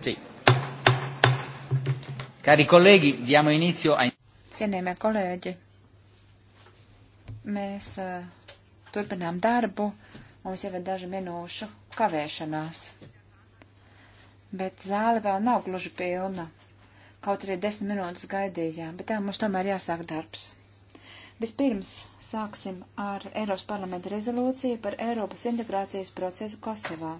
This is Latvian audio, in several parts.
Sì. Cari colleghi, diamo inizio a... Cienījamie kolēģi, mēs uh, turpinām darbu. Mums jau ir daži minūšu kavēšanās. Bet zāle vēl nav gluži pilna. Kaut arī desmit minūtes gaidījām, bet tā mums tomēr jāsāk darbs. Vispirms sāksim ar Eiropas parlamenta rezolūciju par Eiropas integrācijas procesu Kosovā.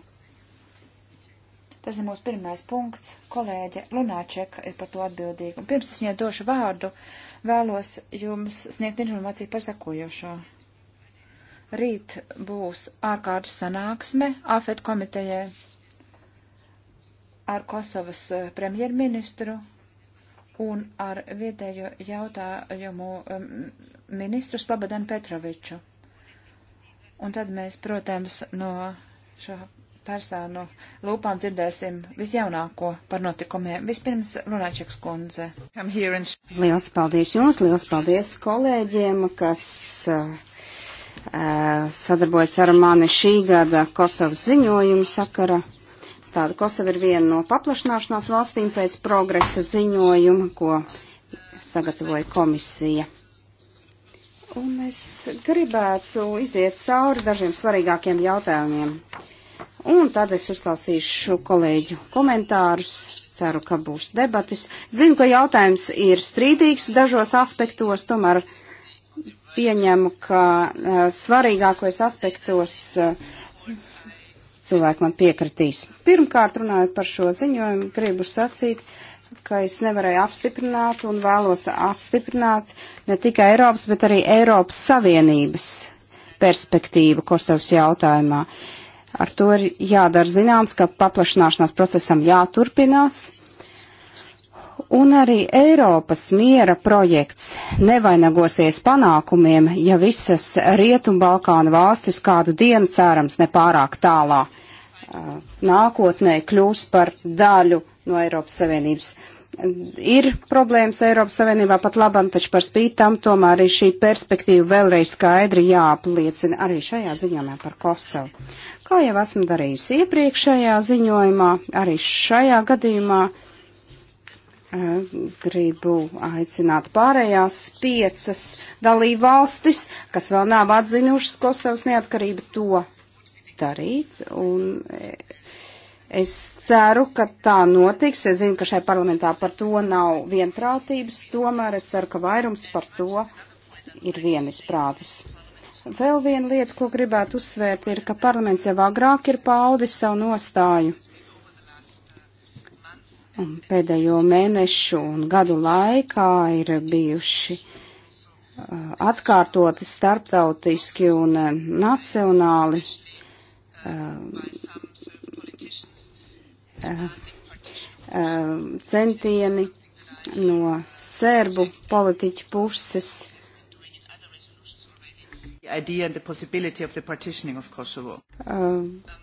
Tas ir mūsu pirmais punkts. Kolēģe Lunāčeka ir par to atbildīga. Un pirms es viņai došu vārdu, vēlos jums sniegt informāciju par sekojošo. Rīt būs ārkārtas sanāksme AFET komitejai ar Kosovas eh, premjerministru un ar vietējo jautājumu ministru Slobodanu Petroviču. Un tad mēs, protams, no šā personu lūpām dzirdēsim visjaunāko par notikumiem. Vispirms Lunačeks kundze. Liels paldies jums, liels paldies kolēģiem, kas uh, uh, sadarbojas ar mani šī gada Kosovas ziņojuma sakara. Tāda Kosova ir viena no paplašināšanās valstīm pēc progresa ziņojuma, ko sagatavoja komisija. Un es gribētu iziet cauri dažiem svarīgākiem jautājumiem. Uh, Un tad es uzklausīšu kolēģu komentārus. Ceru, ka būs debatis. Zinu, ka jautājums ir strīdīgs dažos aspektos, tomēr pieņemu, ka uh, svarīgākos aspektos uh, cilvēki man piekritīs. Pirmkārt, runājot par šo ziņojumu, gribu sacīt, ka es nevarēju apstiprināt un vēlos apstiprināt ne tikai Eiropas, bet arī Eiropas Savienības perspektīvu Kosovas jautājumā. Uh, Ar to ir jādara zināms, ka paplašanāšanās procesam jāturpinās. Un arī Eiropas miera projekts nevainagosies panākumiem, ja visas Rietumbalkānu valstis kādu dienu cerams nepārāk tālā nākotnē kļūs par daļu no Eiropas Savienības ir problēmas Eiropas Savienībā pat labam, taču par spīt tam tomēr arī šī perspektīva vēlreiz skaidri jāapliecina arī šajā ziņojumā par Kosovu. Kā jau esmu darījusi iepriekšējā ziņojumā, arī šajā gadījumā eh, gribu aicināt pārējās piecas dalību valstis, kas vēl nav atzinušas Kosovas neatkarību, to darīt. Un eh, es ceru, ka tā notiks. Es zinu, ka šai parlamentā par to nav vienprātības, tomēr es ceru, ka vairums par to ir vienisprātis. Vēl viena lieta, ko gribētu uzsvērt, ir, ka parlaments jau agrāk ir paudis savu nostāju. Un pēdējo mēnešu un gadu laikā ir bijuši uh, atkārtoti starptautiski un uh, nacionāli uh, centieni no sērbu politiķu puses Uh,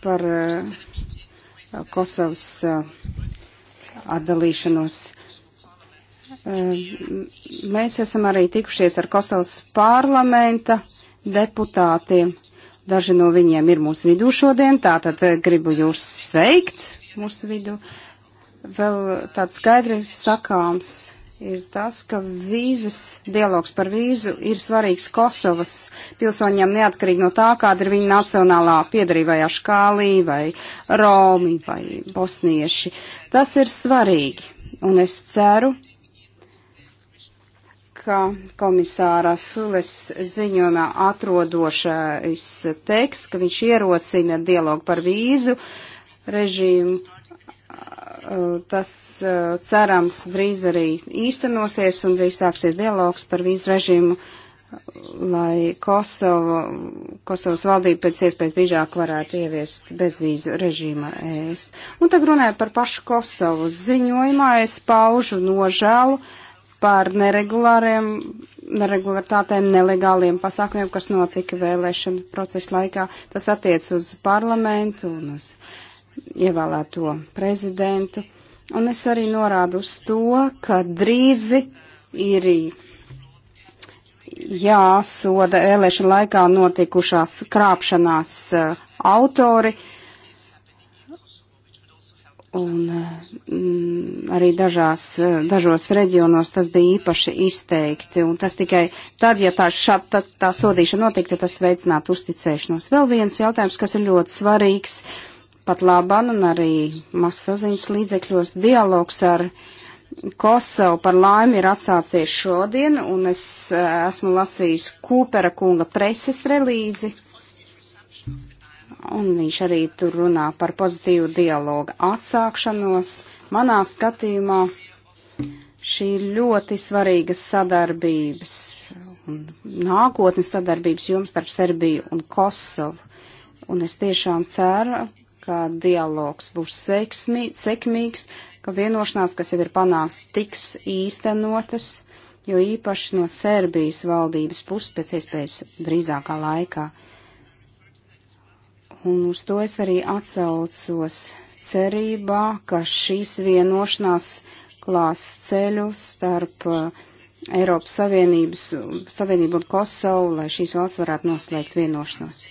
par uh, Kosovas uh, atdalīšanos. Mēs esam arī tikušies ar Kosovas parlamenta deputātiem. Daži no viņiem ir mūsu vidū šodien, tātad gribu jūs sveikt mūsu vidū. Vēl tāds skaidri sakāms ir tas, ka vīzas, dialogs par vīzu ir svarīgs Kosovas pilsoņiem neatkarīgi no tā, kāda ir viņa nacionālā piedarība vai aškālī vai romi vai bosnieši. Tas ir svarīgi. Un es ceru, ka komisāra Fules ziņojumā atrodošais teiks, ka viņš ierosina dialogu par vīzu režīmu Eh, tas eh, cerams drīz arī īstenosies un drīz sāksies dialogs par vīzu režīmu, eh, lai Kosovo, Kosovas valdība pēc iespējas drīzāk varētu ieviest bezvīzu režīmu ES. Un tagad runāju par pašu Kosovu. Ziņojumā es paužu nožēlu par neregulāriem, neregulārtātēm, nelegāliem pasākumiem, kas notika vēlēšana procesa laikā. Tas attiec uz parlamentu un uz. Uh, ievēlēto prezidentu. Un es arī norādu uz to, ka drīzi ir jāsoda vēlēšana laikā notikušās krāpšanās eh, autori. Un m, mm, arī dažās, eh, dažos reģionos tas bija īpaši izteikti, un tas tikai tad, ja tā, šā, tā, tā sodīšana notikta, tas veicinātu uzticēšanos. Vēl viens jautājums, kas ir ļoti svarīgs. Uh, pat laban un arī masaziņas līdzekļos dialogs ar Kosovu par laimi ir atsācies šodien, un es eh, esmu lasījis Kūpera kunga preses relīzi, un viņš arī tur runā par pozitīvu dialogu atsākšanos. Manā skatījumā šī ir ļoti svarīga sadarbības un nākotnes sadarbības jums starp Serbiju un Kosovu. Un es tiešām ceru, ka dialogs būs seksmi, sekmīgs, ka vienošanās, kas jau ir panāks, tiks īstenotas, jo īpaši no Serbijas valdības puses pēc iespējas drīzākā laikā. Un uz to es arī atsaucos cerībā, ka šīs vienošanās klās ceļu starp uh, Eiropas Savienības, Savienību un Kosovu, lai šīs valsts varētu noslēgt vienošanos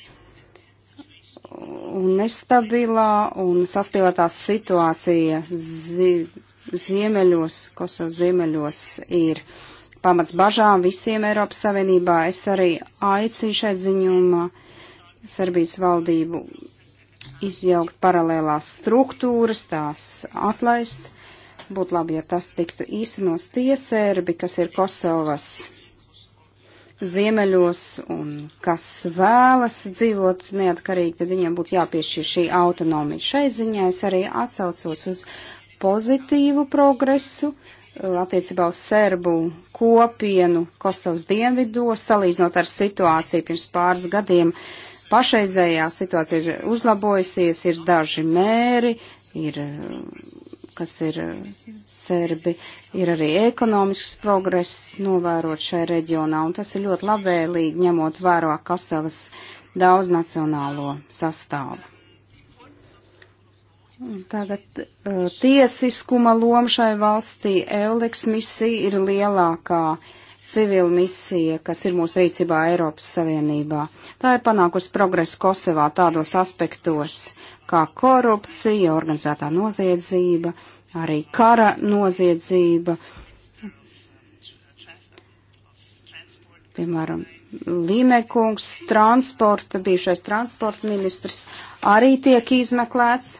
un nestabilā un saspīlētā situācija zi, ziemeļos, Kosovas ziemeļos ir pamats bažām visiem Eiropas Savienībā. Es arī aicinu šai ziņumā Serbijas valdību izjaukt paralēlās struktūras, tās atlaist. Būtu labi, ja tas tiktu īstenos tie sērbi, kas ir Kosovas ziemeļos un kas vēlas dzīvot neatkarīgi, tad viņiem būtu jāpiešķir šī autonomija. Šai ziņā es arī atsaucos uz pozitīvu progresu uh, attiecībā uz serbu kopienu Kosovas dienvidos, salīdzinot ar situāciju pirms pāris gadiem. Pašreizējā situācija ir uzlabojusies, ir daži mēri, ir, uh, kas ir uh, serbi, ir arī ekonomisks progress novērot šajā reģionā, un tas ir ļoti labvēlīgi ņemot vērā Kasavas daudznacionālo sastāvu. Un tagad uh, tiesiskuma loma šai valstī Euleks misija ir lielākā civila misija, kas ir mūsu rīcībā Eiropas Savienībā. Tā ir panākusi progresu Kosovā tādos aspektos kā korupcija, organizētā noziedzība, arī kara noziedzība, piemēram, Līmekungs, transporta, bijušais transporta ministrs, arī tiek izmeklēts.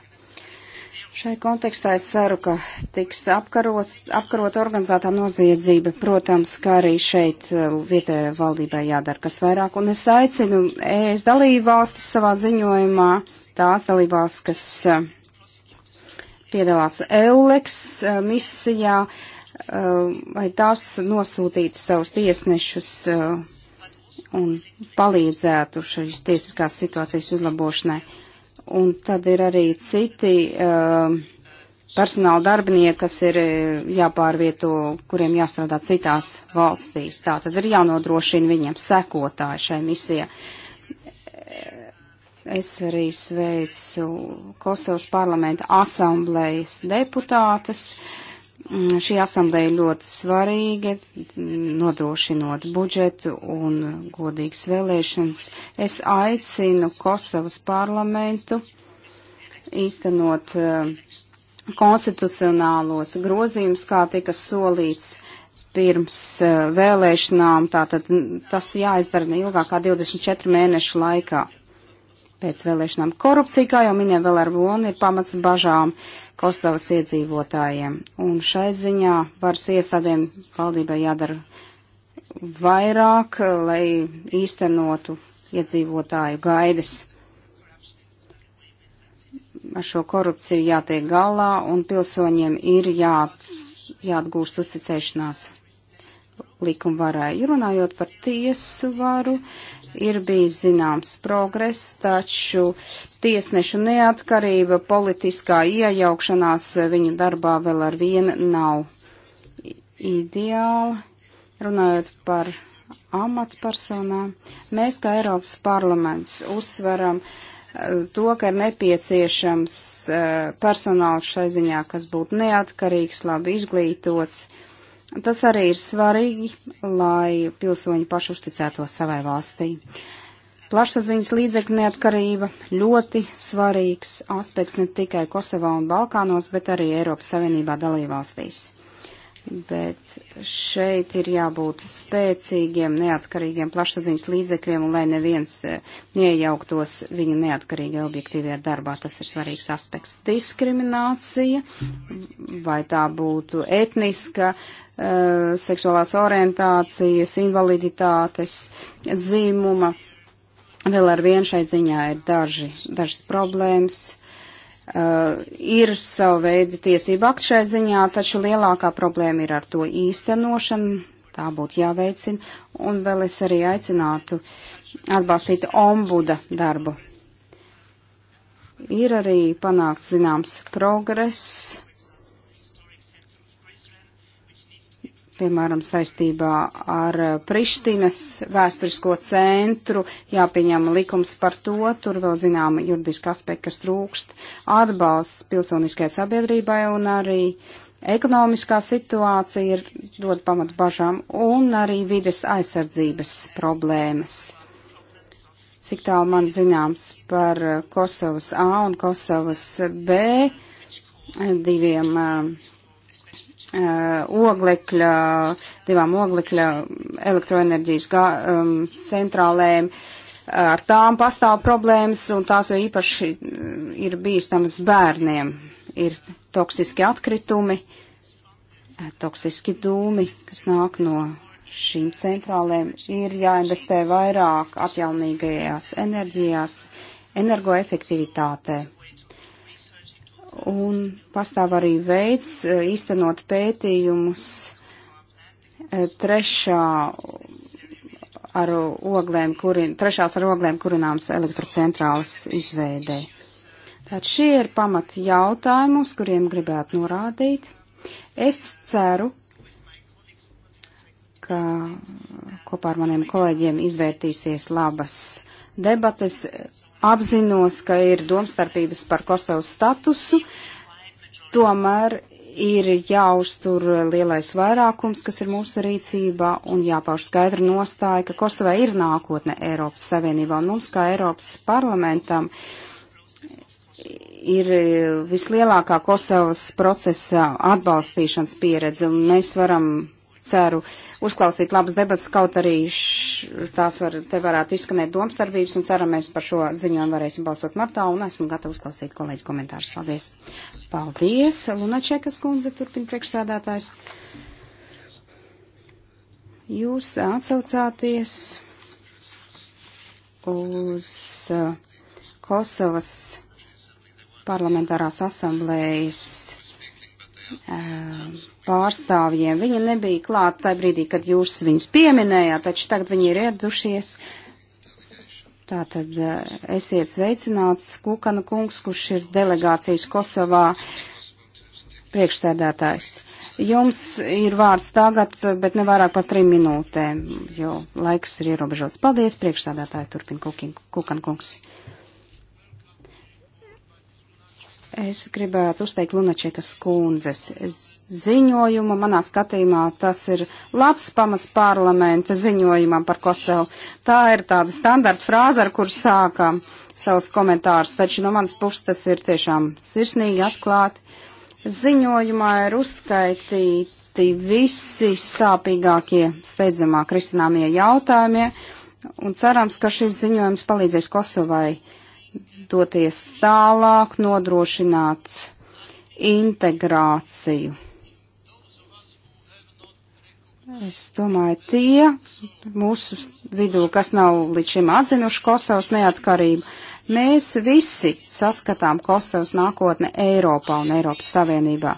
Šai kontekstā es ceru, ka tiks apkarots, apkarot organizētā noziedzība. Protams, ka arī šeit eh, vietējai valdībai jādara kas vairāk. Un es aicinu, es dalību valstis savā ziņojumā, tās dalību valstis, kas eh, piedalās Euleks eh, misijā, eh, lai tās nosūtītu savus tiesnešus eh, un palīdzētu šīs tiesiskās situācijas uzlabošanai. Un tad ir arī citi personāla darbinieki, kas ir jāpārvieto, kuriem jāstrādā citās valstīs. Tā tad ir jānodrošina viņiem sekotāji šai misijai Es arī sveicu Kosovas parlamenta asamblējas deputātas. Mm, šī asamblēja ļoti svarīga, nodrošinot budžetu un godīgas vēlēšanas. Es aicinu Kosovas parlamentu īstenot eh, konstitucionālos grozījumus, kā tika solīts pirms eh, vēlēšanām. Tātad mm, tas jāizdara ne ilgāk kā 24 mēnešu laikā pēc vēlēšanām. Korupcija, kā jau minēja vēl ar Vonu, ir pamats bažām Kosovas iedzīvotājiem. Un šai ziņā varas iestādēm valdībai jādara vairāk, lai īstenotu iedzīvotāju gaidas. Ar šo korupciju jātiek galā un pilsoņiem ir jā, jāatgūst uzticēšanās likumvarai. Runājot par tiesu varu, ir bijis zināms progress, taču tiesnešu neatkarība, politiskā iejaukšanās viņu darbā vēl ar vienu nav ideāla. Runājot par amatpersonām, mēs kā Eiropas parlaments uzsveram eh, to, ka ir nepieciešams eh, personāls šai ziņā, kas būtu neatkarīgs, labi izglītots Tas arī ir svarīgi, lai pilsoņi paši uzticētos savai valstī. Plašsaziņas līdzekļu neatkarība ļoti svarīgs aspekts ne tikai Kosovā un Balkānos, bet arī Eiropas Savienībā dalībvalstīs. Bet šeit ir jābūt spēcīgiem, neatkarīgiem plašsaziņas līdzekļiem, un lai neviens eh, neiejauktos viņu neatkarīgajā objektīvajā darbā. Tas ir svarīgs aspekts. Diskriminācija, vai tā būtu etniska, uh, Eh, seksuālās orientācijas, invaliditātes, dzīmuma. Vēl ar vienu šai ziņā ir daži, dažas problēmas. Uh, ir savu veidu tiesību aktu šai ziņā, taču lielākā problēma ir ar to īstenošanu, tā būtu jāveicina, un vēl es arī aicinātu atbalstīt ombuda darbu. Ir arī panākts zināms progress piemēram, saistībā ar Prištinas vēsturisko centru, jāpieņem likums par to, tur vēl zinām juridiski aspekti, kas trūkst, atbalsts pilsoniskai sabiedrībai un arī ekonomiskā situācija ir dod pamatu bažām un arī vides aizsardzības problēmas. Cik tālu man zināms par Kosovas A un Kosovas B diviem uh, Eh, oglekļa, divām oglekļa elektroenerģijas gā, um, centrālēm. Eh, ar tām pastāv problēmas, un tās jau īpaši eh, ir bīstamas bērniem. Ir toksiski atkritumi, toksiski dūmi, kas nāk no šīm centrālēm. Ir jāinvestē vairāk atjaunīgajās enerģijās, energoefektivitātē Un pastāv arī veids e, īstenot pētījumus e, trešā ar oglēm, kurin, trešās ar oglēm kurināmas elektrocentrālas izveidē. Tātad šie ir pamat jautājumi, uz kuriem gribētu norādīt. Es ceru, ka kopā ar maniem kolēģiem izvērtīsies labas debates apzinos, ka ir domstarpības par Kosovas statusu, tomēr ir jāuztur lielais vairākums, kas ir mūsu rīcībā, un jāpauž skaidra nostāja, ka Kosovai ir nākotne Eiropas Savienībā, un mums kā Eiropas parlamentam ir vislielākā Kosovas procesa atbalstīšanas pieredze, un mēs varam ceru uzklausīt labas debas, kaut arī š, tās var, te varētu izskanēt domstarbības, un ceram, mēs par šo ziņojumu varēsim balsot martā, un esmu gatava uzklausīt kolēģi komentārus. Paldies! Paldies, Lunačekas kundze, turpina priekšsēdētājs. Jūs atsaucāties uz uh, Kosovas parlamentārās asamblējas Eh, pārstāvjiem. Viņa nebija klāta tajā brīdī, kad jūs viņus pieminējāt, taču tagad viņi ir ieradušies. Tātad eh, esiet sveicināts Kukana kungs, kurš ir delegācijas Kosovā priekšsēdētājs. Jums ir vārds tagad, bet ne vairāk par trim minūtēm, jo laiks ir ierobežots. Paldies, priekšsēdētāji, turpina Kukana kungs. Es gribētu uzteikt Lunačekas kundzes ziņojumu. Manā skatījumā tas ir labs pamats parlamenta ziņojumam par Kosovu. Tā ir tāda standarta frāze, ar kur sākam savus komentārus, taču no manas puses tas ir tiešām sirsnīgi atklāti. Ziņojumā ir uzskaitīti visi sāpīgākie, steidzamāk risināmie jautājumie, un cerams, ka šis ziņojums palīdzēs Kosovai doties tālāk, nodrošināt integrāciju. Es domāju, tie mūsu vidū, kas nav līdz šim atzinuši Kosovas neatkarību, mēs visi saskatām Kosovas nākotne Eiropā un Eiropas Savienībā.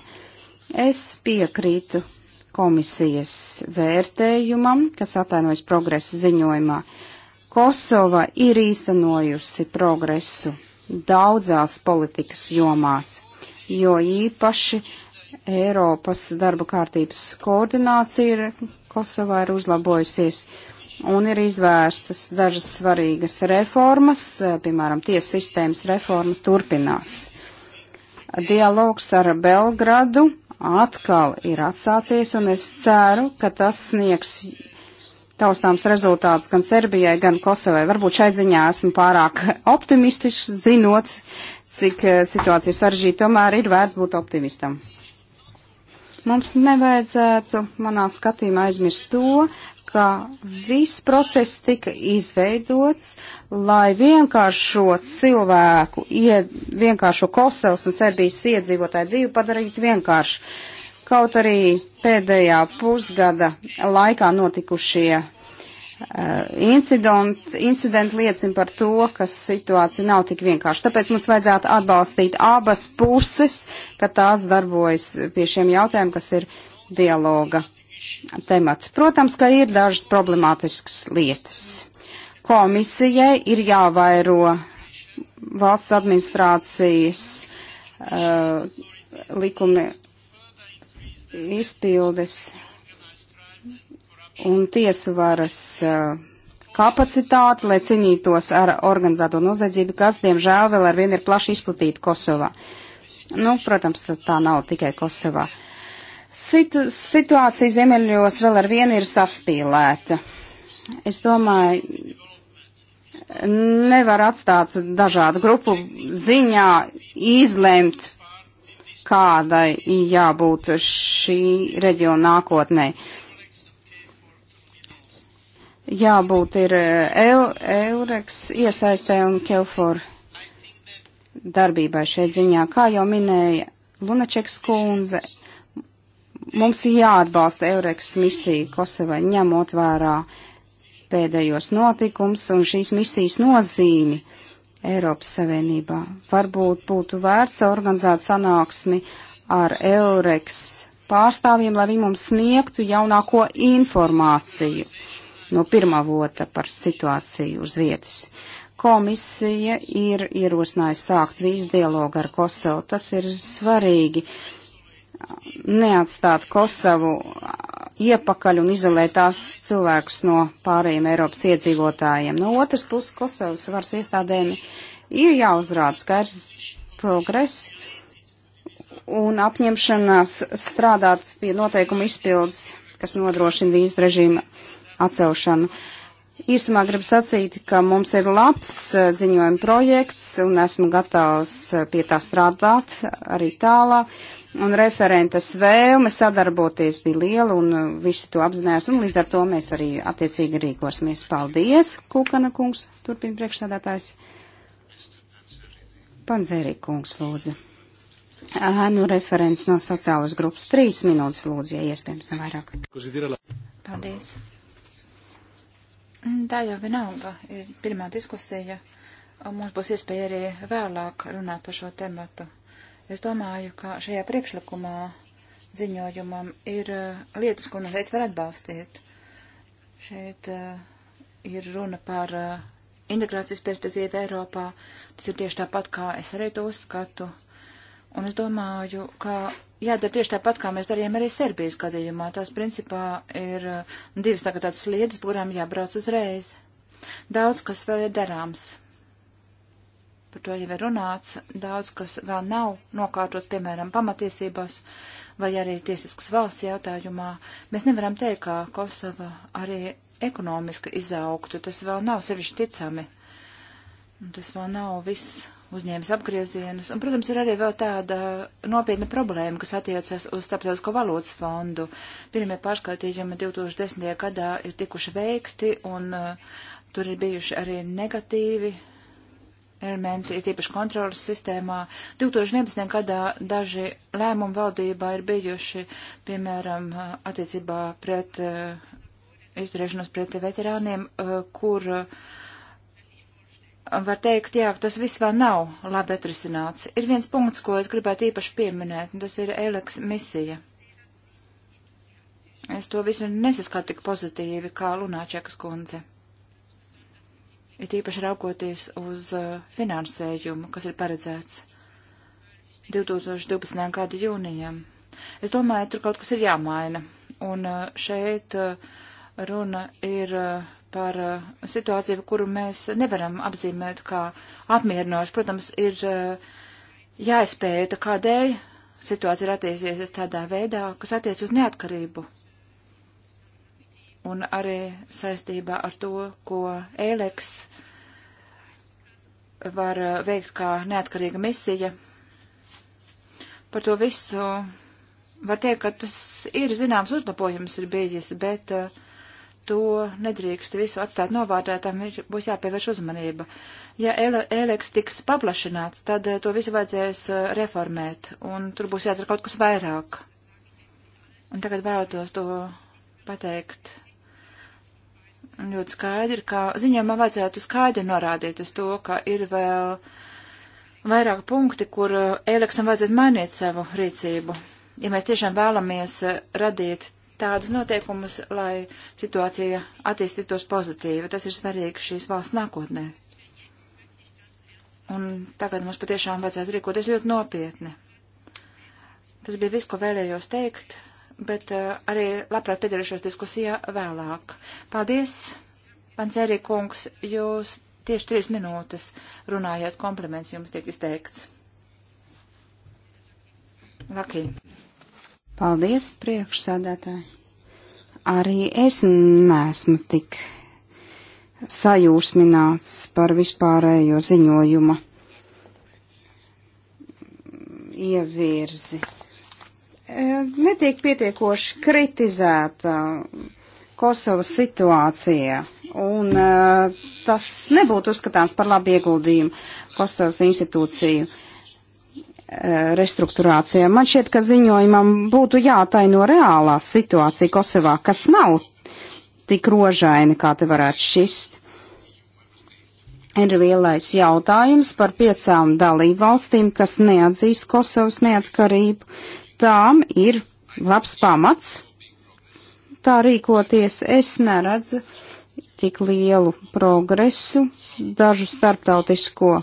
Es piekrītu komisijas vērtējumam, kas atainojas progresa ziņojumā. Uh, Kosova ir īstenojusi progresu daudzās politikas jomās, jo īpaši Eiropas darba kārtības koordinācija ir Kosovā ir uzlabojusies un ir izvērstas dažas svarīgas reformas, piemēram, tiesu sistēmas reforma turpinās. Dialogs ar Belgradu atkal ir atsācies, un es ceru, ka tas sniegs taustāms rezultāts gan Serbijai, gan Kosovai. Varbūt šai ziņā esmu pārāk optimistisks, zinot, cik eh, situācija saržīta, tomēr ir vērts būt optimistam. Mums nevajadzētu, manā skatījumā, aizmirst to, ka viss process tika izveidots, lai vienkāršo cilvēku, ied, vienkāršo Kosovas un Serbijas iedzīvotāju dzīvi padarītu vienkāršu Kaut arī pēdējā pusgada laikā notikušie uh, incidenti, incidenti liecina par to, ka situācija nav tik vienkārša. Tāpēc mums vajadzētu atbalstīt abas puses, ka tās darbojas pie šiem jautājumiem, kas ir dialoga temats. Protams, ka ir dažas problemātiskas lietas. Komisijai ir jāvairo valsts administrācijas uh, likumi izpildes un tiesu varas kapacitāti, lai cīnītos ar organizēto noziedzību, kas, diemžēl, vēl ar vienu ir plaši izplatīta Kosovā. Nu, protams, tā nav tikai Kosovā. Situ, situācija ziemeļos vēl ar vienu ir saspīlēta. Es domāju, nevar atstāt dažādu grupu ziņā izlemt kādai jābūt šī reģiona nākotnē. Jābūt ir eh, Eureks iesaistē un Kelfor darbībai šeit ziņā. Kā jau minēja Lunačeks kundze, mums jāatbalsta Eureks misija Kosovai, ņemot vērā pēdējos notikums un šīs misijas nozīmi Eiropas Savienībā. Varbūt būtu vērts organizēt sanāksmi ar Eureks pārstāvjiem, lai viņi mums sniegtu jaunāko informāciju no pirmā vota par situāciju uz vietas. Komisija ir ierosinājusi sākt vīz dialogu ar Kosovu. Tas ir svarīgi neatstāt Kosovu iepakaļ un izolē tās cilvēkus no pārējiem Eiropas iedzīvotājiem. No otras puses, Kosovas varas iestādēm ir jāuzrāda skaidrs progress un apņemšanās strādāt pie noteikuma izpildes, kas nodrošina vīzu režīmu atcelšanu. Īstumā gribu sacīt, ka mums ir labs eh, ziņojuma projekts un esmu gatavs eh, pie tā strādāt arī tālāk un referentes vēlme sadarboties bija liela, un uh, visi to apzinājās, un līdz ar to mēs arī attiecīgi rīkosimies. Paldies, Kukana kungs, turpina priekšsādātājs. Panzērī kungs, lūdzu. Ēnu referents no sociālas grupas. Trīs minūtes, lūdzu, ja iespējams, ne vairāk. Paldies. Tā jau vienalga ir pirmā diskusija. Mums būs iespēja arī vēlāk runāt par šo tematu. Es domāju, ka šajā priekšlikumā ziņojumam ir uh, lietas, ko noteikti nu var atbalstīt. Šeit uh, ir runa par uh, integrācijas perspektīvu Eiropā. Tas ir tieši tāpat, kā es arī to uzskatu. Un es domāju, ka jādara tieši tāpat, kā mēs darījām arī Serbijas gadījumā. Tās principā ir divas tagad tādas sliedas, kurām jābrauc uzreiz. Daudz, kas vēl ir darāms par to jau ir runāts, daudz kas vēl nav nokārtots, piemēram, pamatiesībās vai arī tiesiskas valsts jautājumā. Mēs nevaram teikt, ka Kosova arī ekonomiski izaugtu, tas vēl nav sevišķi ticami. Tas vēl nav viss uzņēmis apgriezienus. Un, protams, ir arī vēl tāda nopietna problēma, kas attiecas uz starptautisko valūtas fondu. Pirmie pārskaitījumi 2010. gadā ir tikuši veikti, un uh, tur ir bijuši arī negatīvi elementi, tīpaši kontrolas sistēmā. 2011. gadā daži lēmumi valdībā ir bijuši, piemēram, attiecībā pret eh, izturēšanos pret veterāniem, eh, kur eh, var teikt, jā, tas viss vēl nav labi atrisināts. Ir viens punkts, ko es gribētu īpaši pieminēt, un tas ir Eleks misija. Es to visu nesaskatu tik pozitīvi, kā Lunāčekas kundze it īpaši raugoties uz uh, finansējumu, kas ir paredzēts 2012. gada jūnijam. Es domāju, tur kaut kas ir jāmaina. Un uh, šeit uh, runa ir par situāciju, kuru mēs nevaram apzīmēt kā apmierinošu. Protams, ir jāizpēta, kādēļ situācija ir attīstījusies tādā veidā, kas attiec uz neatkarību un arī saistībā ar to, ko Eleks var eh, veikt kā neatkarīga misija. Par to visu var teikt, ka tas ir zināms uzlabojums ir bijis, bet uh, to nedrīkst visu atstāt novārtē, tam ir, būs jāpievērš uzmanība. Ja Eleks tiks paplašināts, tad eh, to visu vajadzēs reformēt, un tur būs jādara kaut kas vairāk. Un tagad vēlētos to pateikt ļoti skaidri, ka ziņojumā vajadzētu skaidri norādīt uz to, ka ir vēl vairāk punkti, kur Eliksam eh, vajadzētu mainīt savu rīcību. Ja mēs tiešām vēlamies eh, radīt tādus noteikumus, lai situācija attīstītos pozitīvi, tas ir svarīgi šīs valsts nākotnē. Un tagad mums patiešām vajadzētu rīkoties ļoti nopietni. Tas bija viss, ko vēlējos teikt bet uh, arī labprāt piedalīšos diskusijā vēlāk. Paldies, Pancērī kungs, jūs tieši trīs minūtes runājāt, kompliments jums tiek izteikts. Lakī. Paldies, priekšsādātāji. Arī es neesmu tik sajūsmināts par vispārējo ziņojuma ievirzi netiek pietiekoši kritizēta Kosovas situācija, un eh, tas nebūtu uzskatāms par labu ieguldījumu Kosovas institūciju eh, restruktūrācijā. Man šķiet, ka ziņojumam būtu jātaino reālā situācija Kosovā, kas nav tik rožaini, kā te varētu šķist. Ir lielais jautājums par piecām dalībvalstīm, kas neatzīst Kosovas neatkarību. Uh, tām ir labs pamats tā rīkoties. Es neredzu tik lielu progresu dažu starptautisko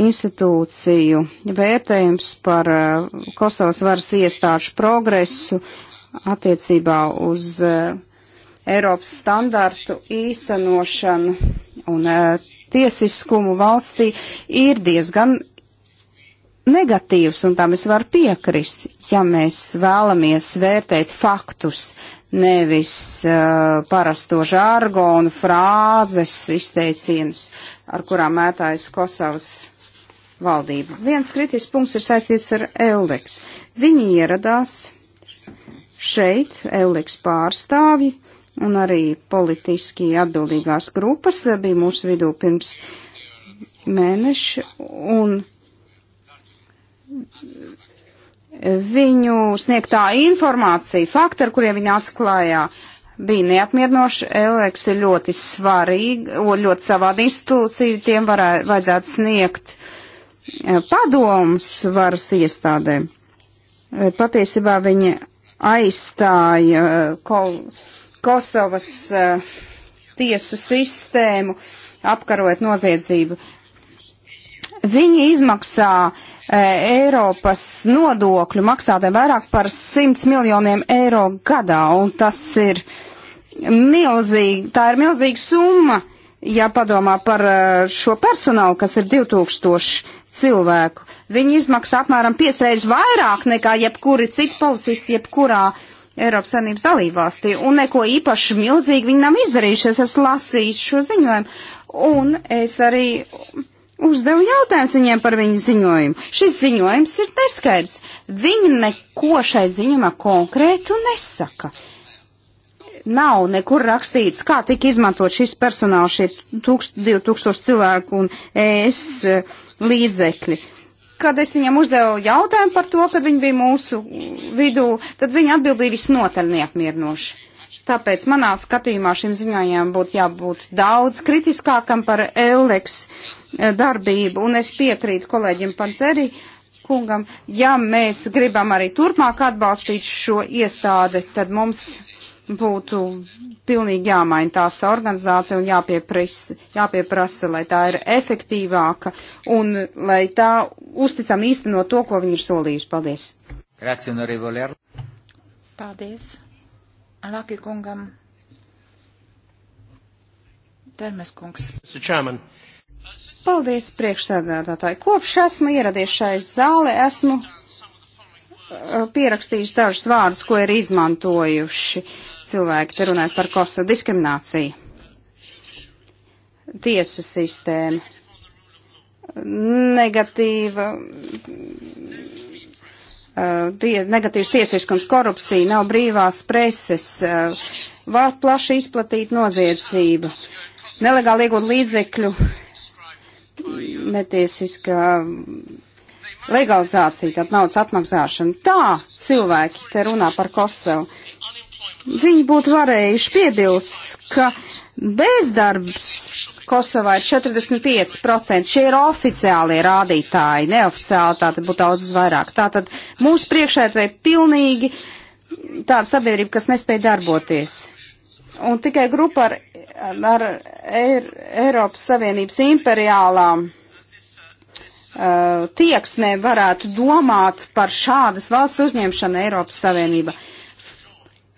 institūciju vērtējums par eh, Kosovas varas iestāžu progresu attiecībā uz eh, Eiropas standartu īstenošanu un eh, tiesiskumu valstī ir diezgan negatīvs, un tam es varu piekrist, ja mēs vēlamies vērtēt faktus, nevis uh, parasto žargonu, frāzes, izteicienus, ar kurām mētājas Kosovas valdība. Viens kritisks punkts ir saistīts ar Euleks. Viņi ieradās šeit, Euleks pārstāvji un arī politiski atbildīgās grupas uh, bija mūsu vidū pirms mēneša, un viņu sniegtā informācija, fakti, ar kuriem viņi atsklājā, bija neapmierinoši. Eleks ir ļoti svarīga, ļoti savāda institūcija, tiem varētu, vajadzētu sniegt eh, padomus varas iestādēm. Patiesībā viņi aizstāja eh, ko, Kosovas eh, tiesu sistēmu, apkarojot noziedzību. Viņi izmaksā e, Eiropas nodokļu maksātē vairāk par 100 miljoniem eiro gadā, un tas ir milzīgi, tā ir milzīga summa, ja padomā par e, šo personālu, kas ir 2000 cilvēku. Viņi izmaksā apmēram piesreiz vairāk nekā jebkuri citi policisti, jebkurā Eiropas Savienības dalībvalstī, un neko īpaši milzīgi viņi nav izdarījuši, es esmu lasījis šo ziņojumu, un es arī uzdevu jautājumus viņiem par viņu ziņojumu. Šis ziņojums ir neskaidrs. Viņi neko šai ziņumā konkrētu nesaka. Nav nekur rakstīts, kā tika izmantot šis personāls, šie tūkst, 2000 cilvēku un es eh, līdzekļi. Kad es viņam uzdevu jautājumu par to, kad viņi bija mūsu vidū, tad viņa atbild bija visnotaļ neapmierinoša. Tāpēc manā skatījumā šim ziņojumam būtu jābūt daudz kritiskākam par Euleks. Uh, Eh, darbību, un es piekrītu kolēģim Panzeri kungam, ja mēs gribam arī turpmāk atbalstīt šo iestādi, tad mums būtu pilnīgi jāmaina tās organizācija un jāpieprasa, jāpieprasa, lai tā ir efektīvāka un lai tā uzticam īstenot to, ko viņi ir solījuši. Paldies! Paldies! Laki kungam! Termes kungs. Mr. Chairman, uh, Paldies, priekšsēdētāji. Kopš esmu ieradies šai zālē, esmu uh, pierakstījis dažus vārdus, ko ir izmantojuši cilvēki, te runājot par Kosovu diskrimināciju. Tiesu sistēma. Negatīva. Uh, tie, negatīvs tiesiskums, korupcija, nav brīvās preses, uh, var plaši izplatīt noziedzību, nelegāli iegūt līdzekļu netiesiska legalizācija, tad naudas atmaksāšana. Tā cilvēki te runā par Kosovu. Viņi būtu varējuši piebilst, ka bezdarbs Kosovā ir 45%. Šie ir oficiālie rādītāji, neoficiāli tātad būtu daudz vairāk. Tātad mūsu priekšētē pilnīgi tāda sabiedrība, kas nespēja darboties. Un tikai grupa ar ar Eiropas Savienības imperiālām uh, tieksmē varētu domāt par šādas valsts uzņemšanu Eiropas Savienība.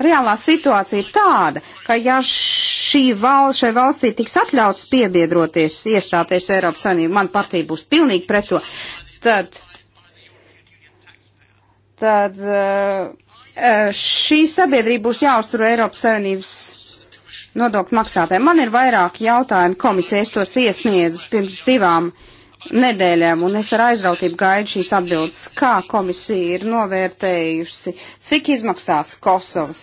Reālā situācija ir tāda, ka ja šī val, šai valstī tiks atļauts piebiedroties, iestāties Eiropas Savienību, man partija būs pilnīgi pret to, tad, tad uh, uh, šī sabiedrība būs jāuztur Eiropas Savienības nodokļu maksātājiem. Man ir vairāki jautājumi komisija, es tos iesniedzu pirms divām nedēļām, un es ar aizrautību gaidu šīs atbildes. Kā komisija ir novērtējusi, cik izmaksās Kosovas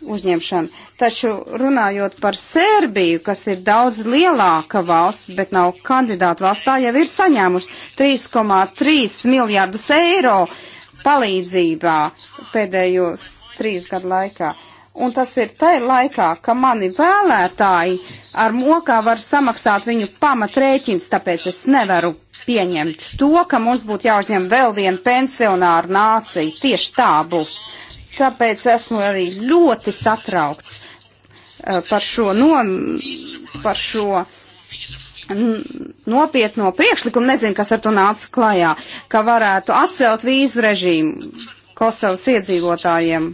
uzņemšanu. Taču runājot par Sērbiju, kas ir daudz lielāka valsts, bet nav kandidāta valsts, tā jau ir saņēmusi 3,3 miljārdus eiro palīdzībā pēdējos trīs gadu laikā. Un tas ir tajā laikā, ka mani vēlētāji ar mokā var samaksāt viņu pamatrēķins, tāpēc es nevaru pieņemt to, ka mums būtu jāuzņem vēl viena pensionāra nācija. Tieši tā būs. Tāpēc esmu arī ļoti satraukts eh, par šo, no, par šo nopietno priekšlikumu, nezinu, kas ar to nāca klajā, ka varētu atcelt vīzu režīmu Kosovas iedzīvotājiem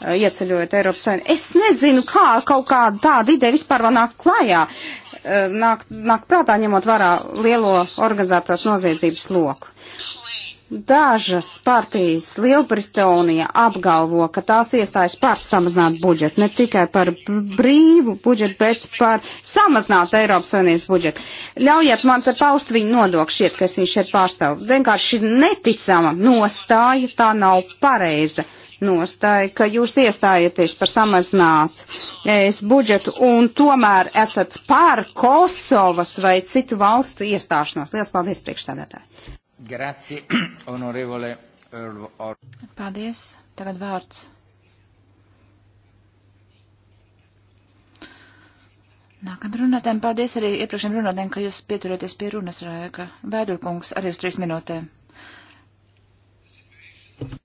Uh, ieceļojot Eiropas Savienību. Es nezinu, kā kaut kāda tāda ideja vispār var nākt klajā, uh, nāk, nāk prātā ņemot vērā lielo organizētās noziedzības loku. Dažas partijas Lielbritānija apgalvo, ka tās iestājas par samazināt budžetu, ne tikai par brīvu budžetu, bet par samazināt Eiropas Savienības budžetu. Ļaujiet man te paust viņu nodokli šiet, kas viņš šeit pārstāv. Vienkārši neticama nostāja, tā nav pareiza nostāja, ka jūs iestājaties par samazināt es budžetu un tomēr esat pār Kosovas vai citu valstu iestāšanos. Lielas paldies, priekšstādātāji! Grazie, honorevole Earl Or. Paldies, tagad vārds. Nākamā runātājiem paldies arī iepriekšējiem runātājiem, ka jūs pieturēties pie runas rēka. Vēdurkungs arī uz trīs minūtēm.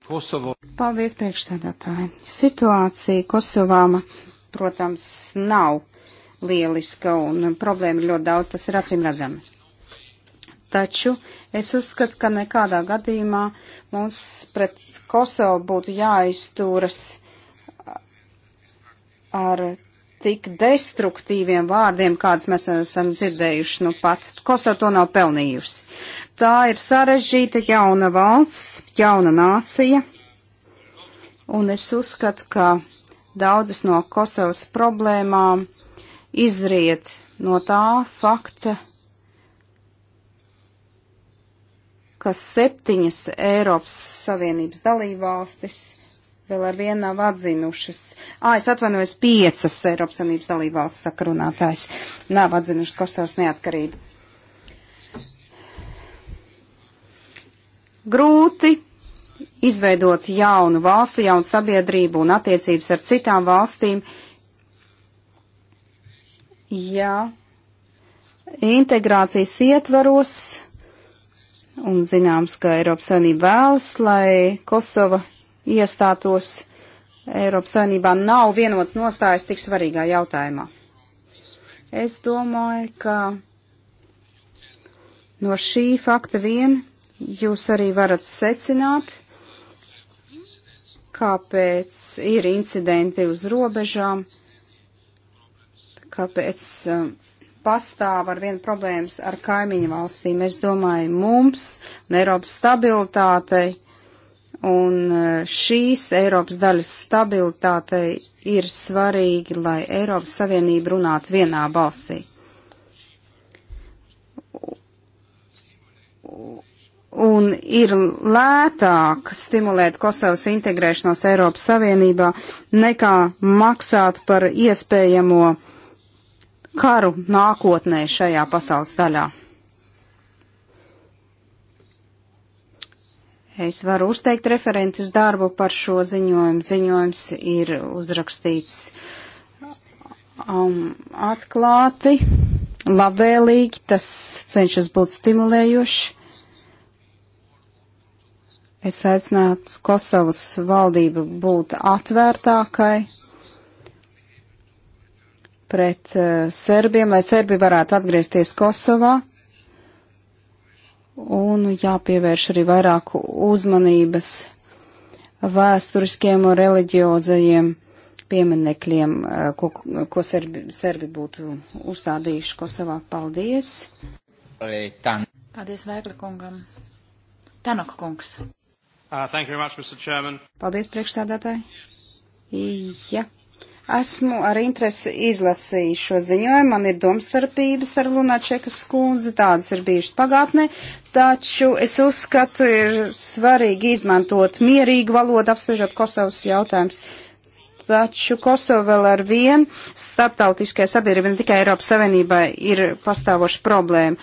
Kosovo. Paldies, priekšsēdētāji. Situācija Kosovā, protams, nav lieliska un problēma ir ļoti daudz, tas ir acīm redzami. Taču es uzskatu, ka nekādā gadījumā mums pret Kosovu būtu jāiztūras ar tik destruktīviem vārdiem, kādas mēs esam dzirdējuši, nu pat Kosta to nav pelnījusi. Tā ir sarežģīta jauna valsts, jauna nācija, un es uzskatu, ka daudzas no Kosovas problēmām izriet no tā fakta, ka septiņas Eiropas Savienības dalībvalstis vēl ar vienu nav atzinušas. Ā, es atvainojos, piecas Eiropas Savienības dalībvalsts sakrunātājs nav atzinušas Kosovas neatkarību. Grūti izveidot jaunu valsti, jaunu sabiedrību un attiecības ar citām valstīm, ja integrācijas ietvaros, un zināms, ka Eiropas Savienība vēlas, lai Kosova iestātos Eiropas Savienībā, nav vienots nostājas tik svarīgā jautājumā. Es domāju, ka no šī fakta vien jūs arī varat secināt, kāpēc ir incidenti uz robežām, kāpēc um, pastāv ar vienu problēmas ar kaimiņu valstīm. Es domāju, mums un Eiropas stabilitātei Un e, šīs Eiropas daļas stabilitātei ir svarīgi, lai Eiropas Savienība runātu vienā balsī. Un ir lētāk stimulēt Kosovas integrēšanos Eiropas Savienībā, nekā maksāt par iespējamo karu nākotnē šajā pasaules daļā. Es varu uzteikt referentes darbu par šo ziņojumu. Ziņojums ir uzrakstīts um, atklāti, labvēlīgi, tas cenšas būt stimulējoši. Es aicinātu Kosovas valdību būt atvērtākai pret uh, serbiem, lai serbi varētu atgriezties Kosovā un jāpievērš arī vairāku uzmanības vēsturiskiem un reliģiozajiem pieminekļiem, eh, ko, ko serbi, serbi būtu uzstādījuši Kosovā. Paldies! Eh, Paldies Vēgli kungam! Tanok kungs! Uh, much, Paldies priekšstādātāji! Ja Esmu ar interesi izlasījis šo ziņojumu, man ir domstarpības ar Lunačekas kundzi, tādas ir bijušas pagātnē, taču es uzskatu, ir svarīgi izmantot mierīgu valodu, apspriežot Kosovas jautājumus. Taču Kosova vēl ar vienu starptautiskajai sabiedrībai, ne tikai Eiropas Savienībai, ir pastāvoša problēma.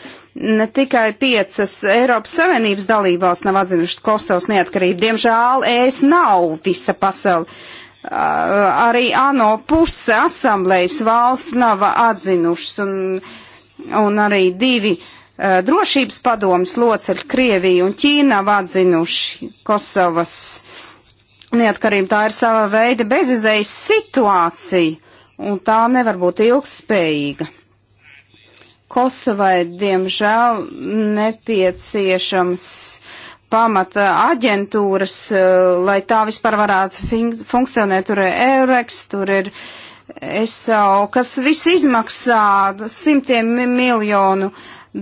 Ne tikai piecas Eiropas Savienības dalībvalsts nav atzinušas Kosovas neatkarību. Diemžēl es nav visa pasaule. Uh, arī ANO puse asamblējas valsts nav atzinušas un, un arī divi uh, drošības padomas locekļi Krievija un Ķīna nav atzinuši Kosovas neatkarību. Tā ir sava veida bezizējas situācija un tā nevar būt ilgspējīga. Kosovai, diemžēl, nepieciešams pamata aģentūras, eh, lai tā vispār varētu funkcionēt. Tur ir Eurex, tur ir SAO, kas viss izmaksā simtiem miljonu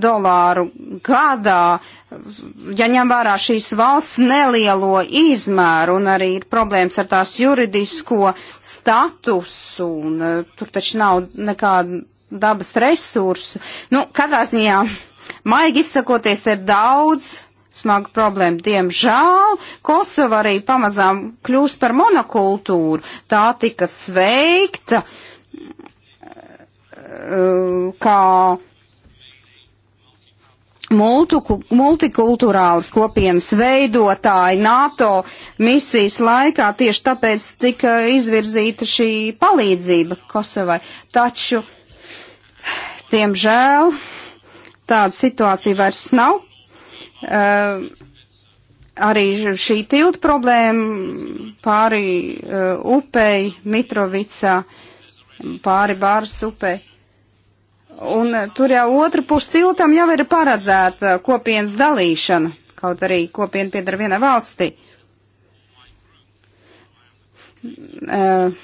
dolāru gadā, ja ņem vērā šīs valsts nelielo izmēru un arī ir problēmas ar tās juridisko statusu, un eh, tur taču nav nekāda dabas resursu. Nu, katrā ziņā, maigi izsakoties, te ir daudz smagu problēmu. Diemžēl Kosova arī pamazām kļūst par monokultūru. Tā tika sveikta eh, kā multikulturālas kopienas veidotāji NATO misijas laikā tieši tāpēc tika izvirzīta šī palīdzība Kosovai. Taču, diemžēl, tāda situācija vairs nav Uh, arī šī tilta problēma pāri uh, upei, Mitrovicā, pāri Bāras upei. Un eh, tur jau otru pusi tiltam jau ir paredzēta kopienas dalīšana, kaut arī kopiena piedara vienā valstī. Uh,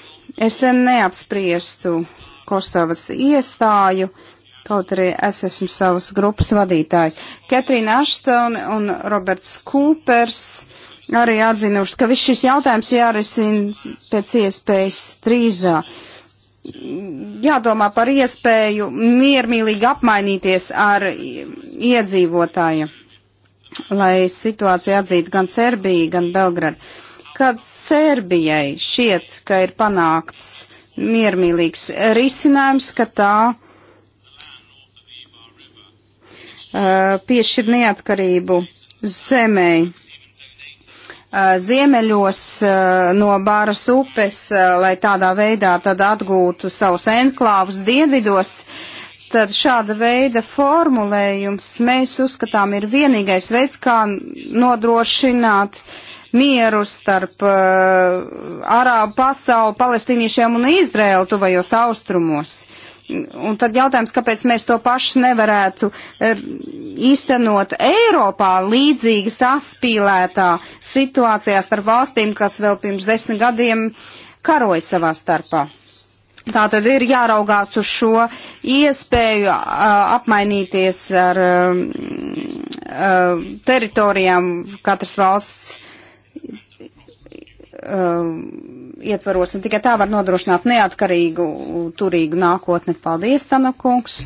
es te neapspriestu Kosovas iestāju. Uh, kaut arī es esmu savas grupas vadītājs. Ketrīna Aštone un Roberts Kūpers arī atzinuši, ka viss šis jautājums jārisina pēc iespējas trīzā. Jādomā par iespēju miermīlīgi apmainīties ar iedzīvotājiem, lai situācija atzītu gan Serbiju, gan Belgradu. Kad Serbijai šiet, ka ir panākts miermīlīgs risinājums, ka tā Uh, piešķir neatkarību zemēji. Uh, ziemeļos uh, no Bāras upes, lai tādā veidā tad atgūtu savus enklāvus dienvidos, tad šāda veida formulējums mēs uzskatām ir vienīgais veids, kā nodrošināt mieru starp uh, arābu pasauli, palestīniešiem un Izraēlu tuvajos austrumos. Uh, Un tad jautājums, kāpēc mēs to pašu nevarētu eh, īstenot Eiropā līdzīgi saspīlētā situācijā starp valstīm, kas vēl pirms desmit gadiem karoja savā starpā. Tā tad ir jāraugās uz šo iespēju apmainīties ar um, teritorijām katras valsts um, ietvaros, un tikai tā var nodrošināt neatkarīgu, turīgu nākotni. Paldies, Tana kungs!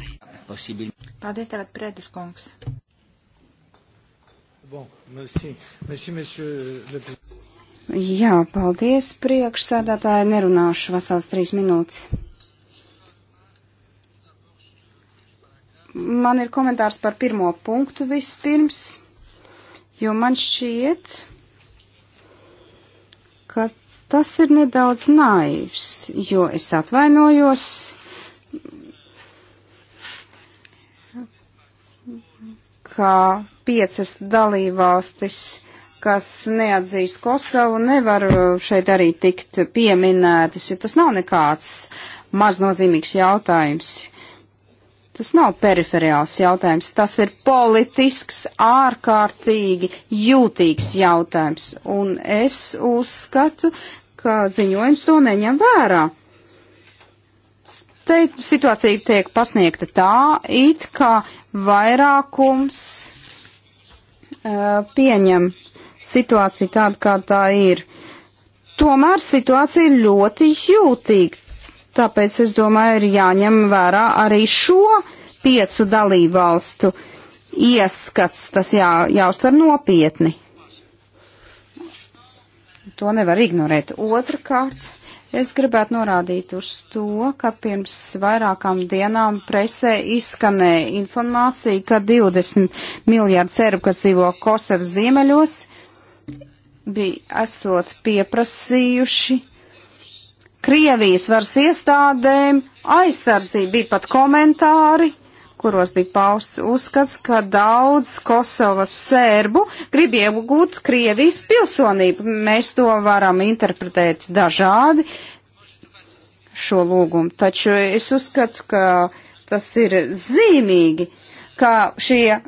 Paldies, tagad Prēdis kungs! Bon, merci. Merci, monsieur... Jā, paldies, priekšsēdētāji, nerunāšu vesels trīs minūtes. Man ir komentārs par pirmo punktu vispirms, jo man šķiet, ka Tas ir nedaudz naivs, jo es atvainojos. Kā piecas dalībvalstis, kas neatzīst Kosovu, nevar uh, šeit arī tikt pieminētas, jo tas nav nekāds maznozīmīgs jautājums. Tas nav periferiāls jautājums, tas ir politisks, ārkārtīgi jūtīgs jautājums. Un es uzskatu, ka ziņojums to neņem vērā. Te situācija tiek pasniegta tā, it kā vairākums uh, pieņem situāciju tādu, kā tā ir. Tomēr situācija ir ļoti jūtīga, tāpēc es domāju, ir jāņem vērā arī šo piesu dalībvalstu ieskats, tas jā, jāuztver nopietni. To nevar ignorēt. Otrakārt, es gribētu norādīt uz to, ka pirms vairākām dienām presē izskanēja informācija, ka 20 miljārdu serbu, kas dzīvo Kosovas ziemeļos, bija esot pieprasījuši Krievijas varas iestādēm aizsardzību, bija pat komentāri, kuros bija pausts uzskats, ka daudz Kosovas sērbu grib iegūt Krievijas pilsonību. Mēs to varam interpretēt dažādi šo lūgumu, taču es uzskatu, ka tas ir zīmīgi, ka šie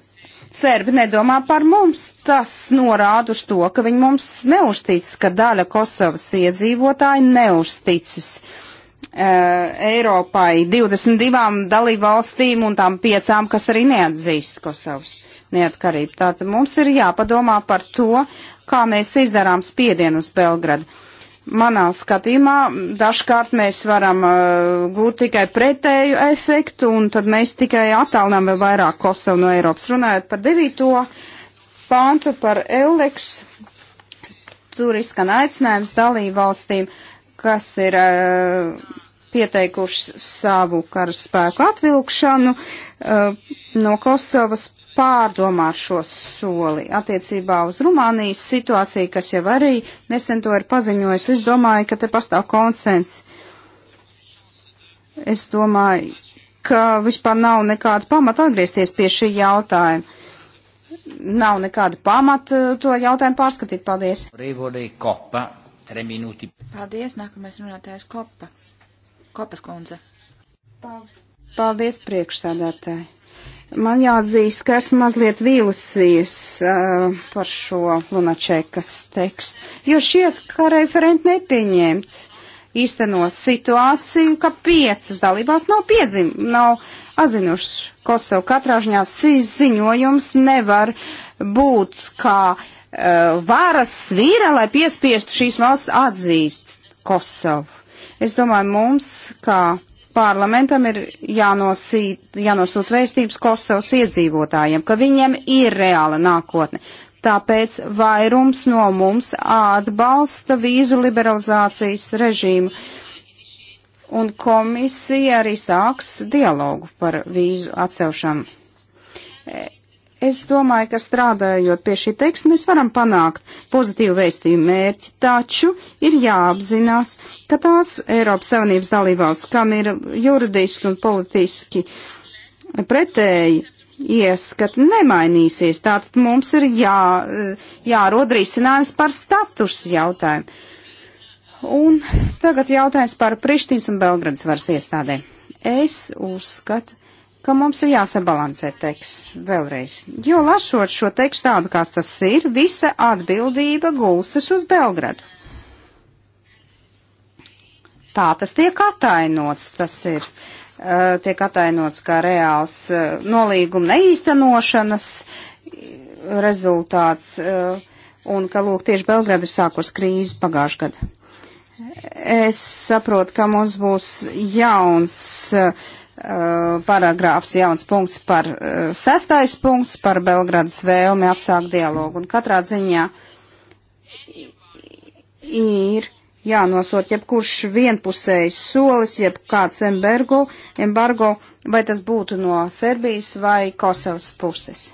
Serbi nedomā par mums, tas norāda uz to, ka viņi mums neuzticas, ka daļa Kosovas iedzīvotāji neuzticas Eh, Eiropai 22 dalībvalstīm un tām piecām, kas arī neatzīst Kosovas neatkarību. Tātad mums ir jāpadomā par to, kā mēs izdarām spiedienu uz Belgradu. Manā skatījumā dažkārt mēs varam uh, gūt tikai pretēju efektu, un tad mēs tikai attālinām vēl vairāk Kosovu no Eiropas. Runājot par devīto pāntu par Euleks, tur izskan aicinājums dalību valstīm uh, kas ir uh, pieteikuši savu karaspēku atvilkšanu uh, no Kosovas pārdomāt šo soli. Attiecībā uz Rumānijas situāciju, kas jau arī nesen to ir paziņojis, es domāju, ka te pastāv konsens. Es domāju, ka vispār nav nekāda pamata atgriezties pie šī jautājuma. Nav nekāda pamata eh, to jautājumu pārskatīt. Paldies. Rīvodī kopa Tre minūti. Paldies, nākamais runātājs Kopa. Kopas kundze. Paldies, priekšsādātāji. Man jāatzīst, ka esmu mazliet vīlusies uh, par šo Lunačekas tekstu, jo šiet, ka referenti nepieņemt īstenos situāciju, ka piecas dalībās nav piedzim, nav azinuši Kosovu. Katrā ziņā šis ziņojums nevar būt kā uh, Uh, varas svīra, lai piespiestu šīs valsts atzīst Kosovu. Es domāju, mums, kā parlamentam, ir jānosīt, jānosūt vēstības Kosovas iedzīvotājiem, ka viņiem ir reāla nākotne. Tāpēc vairums no mums atbalsta vīzu liberalizācijas režīmu. Un komisija arī sāks dialogu par vīzu atcelšanu. Es domāju, ka strādājot pie šī teksta, mēs varam panākt pozitīvu veistījumu mērķi, taču ir jāapzinās, ka tās Eiropas Savienības dalībās, kam ir juridiski un politiski pretēji ieskati, nemainīsies. Tātad mums ir jā, jārod risinājums par statusu jautājumu. Un tagad jautājums par Prištins un Belgradas varas iestādēm. Es uzskatu, ka mums ir jāsabalansē teksts vēlreiz. Jo lasot šo tekstu tādu, kāds tas ir, visa atbildība gulstas uz Belgradu. Tā tas tiek atainots, tas ir, uh, tiek atainots kā reāls uh, nolīguma neīstenošanas eh, rezultāts, uh, un ka, lūk, tieši Belgrada ir sākus krīzi pagājušajā gadā. Es saprotu, ka mums būs jauns uh, Eh, paragrāfs jauns punkts par eh, sestais punkts par Belgradas vēlmi atsākt dialogu. Un katrā ziņā ir jānosot jebkurš vienpusējs solis, jeb kāds embargo, embargo, vai tas būtu no Serbijas vai Kosovas puses.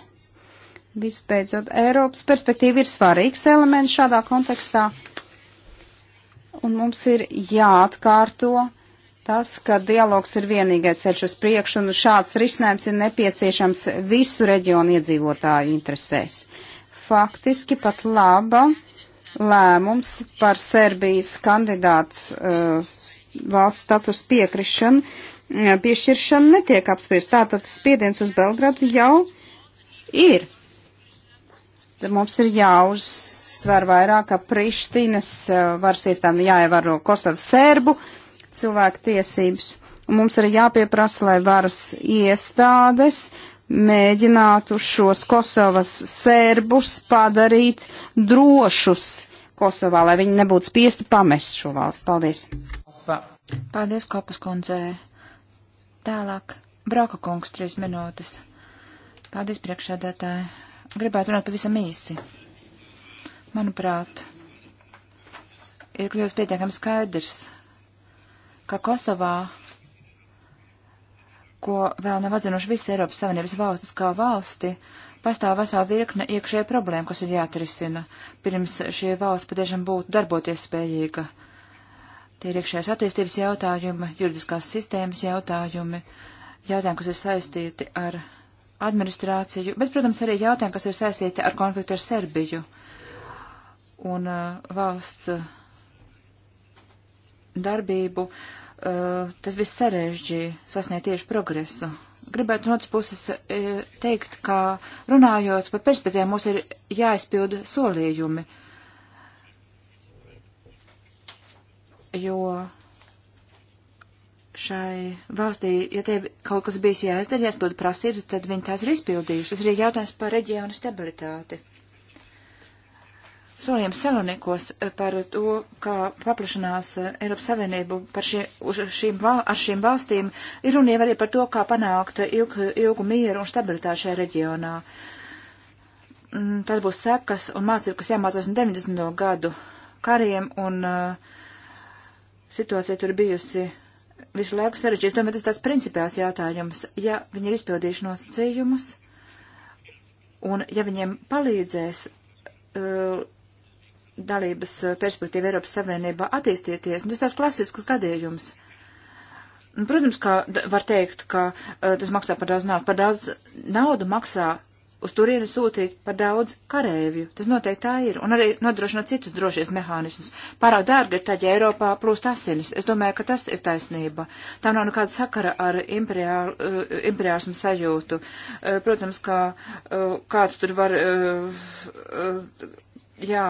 Vispēcot, Eiropas perspektīva ir svarīgs elements šādā kontekstā, un mums ir jāatkārto tas, ka dialogs ir vienīgais ceļš uz priekšu, un šāds risinājums ir nepieciešams visu reģionu iedzīvotāju interesēs. Faktiski pat laba lēmums par Serbijas kandidātu uh, valsts status piekrišanu, uh, piešķiršanu netiek apspriest. Tātad spiediens uz Belgradu jau ir. Tad mums ir jāuzsver vairāk, ka Prištinas uh, varas iestādēm nu jāievaro Kosovas serbu uh, cilvēku tiesības. Un mums arī jāpieprasa, lai varas iestādes mēģinātu šos Kosovas serbus padarīt drošus Kosovā, lai viņi nebūtu spiesti pamest šo valsts. Paldies! Paldies, Kopas kundzē! Tālāk, Brauka kungs, trīs minūtes. Paldies, priekšsēdētāji. Gribētu runāt pavisam īsi. Manuprāt, ir kļūst pietiekami skaidrs, ka Kosovā, ko vēl nav atzinuši visi Eiropas Savienības valstis kā valsti, pastāv vesela virkne iekšēja problēma, kas ir jāatrisina, pirms šī valsts patiešām būtu darboties spējīga. Tie ir iekšējās attīstības jautājumi, juridiskās sistēmas jautājumi, jautājumi, kas ir saistīti ar administrāciju, bet, protams, arī jautājumi, kas ir saistīti ar konfliktu ar Serbiju un uh, valsts uh, darbību. Uh, uh, tas viss sarežģīja sasniegt tieši progresu. Gribētu no otras puses uh, teikt, ka runājot par perspektīvām, mums ir jāizpilda solījumi, jo šai valstī, ja tie kaut kas bijis jāizdara, jāizpilda prasības, tad viņi tās ir izpildījuši. Tas ir jautājums par reģionu stabilitāti soliem Salonikos eh, par to, kā paplašanās eh, Eiropas Savienību par šie, šīm, val, ar šīm valstīm ir un jau arī par to, kā panākt ilg, ilgu mieru un stabilitāti šajā reģionā. Mm, tas būs sekas un mācība, kas jāmācās no 90. gadu kariem, un uh, situācija tur bijusi visu laiku sarežģīta. Tomēr tas tāds principiāls jautājums. Ja viņi ir izpildījuši nosacījumus, un ja viņiem palīdzēs uh, dalības eh, perspektīva Eiropas Savienībā attīstīties. Un nu, tas tāds klasisks gadījums. Protams, ka var teikt, ka uh, tas maksā par daudz naudu. Par daudz naudu maksā uz turieni sūtīt par daudz karēvju. Tas noteikti tā ir. Un arī nodrošināt citus drošies mehānismus. Pārāk dārgi ir tad, ja Eiropā plūst asinis. Es domāju, ka tas ir taisnība. Tā nav nekāda sakara ar imperiāl, uh, imperiālismu sajūtu. Uh, protams, ka uh, kāds tur var. Uh, uh, jā,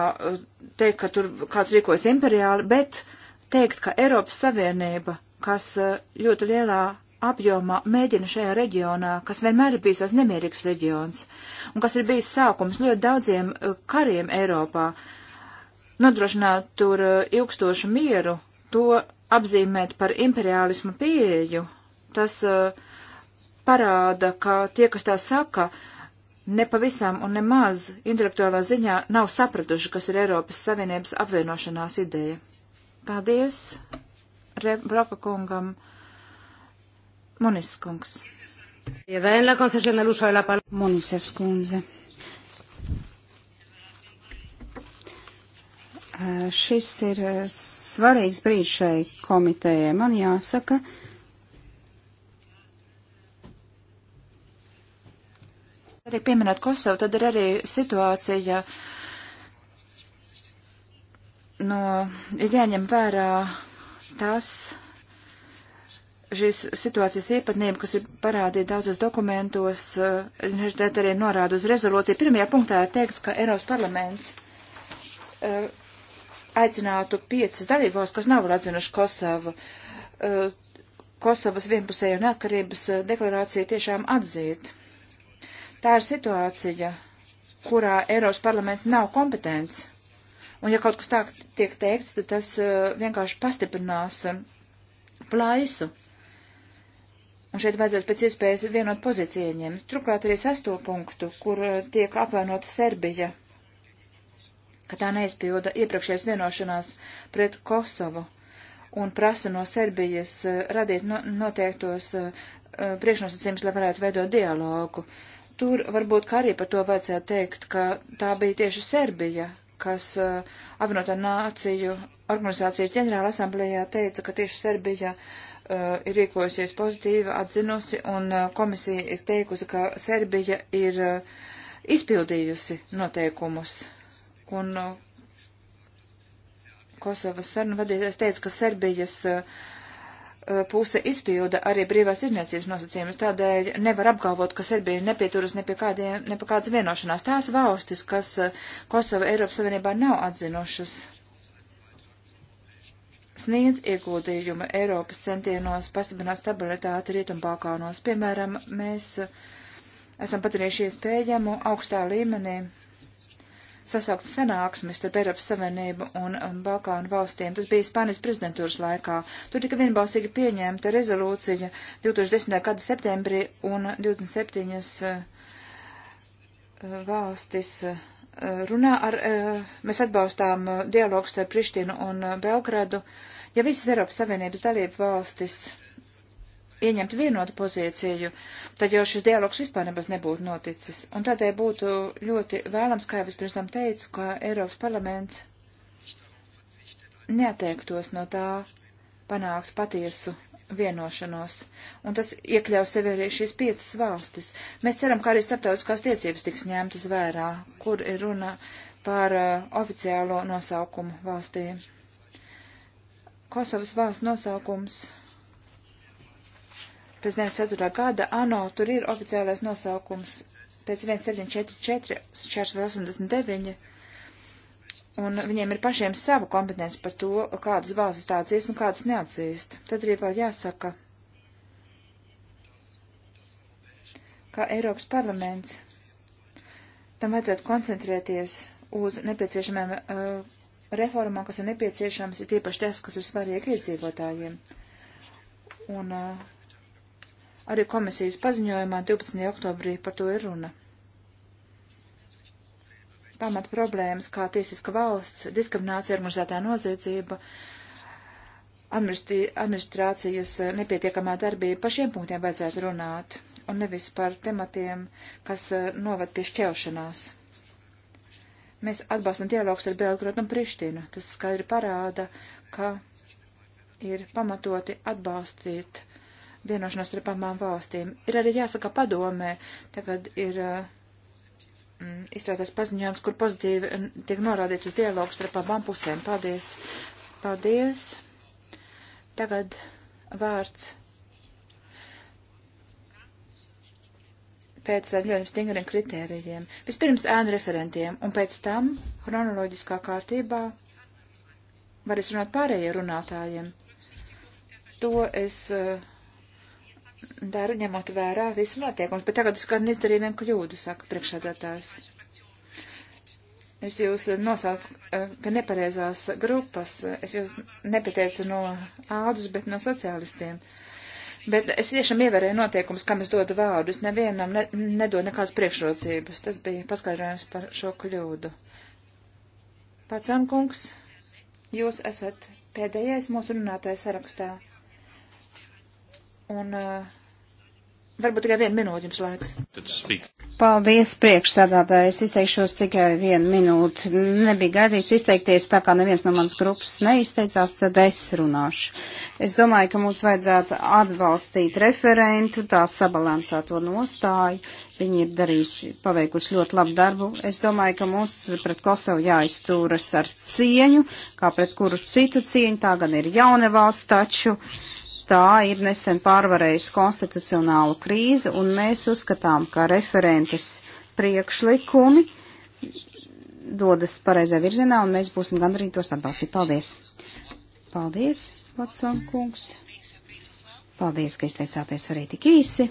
teikt, ka tur kāds rīkojas imperiāli, bet teikt, ka Eiropas Savienība, kas e, ļoti lielā apjomā mēģina šajā reģionā, kas vienmēr ir bijis tas nemierīgs reģions, un kas ir bijis sākums ļoti daudziem e, kariem Eiropā, nodrošināt tur e, ilgstošu mieru, to apzīmēt par imperiālismu pieeju, tas parāda, ka tie, kas tā saka, uh, nepavisam un nemaz intelektuālā ziņā nav sapratuši, kas ir Eiropas Savienības apvienošanās ideja. Paldies Re Broka kungam, Munis kungs. Munises kundze. Šis ir svarīgs brīdis šai komitejai. Man jāsaka, uh, Tiek pieminēt Kosovu, tad ir arī situācija, no, ir jāņem vērā tas, šīs situācijas īpatnība, kas ir parādīta daudzos dokumentos, šeit eh, arī norāda uz rezolūciju. Pirmajā punktā ir teikts, ka Eiropas parlaments uh, aicinātu piecas dalībvalstis, kas nav atzinuši Kosovu, uh, Kosovas vienpusēju neatkarības deklarāciju tiešām atzīt Tā ir situācija, kurā Eiropas parlaments nav kompetents. Un ja kaut kas tā tiek teikts, tad tas uh, vienkārši pastiprinās uh, plaisu. Un šeit vajadzētu pēc iespējas vienot pozīciju ieņemt. Turklāt arī sesto punktu, kur uh, tiek apvainota Serbija, ka tā neizpilda iepriekšējais vienošanās pret Kosovu un prasa no Serbijas radīt no, noteiktos priekšnosacījumus, lai varētu veidot dialogu. Uh, Tur varbūt kā arī par to vajadzētu teikt, ka tā bija tieši Serbija, kas uh, apvienotā nāciju organizācijas ģenerāla asamblējā teica, ka tieši Serbija uh, ir rīkojusies pozitīvi, atzinusi, un uh, komisija ir teikusi, ka Serbija ir uh, izpildījusi noteikumus. Un uh, Kosovas sarunu vadītājs teica, ka Serbijas uh, Uh, puse izpilda arī brīvās tirniecības nosacījumus, tādēļ nevar apgalvot, ka Serbija nepieturas ne pie, kādiem, ne pie kādas vienošanās. Tās valstis, kas uh, Kosova Eiropas Savienībā nav atzinušas, sniedz ieguldījumu Eiropas centienos pastiprināt stabilitāti Rietumbalkānos. Piemēram, mēs uh, esam paturējuši iespējamu augstā līmenī sasaukt sanāksmes starp Eiropas Savienību un um, Balkānu valstiem. Tas bija Spānijas prezidentūras laikā. Tur tika vienbalsīgi pieņemta rezolūcija 2010. gada septembrī un 27 uh, valstis uh, runā ar, uh, mēs atbalstām dialogu starp Prištinu un Belgradu. Ja visas Eiropas Savienības dalību valstis ieņemt vienotu pozīciju, tad jau šis dialogs vispār nemaz nebūtu noticis. Un tādēļ būtu ļoti vēlams, kā jau vispirms tam teicu, ka Eiropas parlaments neatteiktos no tā panākt patiesu vienošanos, un tas iekļaus sevi arī šīs piecas valstis. Mēs ceram, ka arī starptautiskās tiesības tiks ņemtas vērā, kur ir runa par uh, oficiālo nosaukumu valstīm. Kosovas valsts nosaukums pēc 94. gada ANO tur ir oficiālais nosaukums pēc 1744, 489, un viņiem ir pašiem savu kompetenci par to, kādas valstis tāds ies un kādas neatzīst. Tad arī vēl jāsaka, ka Eiropas parlaments tam vajadzētu koncentrēties uz nepieciešamiem uh, reformām, kas ir nepieciešams, ir tiepaši tas, kas ir svarīgi iedzīvotājiem. Un uh, Arī komisijas paziņojumā 12. oktobrī par to ir runa. Pamat problēmas kā tiesiska valsts, diskriminācija, organizētā noziedzība, administrācijas eh, nepietiekamā darbība, par šiem punktiem vajadzētu runāt, un nevis par tematiem, kas eh, novad pie šķelšanās. Mēs atbalstam dialogus ar Belgradu un Prištinu. Tas skaidri parāda, ka ir pamatoti atbalstīt vienošanās starp abām valstīm. Ir arī jāsaka padomē, tagad ir uh, mm, izstrādāts paziņojums, kur pozitīvi tiek norādīts uz dialogu starp abām pusēm. Paldies! Paldies! Tagad vārds pēc tādiem ļoti stingriem kritērijiem. Vispirms ēnu referentiem, un pēc tam chronoloģiskā kārtībā var izrunāt pārējie runātājiem. To es uh, daru ņemot vērā visu notiekumus, bet tagad es kādu izdarīju vienu kļūdu, saka priekšādātājs. Es jūs nosaucu, eh, ka nepareizās grupas, es jūs nepateicu no ādas, bet no sociālistiem. Bet es tiešām ievērēju noteikumus, kam es dodu vārdu. Es nevienam ne, nedodu nekādas priekšrocības. Tas bija paskaidrojums par šo kļūdu. Pats Ankungs, jūs esat pēdējais mūsu runātājs sarakstā. Un uh, varbūt tikai vienu minūti jums laiks. Paldies, priekšsēdātāji. Es izteikšos tikai vienu minūti. Nebija gaidījis izteikties, tā kā neviens no manas grupas neizteicās, tad es runāšu. Es domāju, ka mums vajadzētu atbalstīt referentu, tā sabalansēto nostāju. Viņi ir darījusi, paveikusi ļoti labu darbu. Es domāju, ka mums pret Kosovu jāizstūras ar cieņu, kā pret kuru citu cieņu, tā gan ir jauna valsts taču. Uh, tā ir nesen pārvarējusi konstitucionālu krīzi, un mēs uzskatām, ka referentes priekšlikumi dodas pareizā virzienā, un mēs būsim gandrīz tos atbalstīt. Paldies! Paldies, Vatson kungs! Paldies, ka izteicāties arī tik īsi!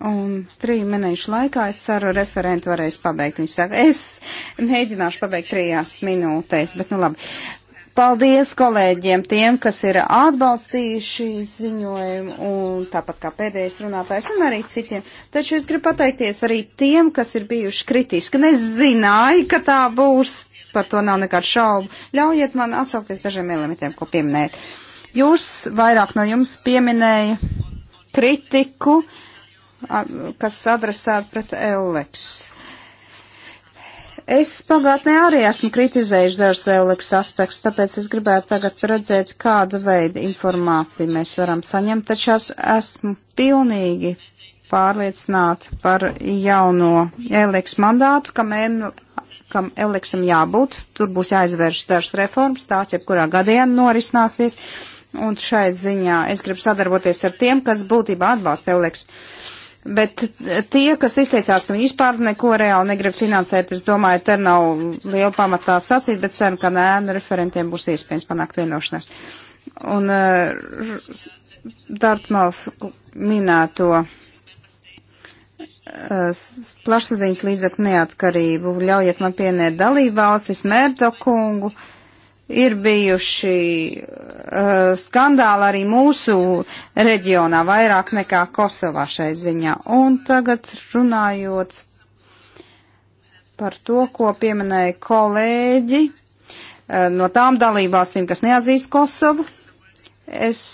Un trīs minūšu laikā es ar referentu varēšu pabeigt. Viņš saka, es mēģināšu pabeigt trijās minūtēs, bet nu labi. Paldies kolēģiem tiem, kas ir atbalstījuši ziņojumu un tāpat kā pēdējais runātājs un arī citiem. Taču es gribu pateikties arī tiem, kas ir bijuši kritiski. Nezināju, ka tā būs. Par to nav nekādu šaubu. Ļaujiet man atsaukties dažiem elementiem, ko pieminēt. Jūs vairāk no jums pieminēja kritiku, kas adresēta pret Eleks. Uh, Es pagātnē arī esmu kritizējuši dažus Euliks aspektus, tāpēc es gribētu tagad redzēt, kādu veidu informāciju mēs varam saņemt, taču es esmu pilnīgi pārliecināta par jauno Euliks mandātu, kam, en, kam Euliksam jābūt. Tur būs jāizvērš dažas reformas, tās jebkurā gadījumā norisināsies. Un šai ziņā es gribu sadarboties ar tiem, kas būtībā atbalsta Euliks. Uh, Bet tie, kas izteicās, ka viņi vispār neko reāli negrib finansēt, es domāju, te nav liela pamatā sacīt, bet ceru, ka nē, referentiem būs iespējams panākt vienošanās. Un uh, eh, Dārtmals minēto uh, plašsaziņas līdzekļu neatkarību. Ļaujiet man pienēt dalību valstis, Mērdokungu. Uh, ir bijuši uh, skandāli arī mūsu reģionā, vairāk nekā Kosovā šai ziņā. Un tagad runājot par to, ko pieminēja kolēģi uh, no tām dalībvalstīm, kas neatzīst Kosovu, es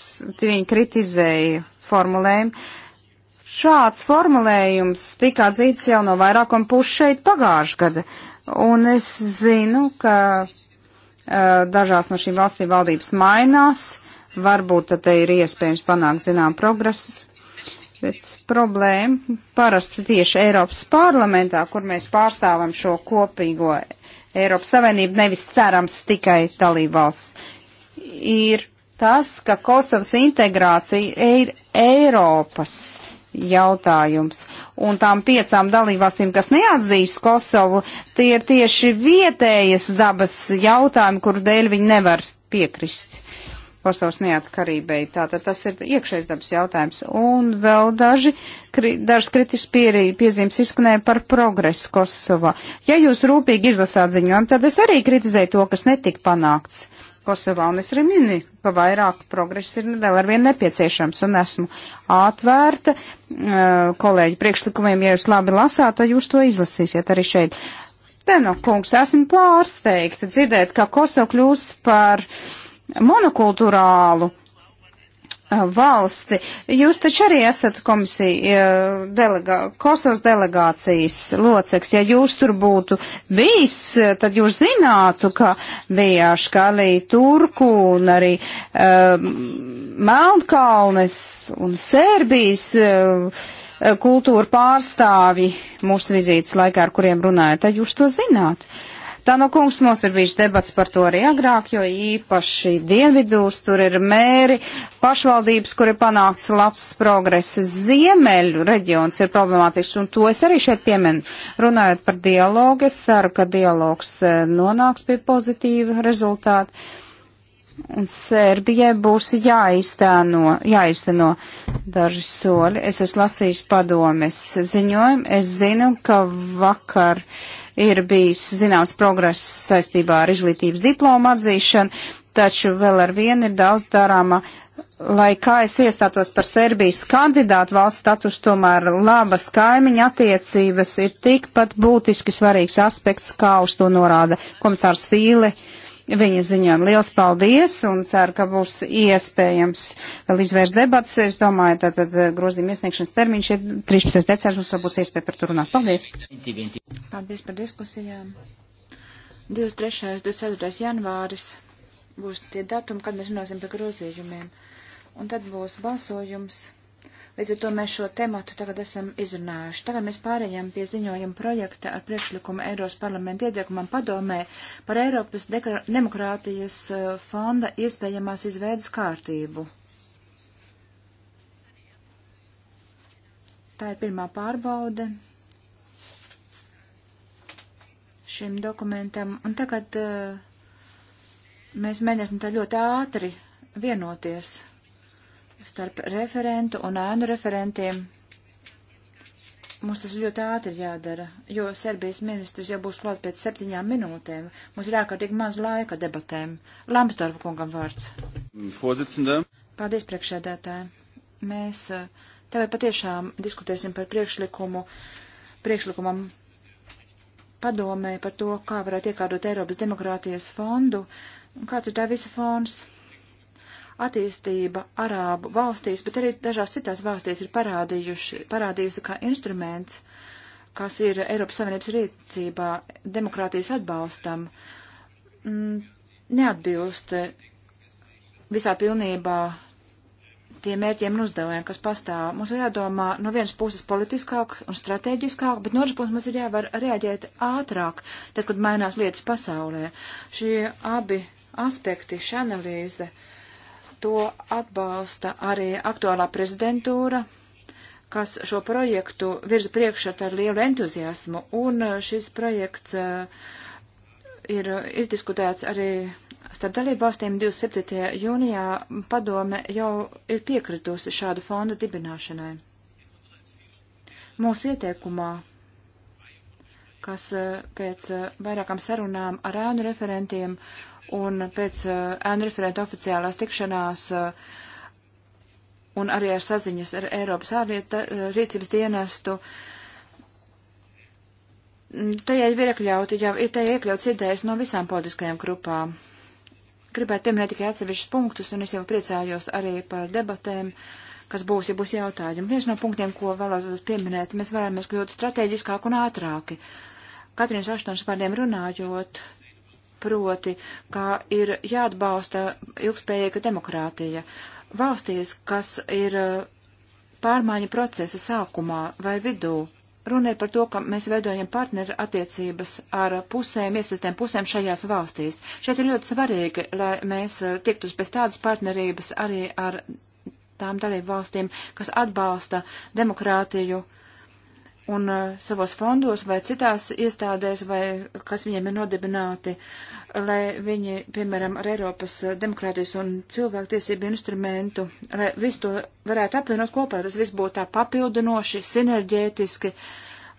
viņu kritizēju formulējumu. Šāds formulējums tika atzīts jau no vairākam pušu šeit pagājušajā gada, un es zinu, ka Eh, dažās no šīm valstīm valdības mainās, varbūt tad te ir iespējams panākt zinām progresus, bet problēma parasti tieši Eiropas parlamentā, kur mēs pārstāvam šo kopīgo Eiropas Savienību, nevis cerams tikai dalībvalsts, ir tas, ka Kosovas integrācija ir Eiropas jautājums. Un tām piecām dalībvalstīm, kas neatzīst Kosovu, tie ir tieši vietējas dabas jautājumi, kuru dēļ viņi nevar piekrist. Kosovas neatkarībai. Tātad tas ir iekšējais dabas jautājums. Un vēl daži, kri, dažas kritiskas pie, piezīmes izskanēja par progresu Kosovā. Ja jūs rūpīgi izlasāt ziņojumu, tad es arī kritizēju to, kas netika panākts. Uh, Kosovā, un es arī minu, ka vairāk progresa ir vēl ar vienu nepieciešams, un esmu atvērta uh, kolēģi priekšlikumiem, ja jūs labi lasāt, tad jūs to izlasīsiet arī šeit. Teno kungs, esmu pārsteigta dzirdēt, ka Kosova kļūs par monokulturālu valsti. Jūs taču arī esat komisija, delegā, Kosovas delegācijas loceks. Ja jūs tur būtu bijis, tad jūs zinātu, ka bija Škalī Turku un arī um, Melnkalnes un Sērbijas um, kultūra pārstāvi mūsu vizītes laikā, ar kuriem runājat. Tad jūs to zinātu. Uh, Tā no kungs mums ir bijis debats par to arī agrāk, jo īpaši dienvidūs tur ir mēri, pašvaldības, kur ir panākts labs progress. Ziemeļu reģions ir problemātisks, un to es arī šeit pieminu. Runājot par dialogu, es ceru, ka dialogs eh, nonāks pie pozitīva rezultāta Un Sērbijai būs jāiztēno, jāiztēno daži soļi. Es esmu lasījis padomes ziņojumu. Es zinu, ka vakar ir bijis zināms progress saistībā ar izglītības diplomu atzīšanu, taču vēl ar vienu ir daudz darāma. Lai kā es iestātos par Serbijas kandidātu valsts statusu, tomēr labas kaimiņa attiecības ir tikpat būtiski svarīgs aspekts, kā uz to norāda komisārs Fīle. Uh, viņa ziņojumu. Liels paldies un ceru, ka būs iespējams vēl izvērst debatas. Es domāju, tad, tad eh, grozījuma iesniegšanas termiņš ir 13. decembris, mums vēl būs iespēja par to runāt. Paldies! Paldies par diskusijām! 23. un 24. janvāris būs tie datumi, kad mēs runāsim par grozījumiem. Un tad būs balsojums Līdz ar to mēs šo tematu tagad esam izrunājuši. Tagad mēs pārējām pie ziņojuma projekta ar priekšlikumu Eiros parlamenta iediekumam padomē par Eiropas demokrātijas uh, fonda iespējamās izveidas kārtību. Tā ir pirmā pārbaude šim dokumentam. Un tagad uh, mēs mēģināsim tā ļoti ātri vienoties starp referentu un ēnu referentiem. Mums tas ļoti ātri jādara, jo Serbijas ministrs jau būs klāt pēc septiņām minūtēm. Mums ir ārkārtīgi maz laika debatēm. Lambsdorfa kungam vārds. Pozicindā. Paldies, priekšēdētāji. Mēs eh, tagad patiešām diskutēsim par priekšlikumu, priekšlikumam padomē par to, kā varētu iekārdot Eiropas demokrātijas fondu un kāds ir tā visa fons attīstība Arābu valstīs, bet arī dažās citās valstīs ir parādījusi kā instruments, kas ir Eiropas Savienības rīcībā demokrātijas atbalstam, mm, neatbilst visā pilnībā tiem mērķiem un uzdevumiem, kas pastāv. Mums ir jādomā no vienas puses politiskāk un strateģiskāk, bet no otras puses mums ir jāvar reaģēt ātrāk, tad, kad mainās lietas pasaulē. Šie abi aspekti, šī analīze, uh, To atbalsta arī aktuālā prezidentūra, kas šo projektu virza priekšat ar lielu entuziasmu, un uh, šis projekts uh, ir izdiskutēts arī starp dalību valstīm 27. jūnijā padome jau ir piekritusi šādu fondu dibināšanai. Mūsu ieteikumā kas uh, pēc vairākām sarunām ar ēnu referentiem un pēc eh, ēnu uh, referenta oficiālās tikšanās uh, un arī ar saziņas ar Eiropas ārlieta uh, rīcības dienestu. Mm, tajā jau ir iekļauti, jau ir tajā iekļauts idejas no visām politiskajām grupām. Gribētu pieminēt tikai atsevišķus punktus, un es jau priecājos arī par debatēm, kas būs, ja būs jautājumi. Viens no punktiem, ko vēlētos pieminēt, mēs varēmies kļūt strateģiskāk un ātrāki. Katrīnas aštuonas vārdiem runājot, proti, kā ir jāatbalsta ilgspējīga demokrātija. Valstīs, kas ir eh, pārmaiņu procesa sākumā vai vidū, runa ir par to, ka mēs veidojam partneru attiecības ar pusēm, iesaistēm pusēm šajās valstīs. Šeit ir ļoti svarīgi, lai mēs eh, tiktus bez tādas partnerības arī ar tām dalību valstīm, kas atbalsta demokrātiju, uh, un uh, savos fondos vai citās iestādēs, vai kas viņiem ir nodibināti, lai viņi, piemēram, ar Eiropas uh, demokrātijas un cilvēktiesību instrumentu, lai visu to varētu apvienot kopā, tas viss būtu tā papildinoši, sinerģētiski,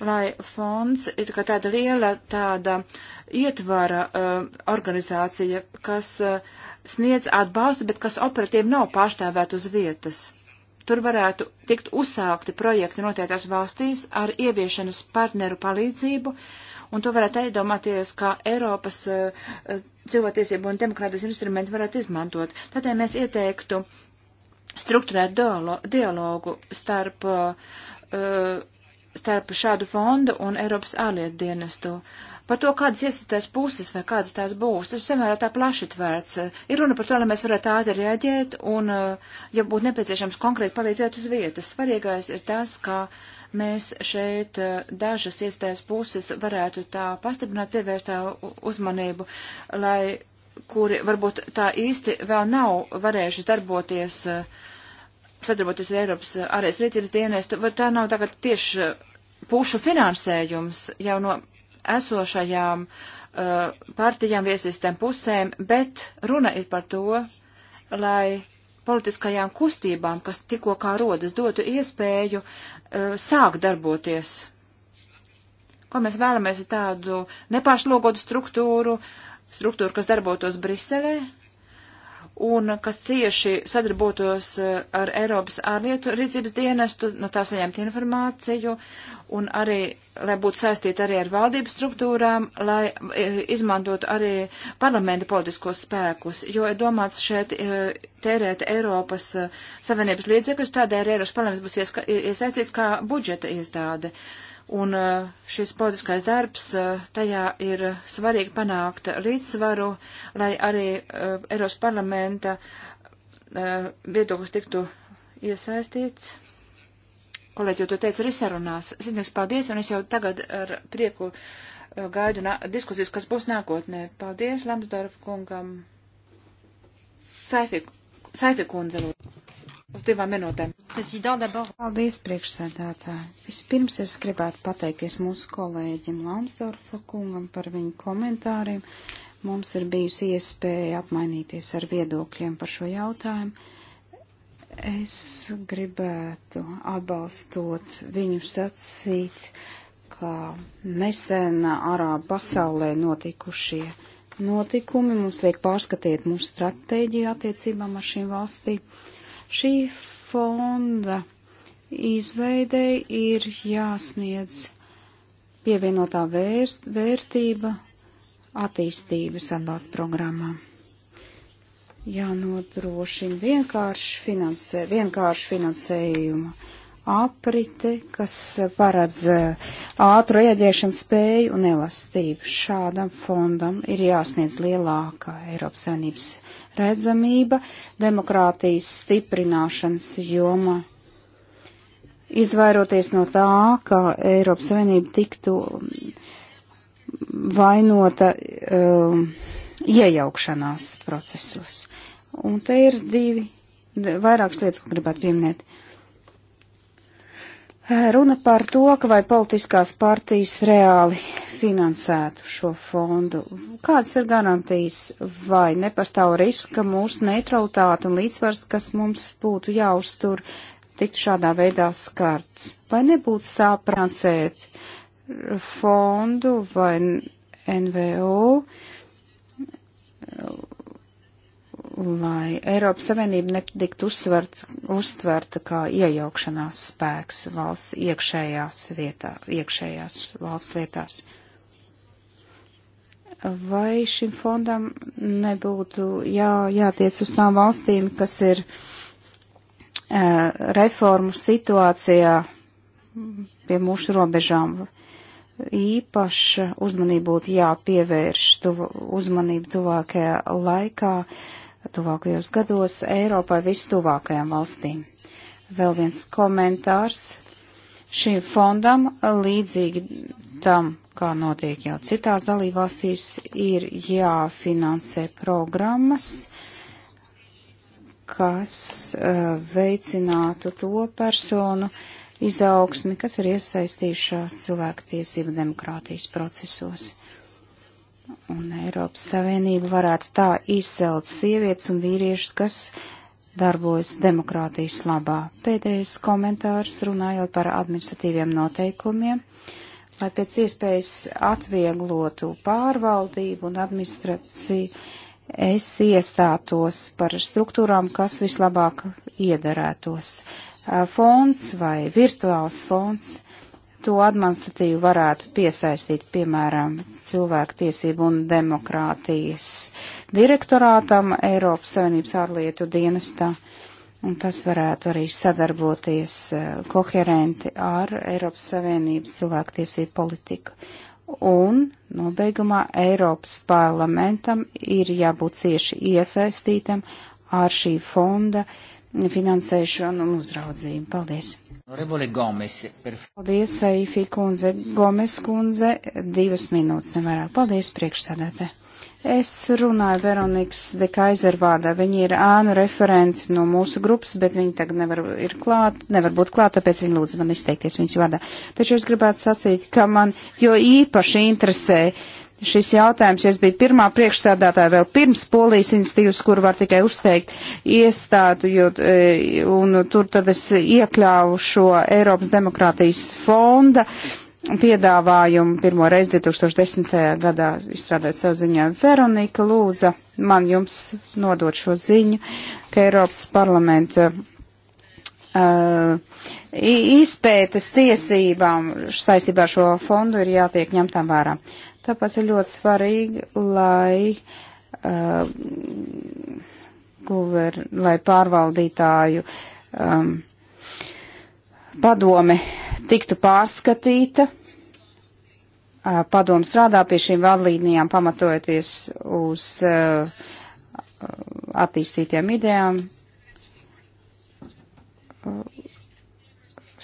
lai fonds ir kā tāda liela tāda ietvara uh, organizācija, kas uh, sniedz atbalstu, bet kas operatīvi nav pārstāvēt uz vietas Tur varētu tikt uzsākti projekti noteiktās valstīs ar ieviešanas partneru palīdzību, un to varētu iedomāties, kā Eiropas uh, cilvēktiesību un demokrātijas instrumenti varētu izmantot. Tādēļ mēs ieteiktu strukturēt dialogu starp, uh, starp šādu fondu un Eiropas ārlietu dienestu. Uh, par to, kādas iestatās puses vai kādas tās būs. Tas samērā tā plaši tvērts. Ir runa par to, lai mēs varētu ātri reaģēt un, eh, ja būtu nepieciešams, konkrēti palīdzēt uz vietas. Svarīgais ir tas, ka mēs šeit eh, dažas iestājas puses varētu tā pastiprināt, pievērst tā uzmanību, lai kuri varbūt tā īsti vēl nav varējuši darboties, eh, sadarboties ar Eiropas ārējas rīcības dienestu, var tā nav tagad tieši pušu finansējums jau no esošajām uh, partijām, viesistēm pusēm, bet runa ir par to, lai politiskajām kustībām, kas tikko kā rodas, dotu iespēju uh, sākt darboties. Ko mēs vēlamies ir tādu nepašlogotu struktūru, struktūru, kas darbotos Briselē, un kas cieši sadarbotos eh, ar Eiropas ārlietu rīcības dienestu, no tā saņemt informāciju, un arī, lai būtu saistīti arī ar valdības struktūrām, lai eh, izmantotu arī parlamenta politiskos spēkus, jo ir domāts šeit eh, tērēt Eiropas Savienības līdzekļus, tādēļ Eiropas parlaments būs iesaistīts kā budžeta iestāde. Uh, Un eh, šis politiskais darbs, eh, tajā ir svarīgi panākt līdzsvaru, lai arī uh, Eiropas parlamenta uh, viedoklis tiktu iesaistīts. Kolēģi jau to teica arī sarunās. Sīdnieks, paldies, un es jau tagad ar prieku uh, gaidu diskusijas, kas būs nākotnē. Paldies Lamsdorf kungam. Saifi, Saifi kundze uz divām minūtēm. Paldies, priekšsēdētāji. Vispirms es gribētu pateikties mūsu kolēģim Lansdorfa kungam par viņu komentāriem. Mums ir bijusi iespēja apmainīties ar viedokļiem par šo jautājumu. Es gribētu atbalstot viņu sacīt, ka nesenā Arābu pasaulē notikušie notikumi mums liek pārskatīt mūsu stratēģiju attiecībām ar šīm valstīm. Šī fonda izveidei ir jāsniedz pievienotā vērst, vērtība attīstības atbalsta programmā. Jānodrošina vienkārši, finansē, vienkārši finansējuma aprite, kas paredz uh, ātru rēģēšanas spēju un elastību. Šādam fondam ir jāsniedz lielākā Eiropas saimnības redzamība demokrātijas stiprināšanas jomā. Izvairoties no tā, ka Eiropas Savienība tiktu vainota um, iejaukšanās procesos. Un te ir divi, vairākas lietas, ko gribētu pieminēt. Runa par to, ka vai politiskās partijas reāli finansētu šo fondu? Kādas ir garantijas vai nepastāv risks, ka mūsu neutralitāte un līdzsvars, kas mums būtu jāuztur, tiktu šādā veidā skarts? Vai nebūtu sāprānsēt fondu vai NVO? lai Eiropas Savienība netiktu uzsvert, uztverta kā iejaukšanās spēks valsts iekšējās vietā, iekšējās valsts lietās vai šim fondam nebūtu jā, jātiec uz tām valstīm, kas ir uh, reformu situācijā pie mūsu robežām. Īpaša uzmanība būtu jāpievērš tuv, uzmanību tuvākajā laikā, tuvākajos gados Eiropai vistuvākajām valstīm. Vēl viens komentārs šim fondam, līdzīgi tam, kā notiek jau citās dalībvalstīs, ir jāfinansē programmas, kas uh, veicinātu to personu izaugsmi, kas ir iesaistījušās cilvēku tiesību demokrātijas procesos. Un Eiropas Savienība varētu tā izcelt sievietes un vīriešus, kas darbojas demokrātijas labā. Pēdējais komentārs runājot par administratīviem noteikumiem lai pēc iespējas atvieglotu pārvaldību un administrāciju, es iestātos par struktūrām, kas vislabāk iedarētos. Fonds vai virtuāls fonds to administratīvu varētu piesaistīt, piemēram, cilvēktiesību un demokrātijas direktorātam Eiropas Savienības ārlietu dienestā un tas varētu arī sadarboties eh, koherenti ar Eiropas Savienības cilvēktiesību politiku. Un nobeigumā Eiropas parlamentam ir jābūt cieši iesaistītam ar šī fonda finansēšanu un uzraudzību. Paldies! Gomes, Paldies, Saifī kundze. Gomes kundze, divas minūtes nevarētu. Paldies, priekšsēdētāji! Es runāju Veronikas de Kaizervārdā. Viņa ir ānu referenti no mūsu grupas, bet viņa tagad nevar, klāt, nevar būt klāt, tāpēc viņa lūdz man izteikties viņas vārdā. Taču es gribētu sacīt, ka man jo īpaši interesē šis jautājums, ja es biju pirmā priekšsādātāja vēl pirms polijas institīvas, kur var tikai uzteikt iestātu, jo, e, un tur tad es iekļāvu šo Eiropas demokrātijas fonda. Uh, piedāvājumu pirmo reizi 2010. gadā izstrādāt savu ziņojumu. Veronika lūdza man jums nodot šo ziņu, ka Eiropas parlamenta uh, izpētes tiesībām saistībā ar šo fondu ir jātiek ņemtām vērā. Tāpēc ir ļoti svarīgi, lai, uh, guver, lai pārvaldītāju um, padome tiktu pārskatīta. Padome strādā pie šīm vadlīnijām, pamatojoties uz attīstītiem idejām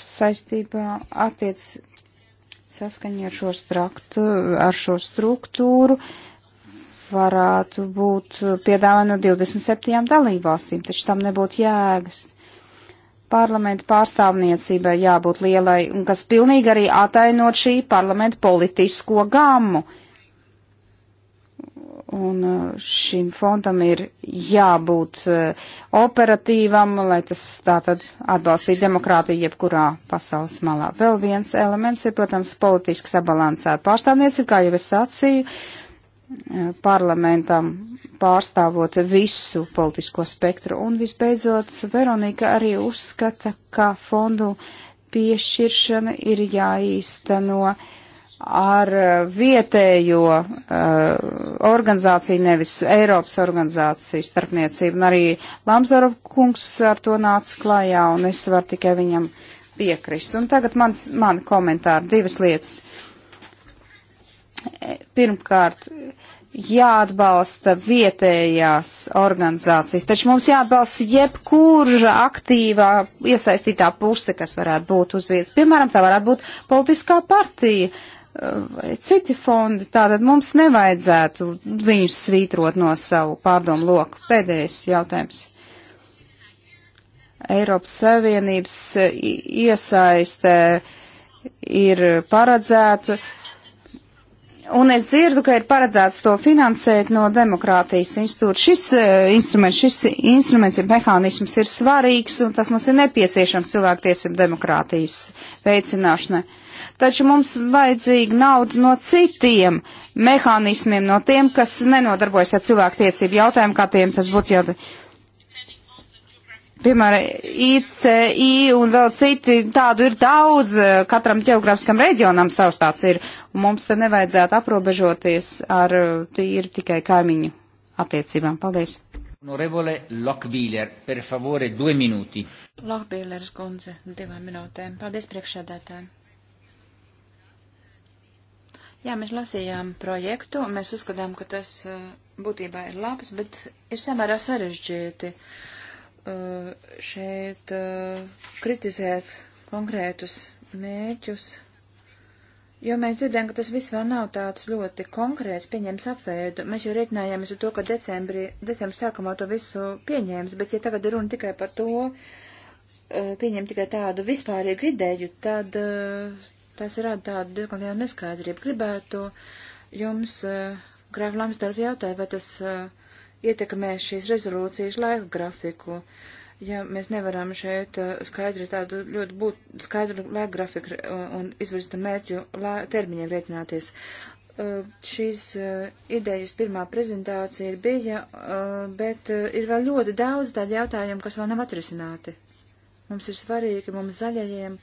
saistībā attiec saskaņa ar šo, straktu, ar šo struktūru varētu būt piedāvāja no 27 dalībvalstīm, taču tam nebūtu jēgas parlamentu pārstāvniecībai jābūt lielai, un kas pilnīgi arī atainot šī parlamentu politisko gammu. Un uh, šim fondam ir jābūt uh, operatīvam, lai tas tātad atbalstītu demokrātiju jebkurā pasaules malā. Vēl viens elements ir, protams, politiski sabalansēta pārstāvniecība, kā jau es sacīju, uh, parlamentam pārstāvot visu politisko spektru. Un visbeidzot, Veronika arī uzskata, ka fondu piešķiršana ir jāīsteno ar vietējo uh, organizāciju, nevis Eiropas organizāciju starpniecību. Un arī Lamsdorf kungs ar to nāca klājā, un es varu tikai viņam piekrist. Un tagad mans, man komentāri divas lietas. Uh, Pirmkārt, jāatbalsta vietējās organizācijas, taču mums jāatbalsta jebkura aktīvā iesaistītā puse, kas varētu būt uz vietas. Piemēram, tā varētu būt politiskā partija uh, vai citi fondi, tātad mums nevajadzētu viņus svītrot no savu pārdomu loku. Pēdējais jautājums. Eiropas Savienības iesaiste ir paredzēta Un es dzirdu, ka ir paredzēts to finansēt no demokrātijas institūta. Šis uh, instruments, šis instruments, ja mehānisms ir svarīgs un tas mums ir nepieciešams cilvēktiesību demokrātijas veicināšanai. Taču mums vajadzīga nauda no citiem mehānismiem, no tiem, kas nenodarbojas ar cilvēktiesību jautājumu, kā tiem tas būtu jādara. Piemēram, ICI un vēl citi tādu ir daudz, katram ģeogrāfiskam reģionam savs tāds ir. Mums te nevajadzētu aprobežoties ar tīri tikai kaimiņu attiecībām. Paldies. Honorevole Lokvīler, per favore, divi minūti. Lokvīlers kundze, divām minūtēm. Paldies priekšsēdētājiem. Jā, mēs lasījām projektu, un mēs uzskatām, ka tas eh, būtībā ir labs, bet ir samērā sarežģīti. Uh, Eh, šeit eh, kritizēt konkrētus mērķus, jo mēs dzirdējam, ka tas viss vēl nav tāds ļoti konkrēts pieņems apveidu. Mēs jau rēķinājāmies ar to, ka decembrī, decembrī sākumā to visu pieņēms, bet ja tagad runa tikai par to, eh, pieņem tikai tādu vispārīgu ideju, tad tas rada tādu diezgan lielu neskaidrību. Gribētu jums, Grāf Lamsdorf jautāja, vai tas uh, ietekmē šīs rezolūcijas laika grafiku. Ja mēs nevaram šeit uh, skaidri tādu ļoti būt skaidru laika grafiku un izvirzītu mērķu termiņiem rēķināties. Uh, šīs uh, idejas pirmā prezentācija bija, bet ir vēl ļoti daudz tādu jautājumu, kas vēl nav atrisināti. Mums ir svarīgi, mums zaļajiem,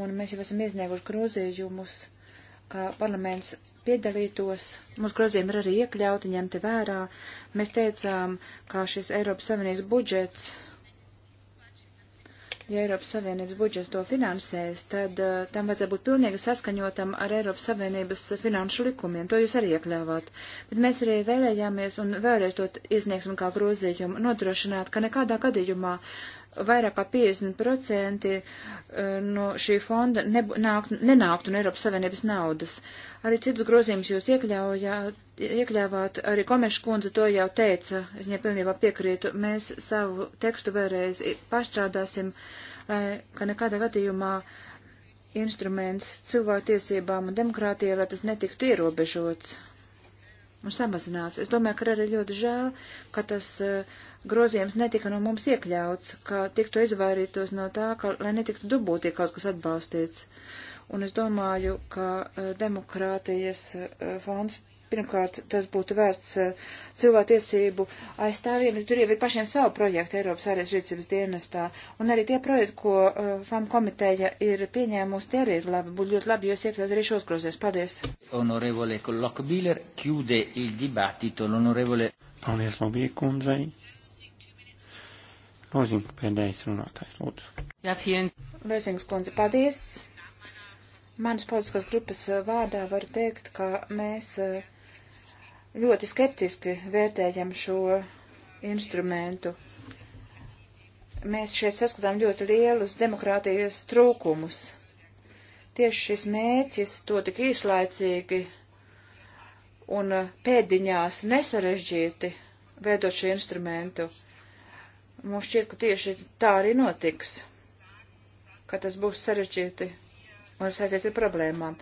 un mēs jau esam iesnieguši grozījumus, kā parlaments piedalītos. Mūsu grozījumi ir arī iekļauti, ņemti vērā. Mēs teicām, ka šis Eiropas Savienības budžets, ja Eiropas Savienības budžets to finansēs, tad uh, tam vajadzētu būt pilnīgi saskaņotam ar Eiropas Savienības finanšu likumiem. To jūs arī iekļāvāt. Bet mēs arī vēlējāmies un vēlreiz to iesniegsim kā grozījumu nodrošināt, ka nekādā gadījumā uh, vairāk kā 50% eh, no šī fonda nebūtu, nenāktu no Eiropas Savienības naudas. Arī citus grozījumus jūs iekļaujāt, iekļāvāt, arī Komeša kundze to jau teica, es viņai pilnībā piekrītu, mēs savu tekstu vēlreiz pārstrādāsim, lai, ka nekādā gadījumā instruments cilvēktiesībām un demokrātijai, lai tas netiktu ierobežots un samazināts. Es domāju, ka arī ļoti žēl, ka tas uh, grozījums netika no mums iekļauts, ka tiktu izvairītos no tā, ka, lai netiktu dubūtī kaut kas atbalstīts. Un es domāju, ka uh, demokrātijas uh, fonds pirmkārt tas būtu vērts uh, eh, cilvēktiesību aizstāvjiem, bet tur jau ir pašiem savu projektu Eiropas ārējas rīcības dienestā. Un arī tie projekti, ko uh, FAM komiteja ir pieņēmusi, tie arī ir labi. Būtu ļoti labi, jūs iekļaut arī šos grozies. Paldies. Honorevole Lokbīler, chiude il dibattito. L'onorevole. Paldies, Lobija kundzei nozīme pēdējais runātājs, lūdzu. Jā, fien. Vēsings kundze, paldies. Manas politiskās grupas eh, vārdā var teikt, ka mēs eh, ļoti skeptiski vērtējam šo instrumentu. Mēs šeit saskatām ļoti lielus demokrātijas trūkumus. Tieši šis mēķis to tik īslaicīgi un eh, pēdiņās nesarežģīti veidot šo instrumentu. Mums šķiet, ka tieši tā arī notiks, ka tas būs sarežģīti un saistīts ar problēmām.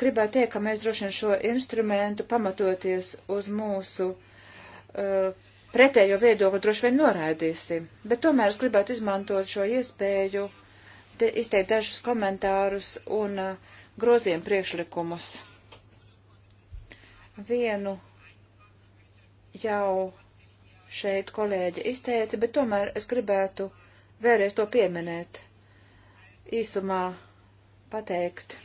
Gribētu teikt, ka mēs droši vien šo instrumentu pamatoties uz mūsu uh, pretējo viedokli droši vien noraidīsim, bet tomēr es gribētu izmantot šo iespēju te izteikt dažus komentārus un uh, groziem priekšlikumus. Vienu jau šeit kolēģi izteica, bet tomēr es gribētu vēlreiz to pieminēt, īsumā pateikt.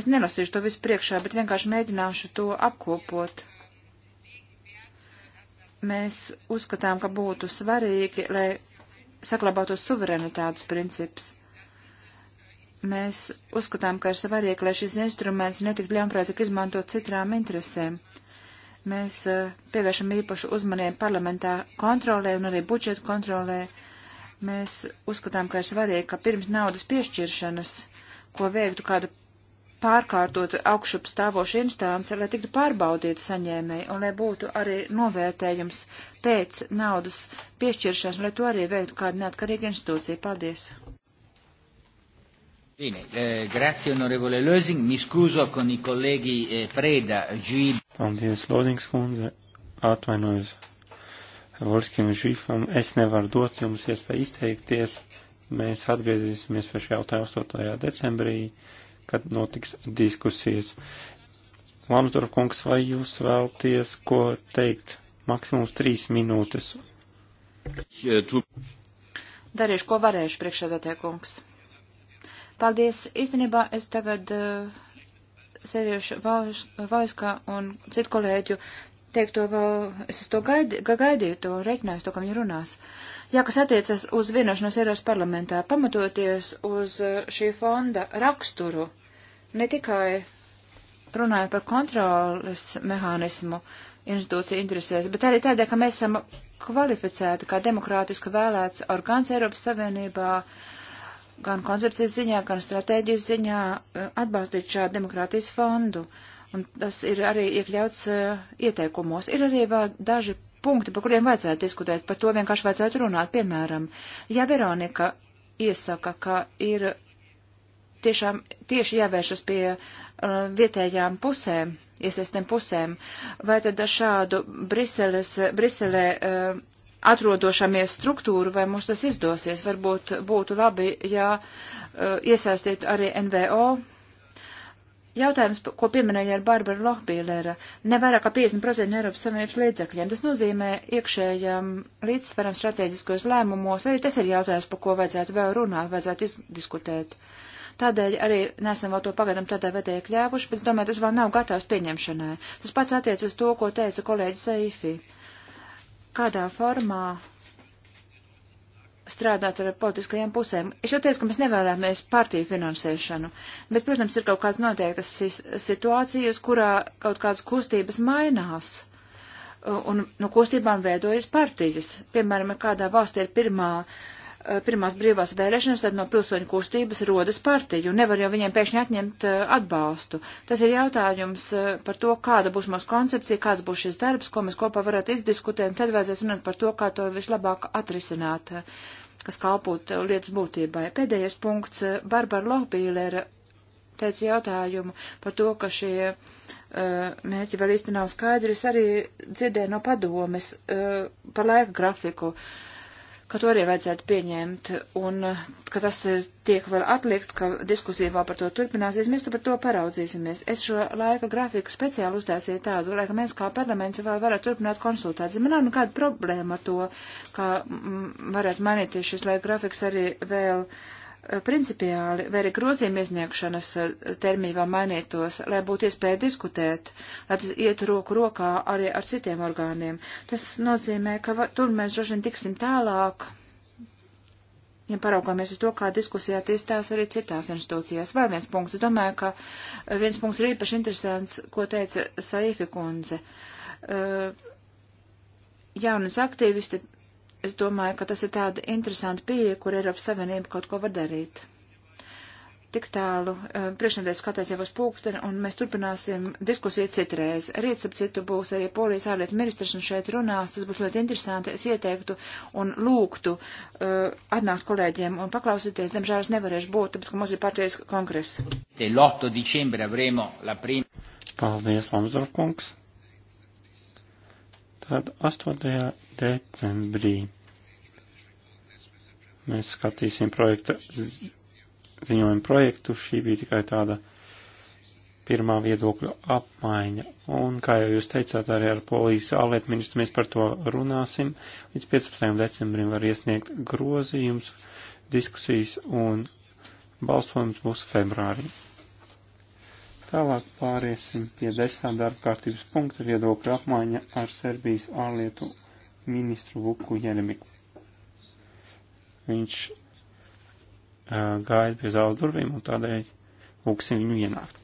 Es nelasīšu to visu priekšā, bet vienkārši mēģināšu to apkopot. Mēs uzskatām, ka būtu svarīgi, lai saklabātos suverenitātes princips mēs uzskatām, ka ir svarīgi, lai šis instruments netiktu ļaunprātīgi izmantot citām interesēm. Mēs eh, pievēršam īpašu uzmanību parlamentā kontrolē un arī budžetu kontrolē. Mēs uzskatām, ka ir svarīgi, ka pirms naudas piešķiršanas, ko veiktu kāda pārkārtot augšup stāvošu instance, lai tiktu pārbaudīti saņēmēji un lai būtu arī novērtējums pēc naudas piešķiršanas, lai to arī veiktu kāda neatkarīga institūcija. Paldies! Bene, eh, grazie onorevole Lösing, mi scuso con i colleghi eh, Preda, Gib. Paldies, Lodings kundze. Atvainojos Volskim Žīfam. Es nevaru dot jums iespēju izteikties. Mēs atgriezīsimies pie šī jautājuma 8. decembrī, kad notiks diskusijas. Lamsdorf kungs, vai jūs vēlties ko teikt? Maksimums trīs minūtes. Darīšu, ko varēšu, priekšsēdētāja kungs. Paldies. Īstenībā es tagad uh, Sēriešu Vaiska un citu kolēģu teikto vēl, es to gaidi, gaidīju, to reiķināju, to, kam viņi runās. Jā, kas attiecas uz vienošanos Eiropas parlamentā, pamatoties uz uh, šī fonda raksturu, ne tikai runāja par kontroles mehānismu institūciju interesēs, bet arī tādēļ, ka mēs esam kvalificēti kā demokrātiski vēlēts orgāns Eiropas Savienībā uh, gan koncepcijas ziņā, gan stratēģijas ziņā eh, atbalstīt šādu demokrātijas fondu. Un tas ir arī iekļauts uh, ieteikumos. Ir arī vēl daži punkti, par kuriem vajadzētu diskutēt, par to vienkārši vajadzētu runāt. Piemēram, ja Veronika iesaka, ka ir tiešām tieši jāvēršas pie uh, vietējām pusēm, iesaistiem pusēm, vai tad šādu Briseles, Briselē uh, atrodošamies struktūru, vai mums tas izdosies. Varbūt būtu labi, ja e, iesaistītu arī NVO. Jautājums, ko pieminēja ar Barbara Lohbīlera, ne vairāk kā 50% Eiropas Savienības līdzekļiem. Tas nozīmē iekšējam līdzsveram strateģiskos lēmumos. Arī tas ir jautājums, par ko vajadzētu vēl runāt, vajadzētu diskutēt. Tādēļ arī nesam vēl to pagaidām tādā vedē kļāvuši, bet domāju, tas vēl nav gatavs pieņemšanai. Tas pats attiec uz to, ko teica kolēģis Saifi. Uh, kādā formā strādāt ar politiskajām pusēm. Es jau teicu, ka mēs nevēlamies partiju finansēšanu, bet, protams, ir kaut kādas noteiktas situācijas, kurā kaut kādas kustības mainās, un no kustībām veidojas partijas. Piemēram, kādā valstī ir pirmā uh, Eh, pirmās brīvās vēlēšanas, tad no pilsoņu kustības rodas partija, un nevar jau viņiem pēkšņi atņemt eh, atbalstu. Tas ir jautājums eh, par to, kāda būs mūsu koncepcija, kāds būs šis darbs, ko mēs kopā varētu izdiskutēt, un tad vajadzētu runāt par to, kā to vislabāk atrisināt, kas kalpot lietas būtībai. Pēdējais punkts - Barbara Lohbīlera teica jautājumu par to, ka šie uh, mērķi vēl īsti nav skaidri. Es arī dzirdēju no padomes uh, par laika grafiku. Uh, ka to arī vajadzētu pieņemt, un eh, ka tas tiek vēl atliekts, ka diskusija vēl par to turpināsies, mēs tu par to paraudzīsimies. Es šo laika grafiku speciāli uztaisīju tādu, lai mēs kā parlaments vēl varētu turpināt konsultāciju. Man nav nekāda problēma ar to, ka m, varētu mainīties šis laika grafiks arī vēl. Uh, principiāli vai arī grozījuma iesniegšanas eh, termiņi vēl mainītos, lai būtu iespēja diskutēt, lai tas iet roku rokā arī ar citiem orgāniem. Tas nozīmē, ka va, tur mēs droši vien tiksim tālāk, ja paraugāmies uz to, kā diskusijā tiestās arī citās institūcijās. Vēl viens punkts, es domāju, ka eh, viens punkts ir īpaši interesants, ko teica Saifi kundze. Uh, jaunas aktīvisti es domāju, ka tas ir tāda interesanta pieeja, kur Eiropas Savienība kaut ko var darīt. Tik tālu eh, priekšnedēļ skatās jau uz pulksteni, un mēs turpināsim diskusiju citreiz. Rīt, ap citu, būs arī polijas ārlietu ministrs, un šeit runās, tas būs ļoti interesanti. Es ieteiktu un lūgtu uh, atnākt kolēģiem un paklausīties. Diemžēl es nevarēšu būt, tāpēc, ka mums ir partijas kongress. Paldies, Lamsdorf kungs! Tad 8. decembrī mēs skatīsim projekta, ziņojumu projektu. Šī bija tikai tāda pirmā viedokļa apmaiņa. Un, kā jau jūs teicāt, arī ar polijas ārlietu ministru mēs par to runāsim. Līdz 15. decembrim var iesniegt grozījums, diskusijas un balsojums būs februārī. Tālāk pāriesim pie desmitā darba kārtības punkta viedokļa apmaiņa ar Serbijas ārlietu ministru Vuku Jeremiku. Viņš uh, gaida pie zāles durvīm un tādēļ lūksim viņu ienākt.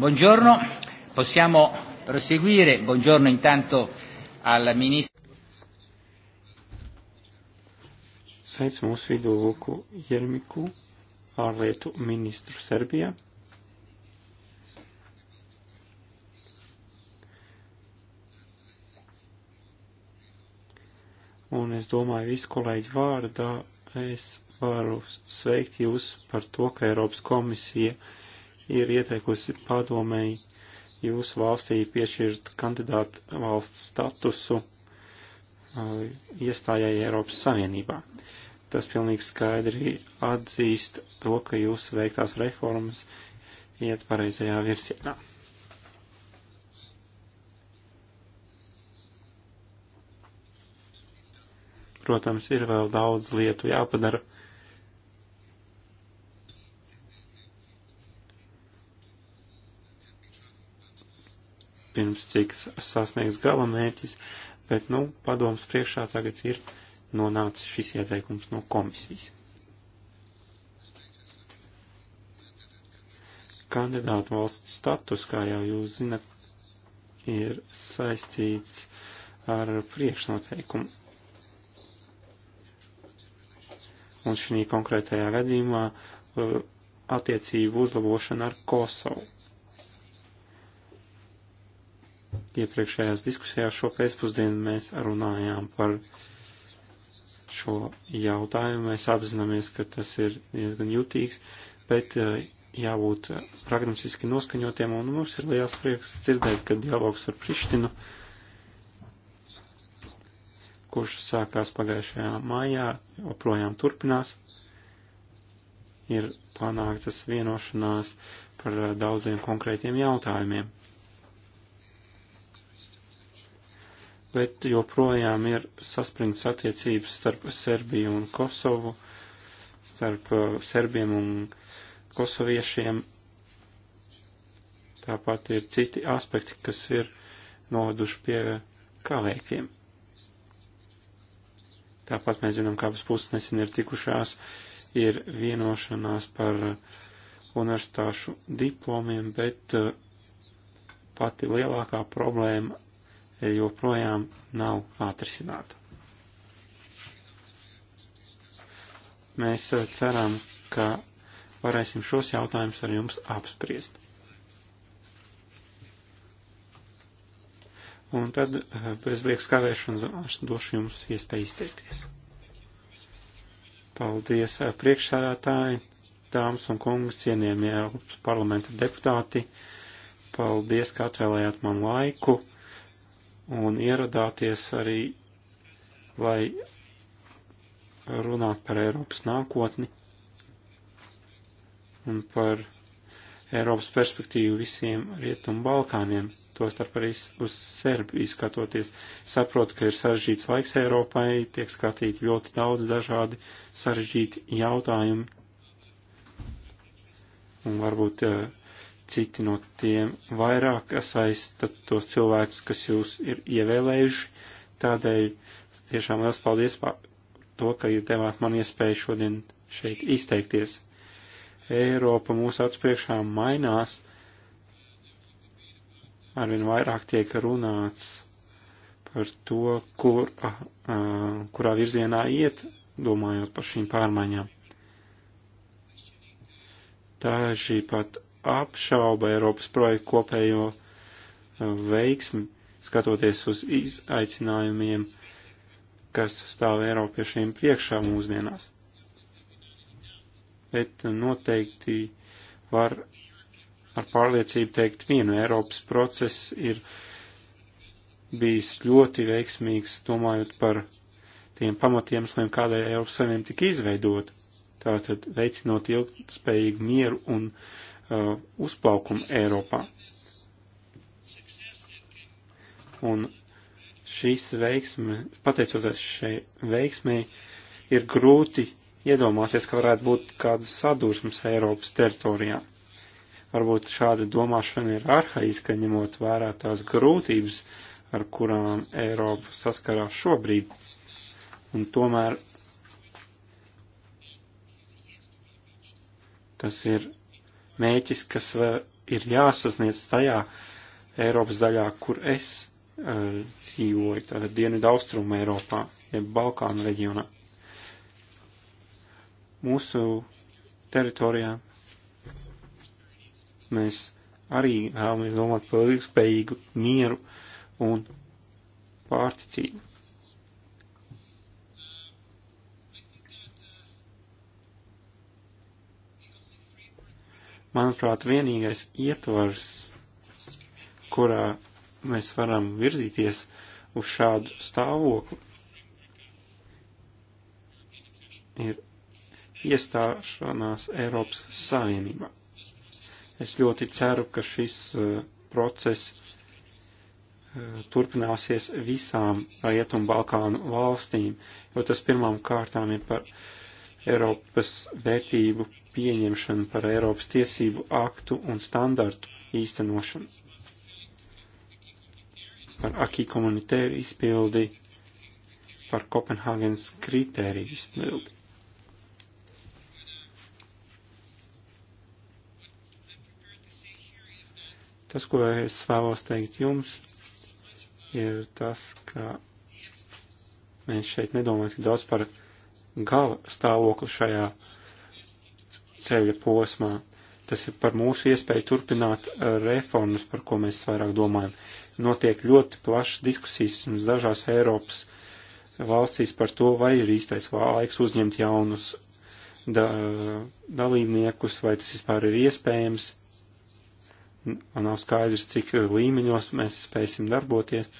Buongiorno, possiamo proseguire. Buongiorno intanto al ministro. Sveic mūsu vidū Luku Jermiku, ārlietu ministru Serbijā. Un es domāju, visu kolēģi vārdā es varu sveikt jūs par to, ka Eiropas komisija uh, ir ieteikusi padomēji jūsu valstī piešķirt kandidātu valsts statusu uh, iestājai Eiropas Savienībā. Tas pilnīgi skaidri atzīst to, ka jūsu veiktās reformas iet pareizajā virsienā. Protams, ir vēl daudz lietu jāpadara, pirms tiks sasniegts galamērķis, bet, nu, padoms priekšā tagad ir nonācis šis ieteikums no komisijas. Kandidātu valsts status, kā jau jūs zinat, ir saistīts ar priekšnoteikumu. Un šī konkrētajā gadījumā uh, attiecību uzlabošana ar Kosovu. iepriekšējās diskusijās šo pēcpusdienu mēs runājām par šo jautājumu. Mēs apzināmies, ka tas ir diezgan jutīgs, bet eh, jābūt pragmatiski noskaņotiem, un mums ir liels prieks dzirdēt, ka dialogs ar Prištinu, kurš sākās pagājušajā mājā, joprojām turpinās, ir panāktas vienošanās par eh, daudziem konkrētiem jautājumiem. bet joprojām ir saspringts attiecības starp Serbiju un Kosovu, starp uh, serbiem un kosoviešiem. Tāpat ir citi aspekti, kas ir novaduši pie kavēkļiem. Tāpat mēs zinām, ka abas puses nesen ir tikušās, ir vienošanās par universitāšu diplomiem, bet uh, pati lielākā problēma joprojām nav atrisināta. Mēs eh, ceram, ka varēsim šos jautājumus ar jums apspriest. Un tad eh, bez liekas kavēšanas došu jums iespēju izteikties. Paldies eh, priekšsādātāji, dāmas un kungas, cienījamie Eiropas parlamenta deputāti. Paldies, ka atvēlējāt man laiku un ieradāties arī, lai runātu par Eiropas nākotni un par Eiropas perspektīvu visiem Rietumu Balkāniem, tostarp arī uz Serbiju skatoties. Saprotu, ka ir sarežģīts laiks Eiropai, tiek skatīti ļoti daudz dažādi sarežģīti jautājumi. Un varbūt uh, citi no tiem vairāk saista tos cilvēkus, kas jūs ir ievēlējuši. Tādēļ tiešām liels paldies par to, ka jūs devāt man iespēju šodien šeit izteikties. Eiropa mūsu atspriekšā mainās, arvien vairāk tiek runāts par to, kur, uh, kurā virzienā iet, domājot par šīm pārmaiņām. Daži pat apšauba Eiropas projektu kopējo uh, veiksmi, skatoties uz izaicinājumiem, kas stāv Eiropiešiem priekšā mūsdienās. Bet uh, noteikti var ar pārliecību teikt vienu, Eiropas process ir bijis ļoti veiksmīgs, domājot par tiem pamatiemesliem, kādēļ Eiropas Savienība tika izveidota. Tātad veicinot ilgspējīgu mieru un uh, Uh, uzplaukumu Eiropā. Un šīs veiksme, pateicoties šai veiksmei, ir grūti iedomāties, ka varētu būt kāda sadursmes Eiropas teritorijā. Varbūt šāda domāšana ir arhaiska, ņemot vērā tās grūtības, ar kurām Eiropa saskarās šobrīd. Un tomēr tas ir mēķis, kas ir jāsasniedz tajā Eiropas daļā, kur es uh, dzīvoju, tātad Dienvidu Austrumu Eiropā, jeb Balkānu reģionā. Mūsu teritorijā mēs arī vēlamies domāt par ilgspējīgu mieru un pārticību. Manuprāt, vienīgais ietvars, kurā mēs varam virzīties uz šādu stāvokli, ir iestāšanās Eiropas Savienībā. Es ļoti ceru, ka šis uh, process uh, turpināsies visām Rietumu Balkānu valstīm, jo tas pirmām kārtām ir par Eiropas vērtību pieņemšanu par Eiropas tiesību aktu un standartu īstenošanu, par akī komunitēru izpildi, par Kopenhāgenes kritēriju izpildi. Tas, ko es vēlos teikt jums, ir tas, ka mēs šeit nedomājam tik daudz par gala stāvokli šajā ceļa posmā. Tas ir par mūsu iespēju turpināt uh, reformas, par ko mēs vairāk domājam. Notiek ļoti plašas diskusijas mums dažās Eiropas valstīs par to, vai ir īstais laiks uzņemt jaunus da, uh, dalībniekus, vai tas vispār ir iespējams. Man nav skaidrs, cik uh, līmeņos mēs spēsim darboties.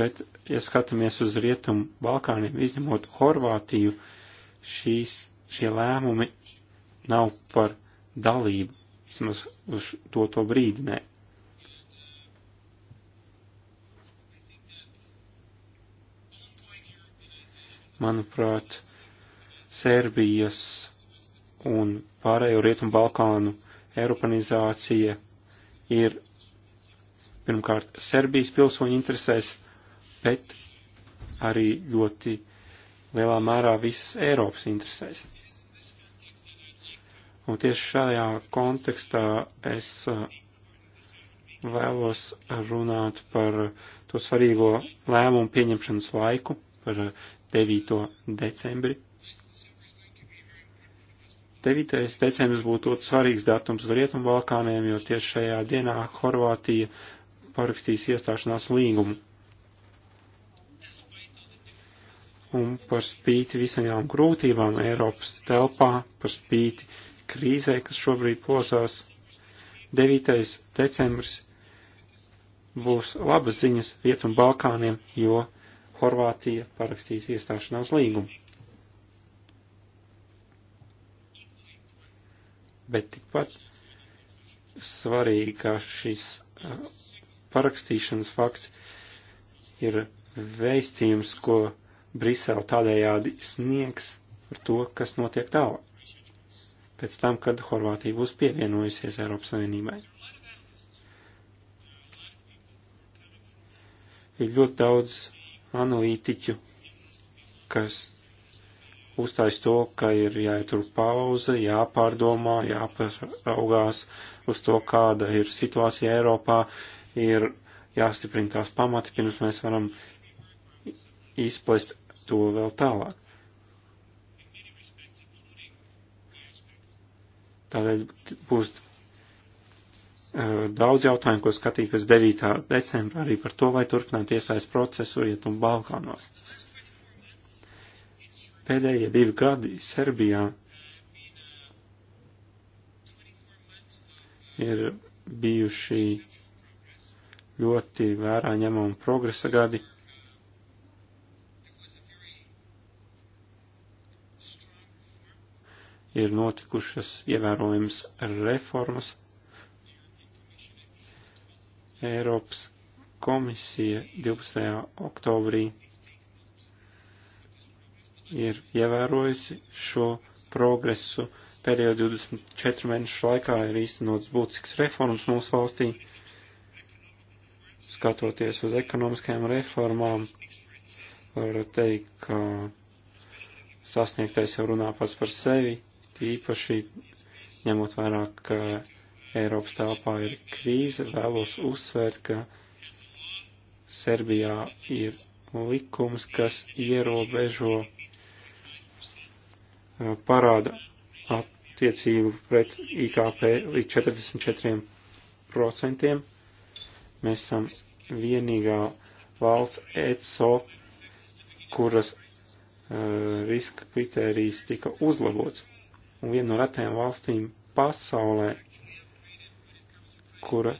Bet, ja skatāmies uz Rietumu Balkāniem, izņemot Horvātiju, šīs Šie lēmumi nav par dalību, vismaz uz to, to brīdi, nē. Manuprāt, Serbijas un pārējo Rietumu Balkānu Eiropanizācija ir pirmkārt Serbijas pilsoņu interesēs, bet arī ļoti lielā mērā visas Eiropas interesēs. Un tieši šajā kontekstā es uh, vēlos runāt par to svarīgo lēmumu pieņemšanas laiku, par 9. Uh, decembri. 9. decembris būtu ļoti svarīgs datums Rietumbalkāniem, jo tieši šajā dienā Horvātija parakstīs iestāšanās līgumu. Un par spīti visajām grūtībām Eiropas telpā, par spīti uh, krīzē, kas šobrīd plosās. 9. decembris būs labas ziņas Rietumu Balkāniem, jo Horvātija parakstīs iestāšanās līgumu. Bet tikpat svarīgi, ka šis eh, parakstīšanas fakts ir veistījums, ko Brisele tādējādi sniegs par to, kas notiek tālāk pēc tam, kad Horvātija būs pievienojusies Eiropas Savienībai. Ir ļoti daudz analītiķu, kas uzstājas to, ka ir jāietur pauze, jāpārdomā, jāparaugās uz to, kāda ir situācija Eiropā, ir jāstiprina tās pamati, pirms mēs varam izplest to vēl tālāk. Tādēļ būs e, daudz jautājumu, ko skatīt pēc 9. decembra arī par to, vai turpināt iestājas procesu Rietumu Balkānos. Pēdējie divi gadi Serbijā ir bijuši ļoti vērā ņemama progresa gadi. ir notikušas ievērojams reformas. Eiropas komisija 12. oktobrī ir ievērojusi šo progresu. Pēdējo 24 mēnešu laikā ir īstenots būtisks reformas mūsu valstī. Skatoties uz ekonomiskajām reformām, var teikt, ka sasniegtais jau runā pats par sevi. Tīpaši ņemot vērā, ka Eiropas telpā ir krīze, vēlos uzsvērt, ka Serbijā ir likums, kas ierobežo parāda attiecību pret IKP līdz 44%. Mēs esam vienīgā valsts ECO, kuras uh, riska kritērijas tika uzlabots un viena no retajām valstīm pasaulē, kura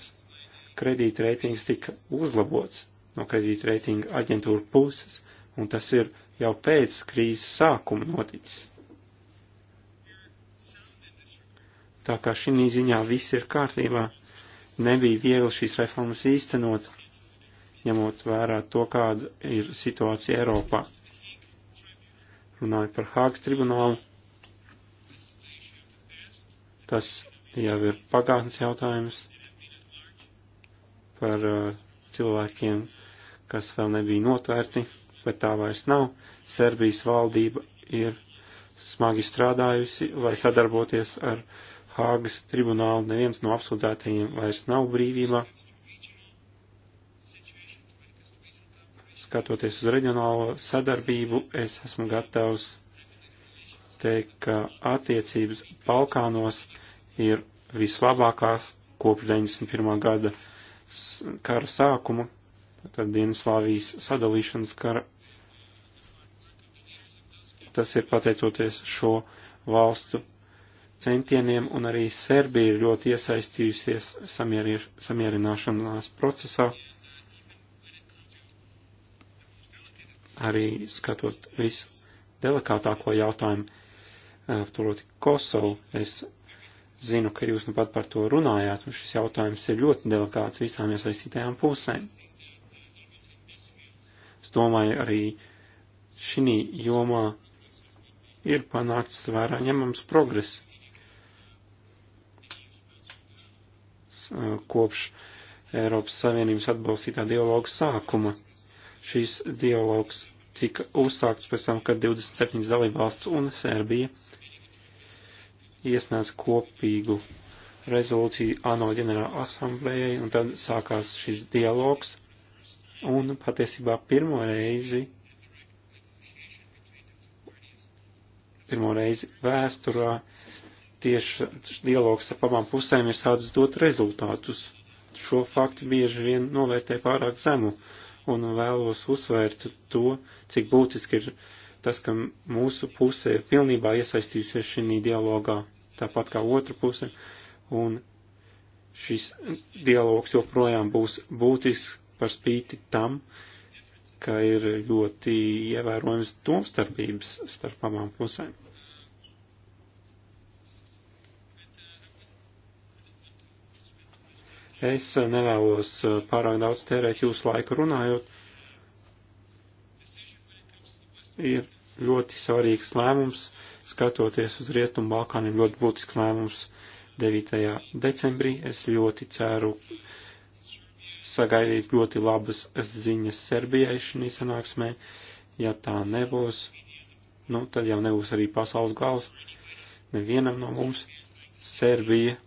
kredītreitings tika uzlabots no kredītreitinga aģentūra puses, un tas ir jau pēc krīzes sākuma noticis. Tā kā šī ziņā viss ir kārtībā, nebija viegli šīs reformas īstenot, ņemot vērā to, kāda ir situācija Eiropā. Runāju par Hāgas tribunālu, Tas jau ir pagātnes jautājums par uh, cilvēkiem, kas vēl nebija notvērti, bet tā vairs nav. Serbijas valdība ir smagi strādājusi, lai sadarboties ar Hāgas tribunālu. Neviens no apsūdzētajiem vairs nav brīvībā. Skatoties uz reģionālo sadarbību, es esmu gatavs teikt, ka attiecības Balkānos ir vislabākās kopš 91. gada kara sākuma, tad Dienaslāvijas sadalīšanas kara. Tas ir pateicoties šo valstu centieniem, un arī Serbija ir ļoti iesaistījusies samierināšanās procesā. Arī skatot visu delikātāko jautājumu, proti Kosovu. Es zinu, ka jūs nu pat par to runājāt, un šis jautājums ir ļoti delikāts visām iesaistītajām pusēm. Es domāju, arī šī jomā ir panākts vērā ņemams progress. Kopš Eiropas Savienības atbalstītā dialoga sākuma šīs dialogs tika uzsākts pēc tam, kad 27 dalībvalsts un Serbija iesnāca kopīgu rezolūciju ANO ģenerāla asamblējai, un tad sākās šis dialogs, un patiesībā pirmo reizi, pirmo reizi vēsturā tieši dialogs ar abām pusēm ir sācis dot rezultātus. Šo faktu bieži vien novērtē pārāk zemu. Uh, un vēlos uzsvērt to, cik būtiski ir tas, ka mūsu puse ir pilnībā iesaistījusies šī dialogā, tāpat kā otra puse, un šis dialogs joprojām būs būtisks par spīti tam, ka ir ļoti ievērojams domstarpības starp abām pusēm. Es nevēlos eh, pārāk daudz tērēt jūsu laiku runājot. Ir ļoti svarīgs lēmums, skatoties uz Rietumu Balkāniem, ļoti būtisks lēmums 9. decembrī. Es ļoti ceru sagaidīt ļoti labas ziņas Serbijai šī sanāksmē. Ja tā nebūs, nu, tad jau nebūs arī pasaules gals nevienam no mums. Serbija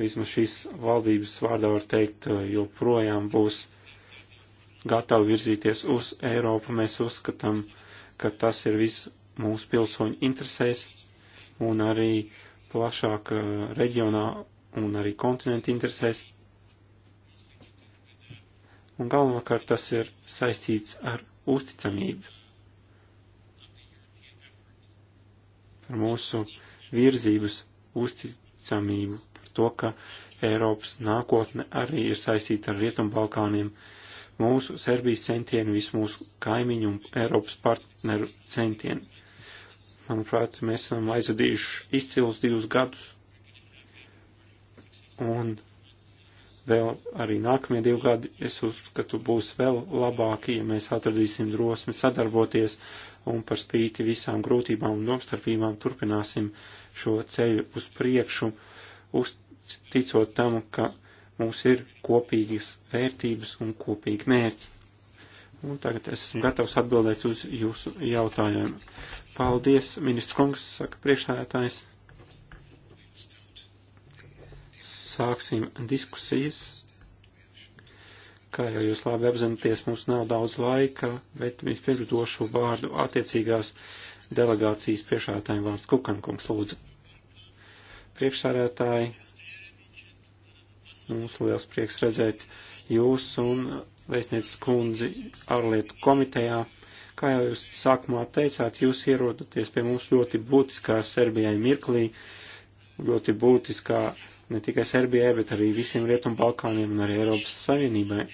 vismaz šīs valdības vārdā var teikt, eh, joprojām būs gatavi virzīties uz Eiropu. Mēs uzskatām, ka tas ir viss mūsu pilsoņu interesēs un arī plašāk eh, reģionā un arī kontinenta interesēs. Un galvenokārt tas ir saistīts ar uzticamību par mūsu virzības uzticamību to, ka Eiropas nākotne arī ir saistīta ar Rietumbalkāniem. Mūsu Serbijas centieni, visu mūsu kaimiņu un Eiropas partneru centieni. Manuprāt, mēs esam aizvadījuši izcilus divus gadus. Un vēl arī nākamie divi gadi, es uzskatu, būs vēl labāki, ja mēs atradīsim drosmi sadarboties un par spīti visām grūtībām un domstarpībām turpināsim šo ceļu uz priekšu, uz ticot tam, ka mums ir kopīgas vērtības un kopīgi mērķi. Un tagad es esmu gatavs atbildēt uz jūsu jautājumu. Paldies, ministrs kungs, saka priekšstādātājs. Sāksim diskusijas. Kā jau jūs labi apzināties, mums nav daudz laika, bet vispirms došu vārdu attiecīgās delegācijas priekšstādātājiem vārds Kukankungs lūdzu. Priekšstādātāji, Mums liels prieks redzēt jūs un vēstniec kundzi ārlietu komitejā. Kā jau jūs sākumā teicāt, jūs ierodaties pie mums ļoti būtiskā Serbijai mirklī, ļoti būtiskā ne tikai Serbijai, bet arī visiem Rietumu Balkāniem un arī Eiropas Savienībai.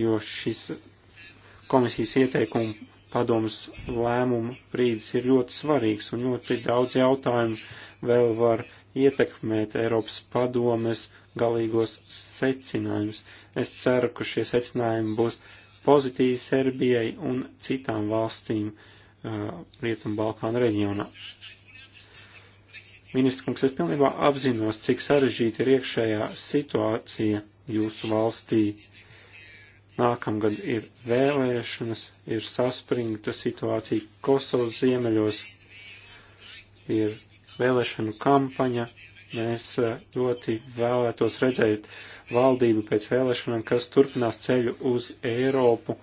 Jo šis komisijas ieteikumu padomas lēmumu brīdis ir ļoti svarīgs un ļoti daudz jautājumu vēl var ietekmēt Eiropas padomes galīgos secinājumus. Es ceru, ka šie secinājumi būs pozitīvi Serbijai un citām valstīm uh, Rietumbalkānu reģionā. Ministra kungs, es pilnībā apzinos, cik sarežģīta ir iekšējā situācija jūsu valstī. Nākamgad ir vēlēšanas, ir saspringta situācija Kosovas ziemeļos, ir vēlēšanu kampaņa. Mēs eh, ļoti vēlētos redzēt valdību pēc vēlēšanām, kas turpinās ceļu uz Eiropu.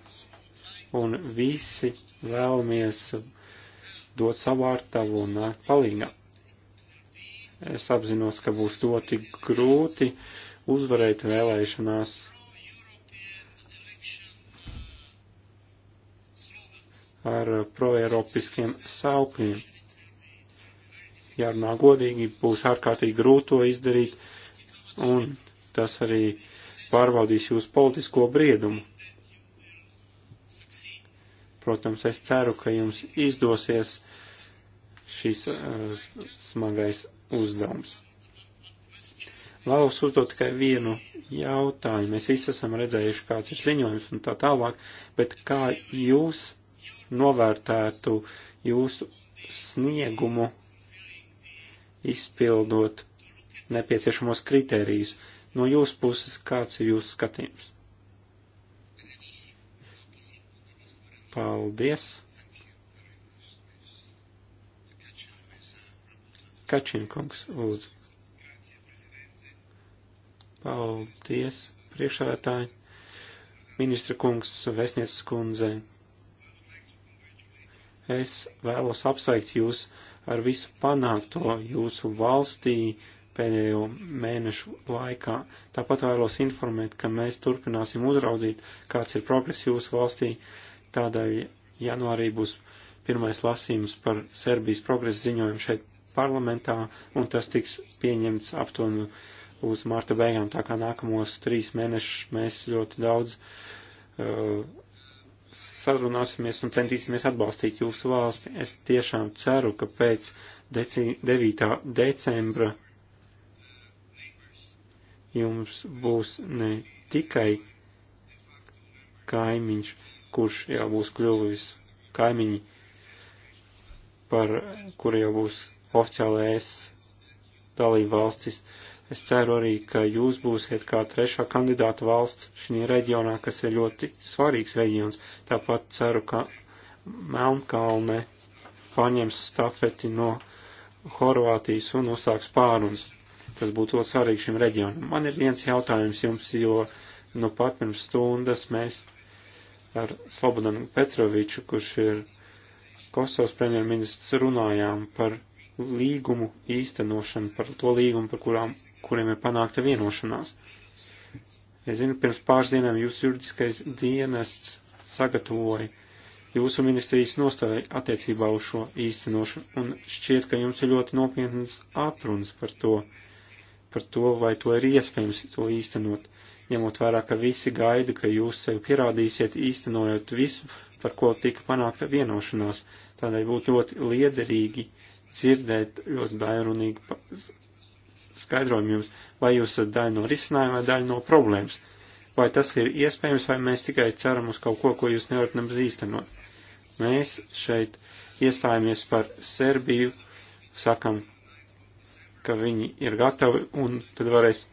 Un visi vēlamies dot savu ārtavu un nākt palīgā. Es apzinos, ka būs ļoti grūti uzvarēt vēlēšanās. ar proeiropiskiem saukļiem jārunā godīgi, būs ārkārtīgi grūti to izdarīt, un tas arī pārbaudīs jūsu politisko briedumu. Protams, es ceru, ka jums izdosies šīs uh, smagais uzdevums. Vēlos uzdot tikai vienu jautājumu. Mēs visi esam redzējuši, kāds ir ziņojums un tā tālāk, bet kā jūs novērtētu jūsu sniegumu izpildot nepieciešamos kritērijus. No jūsu puses, kāds ir jūsu skatījums? Paldies! Kačinkungs, lūdzu. Paldies, priekšādātāji, ministra kungs, vēstnieces kundze. Es vēlos apsveikt jūs ar visu panākto jūsu valstī pēdējo mēnešu laikā. Tāpat vēlos informēt, ka mēs turpināsim uzraudīt, kāds ir progress jūsu valstī. Tādēļ janvārī būs pirmais lasījums par Serbijas progresa ziņojumu šeit parlamentā, un tas tiks pieņemts aptuveni uz marta beigām, tā kā nākamos trīs mēnešus mēs ļoti daudz uh, sarunāsimies un centīsimies atbalstīt jūsu valsti. Es tiešām ceru, ka pēc 9. decembra jums būs ne tikai kaimiņš, kurš jau būs kļuvis kaimiņi, par kuru jau būs oficiālais dalība valstis, Es ceru arī, ka jūs būsiet kā trešā kandidāta valsts šī reģionā, kas ir ļoti svarīgs reģions. Tāpat ceru, ka Melnkalne paņems stafeti no Horvātijas un uzsāks pārunas. Tas būtu ļoti svarīgi šim reģionam. Man ir viens jautājums jums, jo nu pat pirms stundas mēs ar Slobodanu Petroviču, kurš ir Kosovas premjerministrs, runājām par līgumu īstenošanu, par to līgumu, par kurām, kuriem ir panākta vienošanās. Es zinu, pirms pāris dienām jūsu juridiskais dienests sagatavoja jūsu ministrijas nostāju attiecībā uz šo īstenošanu, un šķiet, ka jums ir ļoti nopietnas atrunas par to, par to, vai to ir iespējams to īstenot, ņemot vērā, ka visi gaida, ka jūs sev pierādīsiet īstenojot visu, par ko tika panākta vienošanās. Tādēļ būtu ļoti liederīgi dzirdēt ļoti dairunīgi skaidrojumu jums, vai jūs esat daļa no risinājuma vai daļa no problēmas. Vai tas ir iespējams, vai mēs tikai ceram uz kaut ko, ko jūs nevarat nemaz īstenot. Mēs šeit iestājāmies par Serbiju, sakam, ka viņi ir gatavi un tad varēs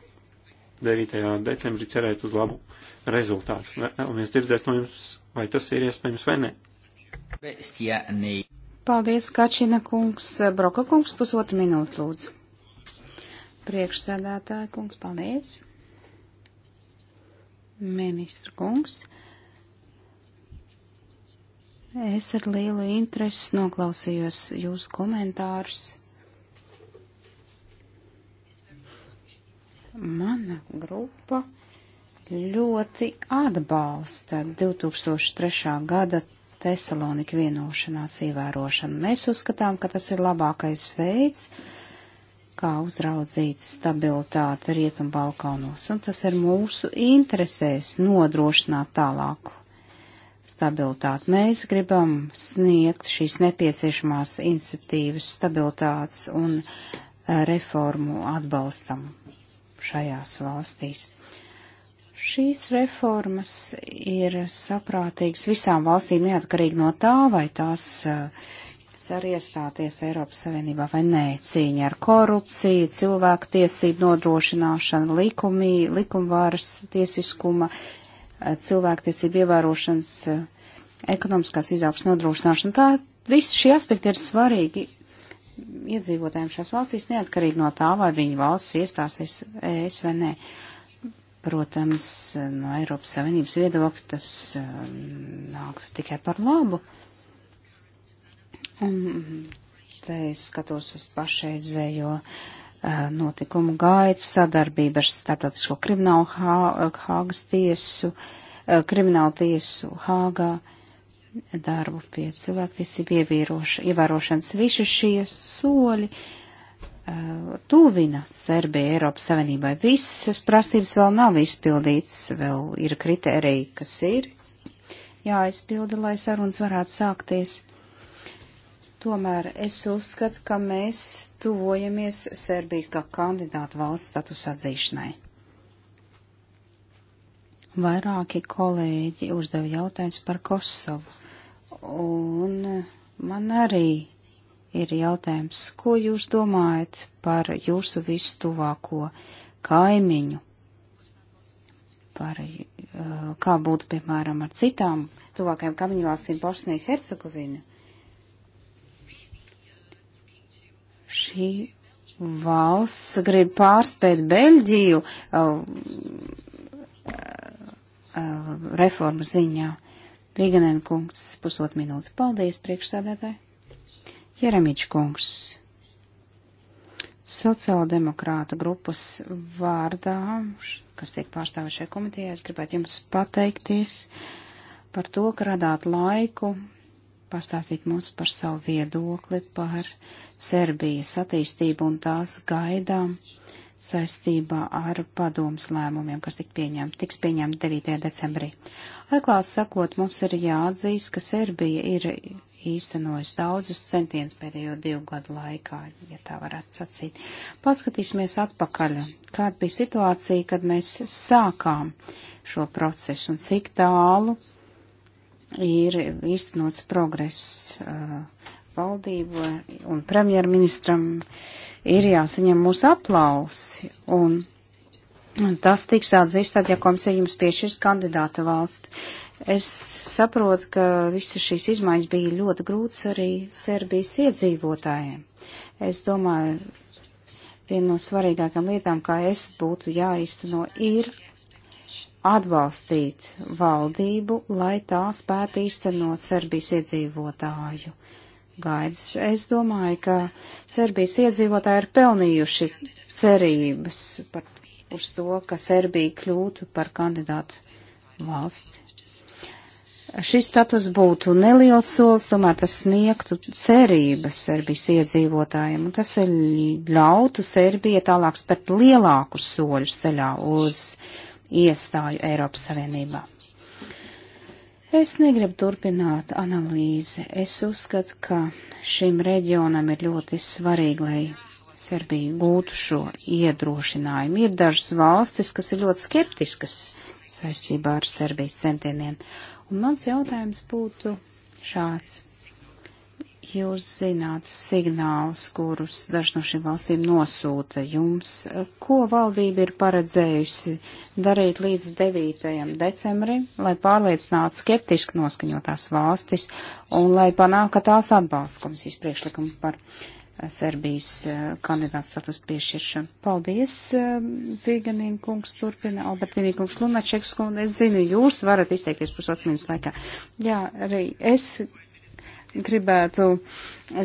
9. decembrī cerēt uz labu rezultātu. Vēlamies dzirdēt no jums, vai tas ir iespējams vai nē. Bestia, nē. Paldies, Kačina kungs, Broka kungs, pusotru minūtu lūdzu. Priekšsēdētāja kungs, paldies. Ministra kungs. Es ar lielu interesi noklausījos jūsu komentārus. Mana grupa ļoti atbalsta 2003. gada Tesalonika vienošanās ievērošanu. Mēs uzskatām, ka tas ir labākais veids, kā uzraudzīt stabilitāti Rietumbalkanos, un tas ir mūsu interesēs nodrošināt tālāku stabilitāti. Mēs gribam sniegt šīs nepieciešamās iniciatīvas stabilitātes un eh, reformu atbalstam šajās valstīs. Šīs reformas ir saprātīgas visām valstīm neatkarīgi no tā, vai tās eh, cer iestāties Eiropas Savienībā vai nē. Cīņa ar korupciju, cilvēku tiesību nodrošināšanu, likumī, likumvāras tiesiskuma, eh, cilvēktiesību ievērošanas, eh, ekonomiskās izaugs nodrošināšana. Tā visi šie aspekti ir svarīgi iedzīvotājiem šās valstīs neatkarīgi no tā, vai viņa valsts iestāsies ES vai nē. Ne. Protams, no Eiropas Savienības viedokļa tas um, nāktu tikai par labu. Un te es skatos uz pašreizējo uh, notikumu gaitu sadarbību ar starptautisko kriminālu hā, Hāgas tiesu, uh, kriminālu tiesu Hāgā darbu pie cilvēktiesību ievērošanas. Visi šie soļi Uh, tuvina Serbija Eiropas Savienībai. Visas prasības vēl nav izpildītas, vēl ir kriteriji, kas ir jāizpilda, lai sarunas varētu sākties. Tomēr es uzskatu, ka mēs tuvojamies Serbijas kā kandidātu valsts status atzīšanai. Vairāki kolēģi uzdeva jautājums par Kosovu, un man arī ir jautājums, ko jūs domājat par jūsu visu tuvāko kaimiņu? Par, uh, kā būtu, piemēram, ar citām tuvākajām kaimiņu valstīm Bosniju Hercegovinu? Šī valsts grib pārspēt Beļģiju uh, uh, reformas ziņā. Viganēn kungs, pusot minūte. Paldies, priekšsādētāji! Jeremičs kungs, sociāldemokrāta grupas vārdā, kas tiek pārstāvēt šajā komitejā, es gribētu jums pateikties par to, ka radāt laiku pastāstīt mums par savu viedokli par Serbijas attīstību un tās gaidām saistībā ar padomas lēmumiem, kas tik pieņem, tiks pieņemti 9. decembrī. Atklāt sakot, mums ir jāatzīst, ka Serbija ir īstenojis daudzus centienus pēdējo divu gadu laikā, ja tā varētu sacīt. Paskatīsimies atpakaļ, kāda bija situācija, kad mēs sākām šo procesu un cik tālu ir īstenots progress uh, valdību un premjerministram ir jāsaņem mūsu aplausi un Un tas tiks atzīst, tad, ja komisija jums piešķirs kandidāta valsts. Es saprotu, ka visas šīs izmaiņas bija ļoti grūts arī Serbijas iedzīvotājiem. Es domāju, viena no svarīgākām lietām, kā es būtu jāizteno, ir atbalstīt valdību, lai tā spētu īstenot Serbijas iedzīvotāju gaidas. Es domāju, ka Serbijas iedzīvotāji ir pelnījuši cerības par, uz to, ka Serbija kļūtu par kandidātu valsti. Šis status būtu neliels solis, tomēr tas sniegtu cerības Serbijas iedzīvotājiem, un tas ļautu Serbijai tālāk spērt lielākus soļus ceļā uz iestāju Eiropas Savienībā. Es negribu turpināt analīzi. Es uzskatu, ka šim reģionam ir ļoti svarīgi, lai Serbija gūtu šo iedrošinājumu. Ir dažas valstis, kas ir ļoti skeptiskas saistībā ar Serbijas centieniem. Uh, Un mans jautājums būtu šāds. Jūs zināt signālus, kurus daži no šīm valstīm nosūta jums. Ko valdība ir paredzējusi darīt līdz 9. decembrim, lai pārliecinātu skeptiski noskaņotās valstis un lai panāk, ka tās atbalsta komisijas priekšlikumu par Serbijas eh, kandidāts status piešķiršanu. Paldies, eh, Viganīna kungs, turpina Albertīnī kungs, Lunačeks kungs. Es zinu, jūs varat izteikties pusotras minūtes laikā. Jā, arī es gribētu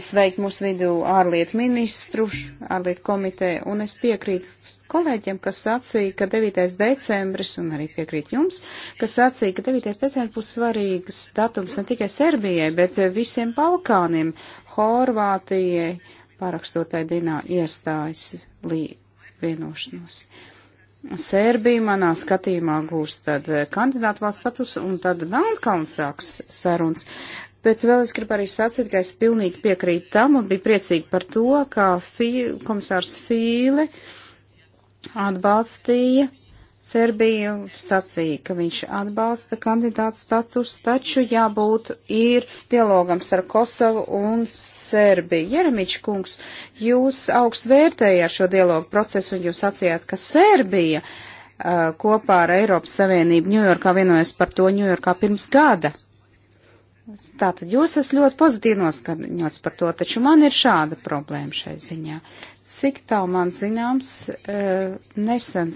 sveikt mūsu vidu ārlietu ministru, ārlietu komiteju, un es piekrītu kolēģiem, kas sacīja, ka 9. decembris, un arī piekrīt jums, kas sacīja, ka 9. decembris būs svarīgs datums ne tikai Serbijai, bet visiem Balkāniem, Horvātijai, uh, pārakstotai dienā iestājas lī vienošanos. Sērbija manā skatījumā gūs tad eh, kandidātu valsts statusu un tad Melnkalns sāks sarunas. Bet vēl es gribu arī sacīt, ka es pilnīgi piekrītu tam un biju priecīgi par to, ka fī, komisārs Fīle atbalstīja Serbija sacīja, ka viņš atbalsta kandidātu status, taču jābūt ir dialogam starp Kosovu un Serbiju. Jeremiņš kungs, jūs augst vērtējāt šo dialogu procesu un jūs sacījāt, ka Serbija uh, kopā ar Eiropas Savienību Ņujorkā vienojas par to Ņujorkā pirms gada. Tātad jūs esat ļoti pozitīvi noskaņots par to, taču man ir šāda problēma šai ziņā. Cik tālu man zināms, e, nesen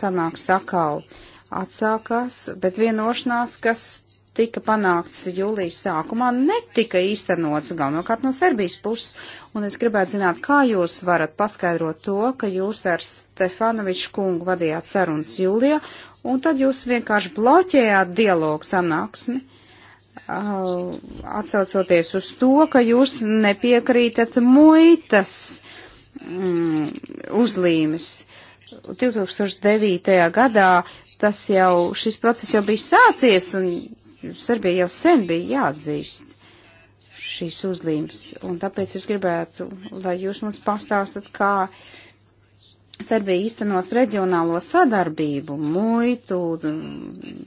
sanāks sakāli atsākās, bet vienošanās, kas tika panākts jūlijas sākumā, netika īstenots galvenokārt no Serbijas puses. Un es gribētu zināt, kā jūs varat paskaidrot to, ka jūs ar Stefanoviču kungu vadījāt sarunas jūlijā, un tad jūs vienkārši bloķējāt dialogu sanāksmi atsaucoties uz to, ka jūs nepiekrītat muitas mm, uzlīmes. 2009. gadā tas jau, šis process jau bija sācies un Serbija jau sen bija jāatzīst šīs uzlīmes. Un tāpēc es gribētu, lai jūs mums pastāstat, kā Serbija īstenos reģionālo sadarbību, muitu,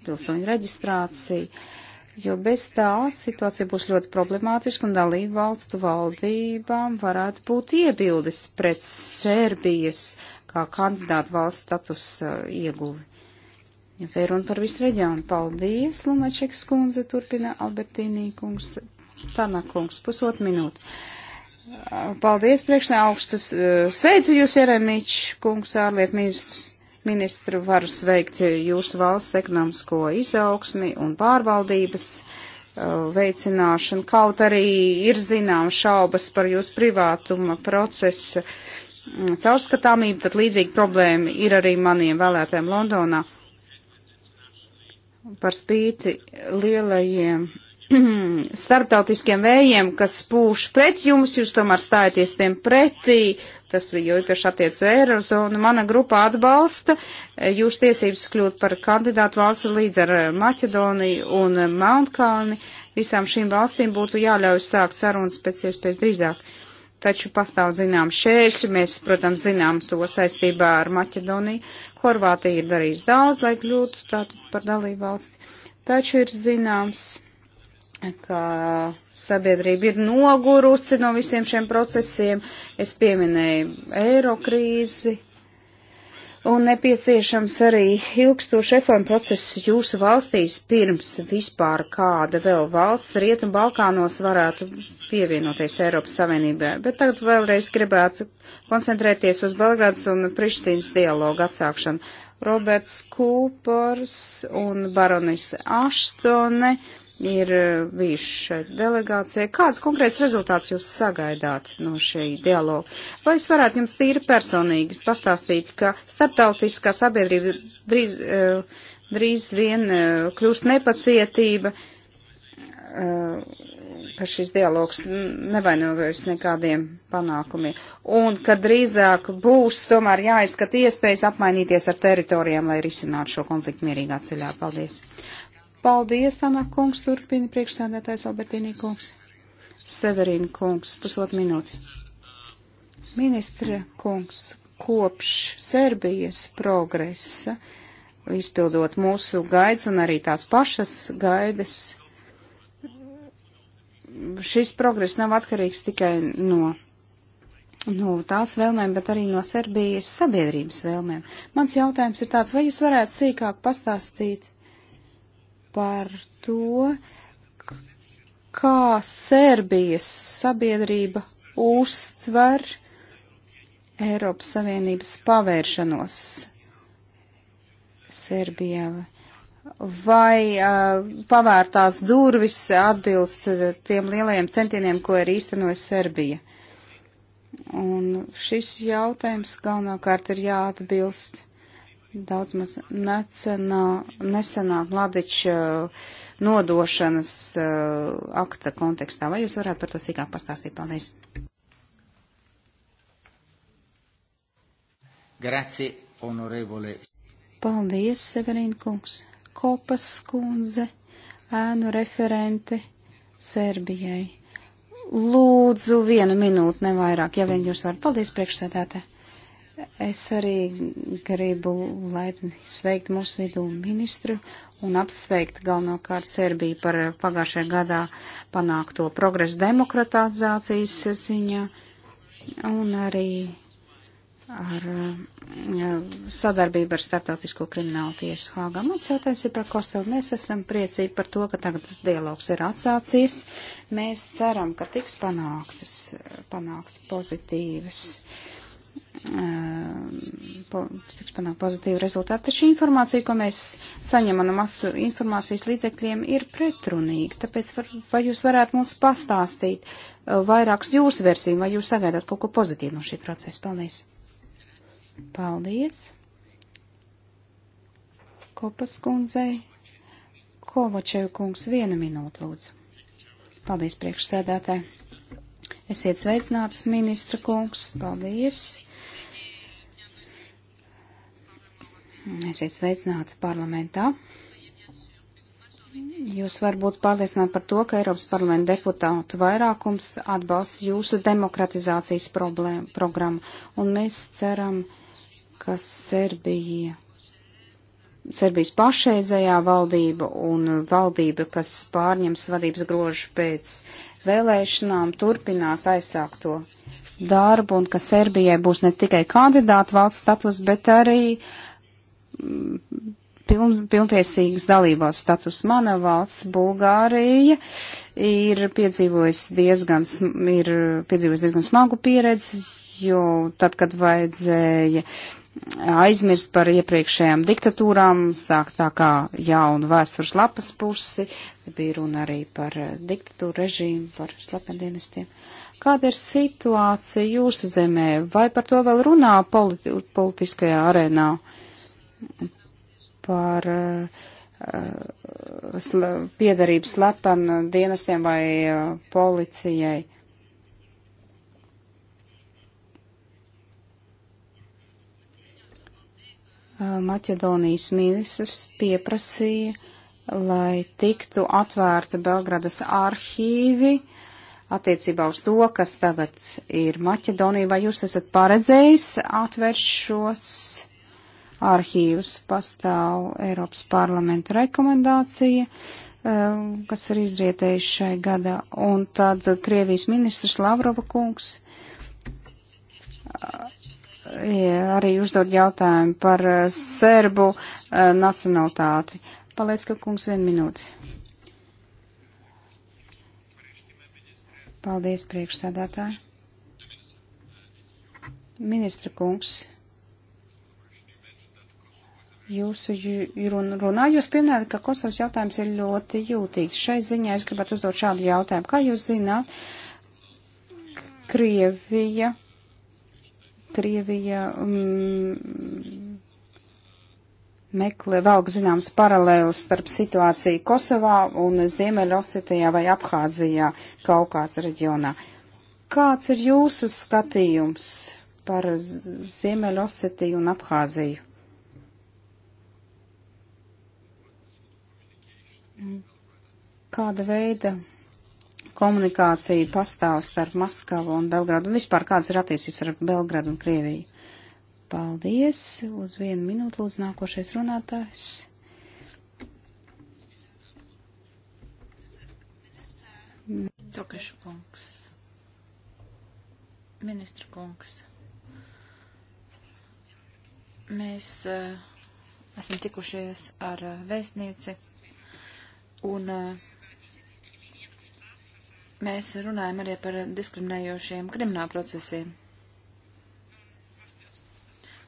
pilsoņu reģistrāciju. Uh, jo bez tā situācija būs ļoti problemātiska un dalību valstu valdībām varētu būt iebildes pret Serbijas kā kandidātu valsts status uh, ieguvi. Ja te ir runa par visu reģionu, paldies, Lunačeks kundze, turpina Albertīnī kungs, Tana kungs, pusot minūti. Uh, paldies, priekšnē augstus, uh, sveicu jūs, Jeremič kungs, ārlietu ministrs ministru varu sveikt jūsu valsts ekonomisko izaugsmi un pārvaldības uh, veicināšanu, kaut arī ir zināmas šaubas par jūsu privātuma procesa mm, caurskatāmību, tad līdzīga problēma ir arī maniem vēlētēm Londonā. Par spīti lielajiem starptautiskiem vējiem, kas spūš pret jums, jūs tomēr stājaties tiem pretī, tas jau īpaši attiec Eirozonu, mana grupa atbalsta eh, jūs tiesības kļūt par kandidātu valsti līdz ar eh, Maķedoniju un eh, Melnkalni. Visām šīm valstīm būtu jāļauj sākt sarunas pēc iespējas drīzāk. Taču pastāv zinām šēršļi, mēs, protams, zinām to saistībā ar Maķedoniju. Horvātija ir darījusi daudz, lai kļūtu tātad par dalību valsti. Taču ir zināms ka sabiedrība ir nogurusi no visiem šiem procesiem. Es pieminēju eiro krīzi un nepieciešams arī ilgstoši reformu procesus jūsu valstīs pirms vispār kāda vēl valsts Rietu Balkānos varētu pievienoties Eiropas Savienībai. Bet tagad vēlreiz gribētu koncentrēties uz Belgrādas un Prištīnas dialogu atsākšanu. Roberts Kūpers un Baronis Aštone ir eh, bijuši šai delegācijai. Kāds konkrēts rezultāts jūs sagaidāt no šī dialoga? Vai es varētu jums tīri personīgi pastāstīt, ka starptautiskā sabiedrība drīz, eh, drīz vien eh, kļūst nepacietība, ka šis dialogs nevainojas nekādiem panākumiem, un ka drīzāk būs tomēr jāizskata iespējas apmainīties ar teritorijām, lai risinātu šo konfliktu mierīgā ceļā. Paldies! Paldies, Tanā kungs, turpina priekšsēdētājs Albertīnī kungs. Severīna kungs, pusotru minūti. Ministra kungs, kopš Serbijas progresa, izpildot mūsu gaidas un arī tās pašas gaidas, šis progress nav atkarīgs tikai no nu, tās vēlmēm, bet arī no Serbijas sabiedrības vēlmēm. Mans jautājums ir tāds, vai jūs varētu sīkāk pastāstīt par to, kā Sērbijas sabiedrība uztver Eiropas Savienības pavēršanos Serbijā. Vai uh, pavērtās durvis atbilst tiem lielajiem centieniem, ko ir īstenojis Serbija? Un šis jautājums galvenokārt ir jāatbilst daudz maz nesenā Mladiča uh, nodošanas uh, akta kontekstā. Vai jūs varētu par to sīkāk pastāstīt? Paldies. Grazie, honorevole. Paldies, Severīna kungs. Kopas kundze, ēnu referente Serbijai. Lūdzu, vienu minūti, nevairāk, ja vien jūs varat. Paldies, priekšsēdētāji. Es arī gribu laipni sveikt mūsu vidū ministru un apsveikt galvenokārt Serbiju par pagājušajā gadā panākto progresu demokratizācijas ziņā un arī ar sadarbību ar Startautisko kriminālu tiesu Hāgā. Mans jautājums ir par Kosovu. Mēs esam priecīgi par to, ka tagad dialogs ir atsācies. Mēs ceram, ka tiks panāktas, panāktas pozitīvas. Mm Ehm, po, tiks panākt pozitīvu rezultātu. Taču informācija, ko mēs saņemam no masu informācijas līdzekļiem, ir pretrunīga. Tāpēc var, vai jūs varētu mums pastāstīt eh, vairākas jūsu versijas, vai jūs sagaidāt kaut ko pozitīvu no šī procesa? Paldies! Paldies! Kopas kundzei. Kovačev kungs, viena minūte, lūdzu. Paldies, priekšsēdētāji. Esiet sveicinātas, ministra kungs. Paldies Esiet sveicināti parlamentā. Jūs varat būt pārliecināti par to, ka Eiropas parlamenta deputātu vairākums atbalsta jūsu demokratizācijas problēmu, programmu, un mēs ceram, ka Serbija, Serbijas pašreizējā valdība un valdība, kas pārņems vadības grožu pēc vēlēšanām, turpinās aizsākt to darbu, un ka Serbijai būs ne tikai kandidāta valsts status, bet arī uh, piln, pilntiesīgas dalībās status. Mana valsts, Bulgārija, ir piedzīvojusi diezgan, ir piedzīvojusi diezgan smagu pieredzi, jo tad, kad vajadzēja aizmirst par iepriekšējām diktatūrām, sāk tā kā jaunu vēstures lapas pusi, bija runa arī par eh, diktatūru režīmu, par slependienestiem. Kāda ir situācija jūsu zemē? Vai par to vēl runā politi politiskajā arēnā? par eh, piedarību slepenu dienestiem vai eh, policijai. Eh, Maķedonijas ministrs pieprasīja, lai tiktu atvērta Belgradas arhīvi attiecībā uz to, kas tagad ir Maķedonija. Vai jūs esat paredzējis atvērt šos arhīvus. Pastāv Eiropas parlamenta rekomendācija, eh, kas ir izrietējuši šai gadā. Un tad Krievijas ministrs Lavrova kungs eh, arī uzdod jautājumu par eh, serbu nacionalitāti. Palēska kungs, vienu minūti. Paldies, priekšsēdētāji. Ministra kungs. Jūsu runa, runā jūs pieminējat, ka Kosovas jautājums ir ļoti jūtīgs. Šai ziņā es gribētu uzdot šādu jautājumu. Kā jūs zināt, Krievija, Krievija mm, meklē vēl zināms paralēlis starp situāciju Kosovā un Ziemeļosetijā vai Abhāzijā, Kaukās reģionā. Kāds ir jūsu skatījums par Ziemeļosetiju un Abhāziju? Kāda veida komunikācija pastāv starp Maskavu un Belgradu? Un vispār kādas ir attiecības ar Belgradu un Krieviju? Paldies! Uz vienu minūtu lūdzu nākošais runātājs. Tokašu kungs. Ministra kungs. Mēs uh, esam tikušies ar uh, vēstnieci Un eh, mēs runājam arī par diskriminējošiem krimināla procesiem.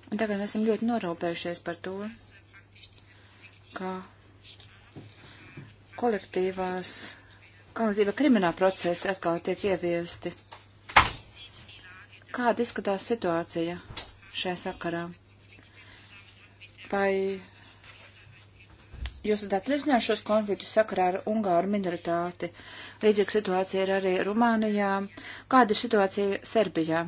Un tagad esam ļoti norūpējušies par to, ka kolektīvās, kolektīva krimināla procesa atkal tiek ieviesti. Kāda izskatās situācija šajā sakarā? Vai Jūs esat atrisinājuši šos konfliktus sakarā ar Ungāru minoritāti. Līdzīga situācija ir arī Rumānijā. Kāda ir situācija Serbijā?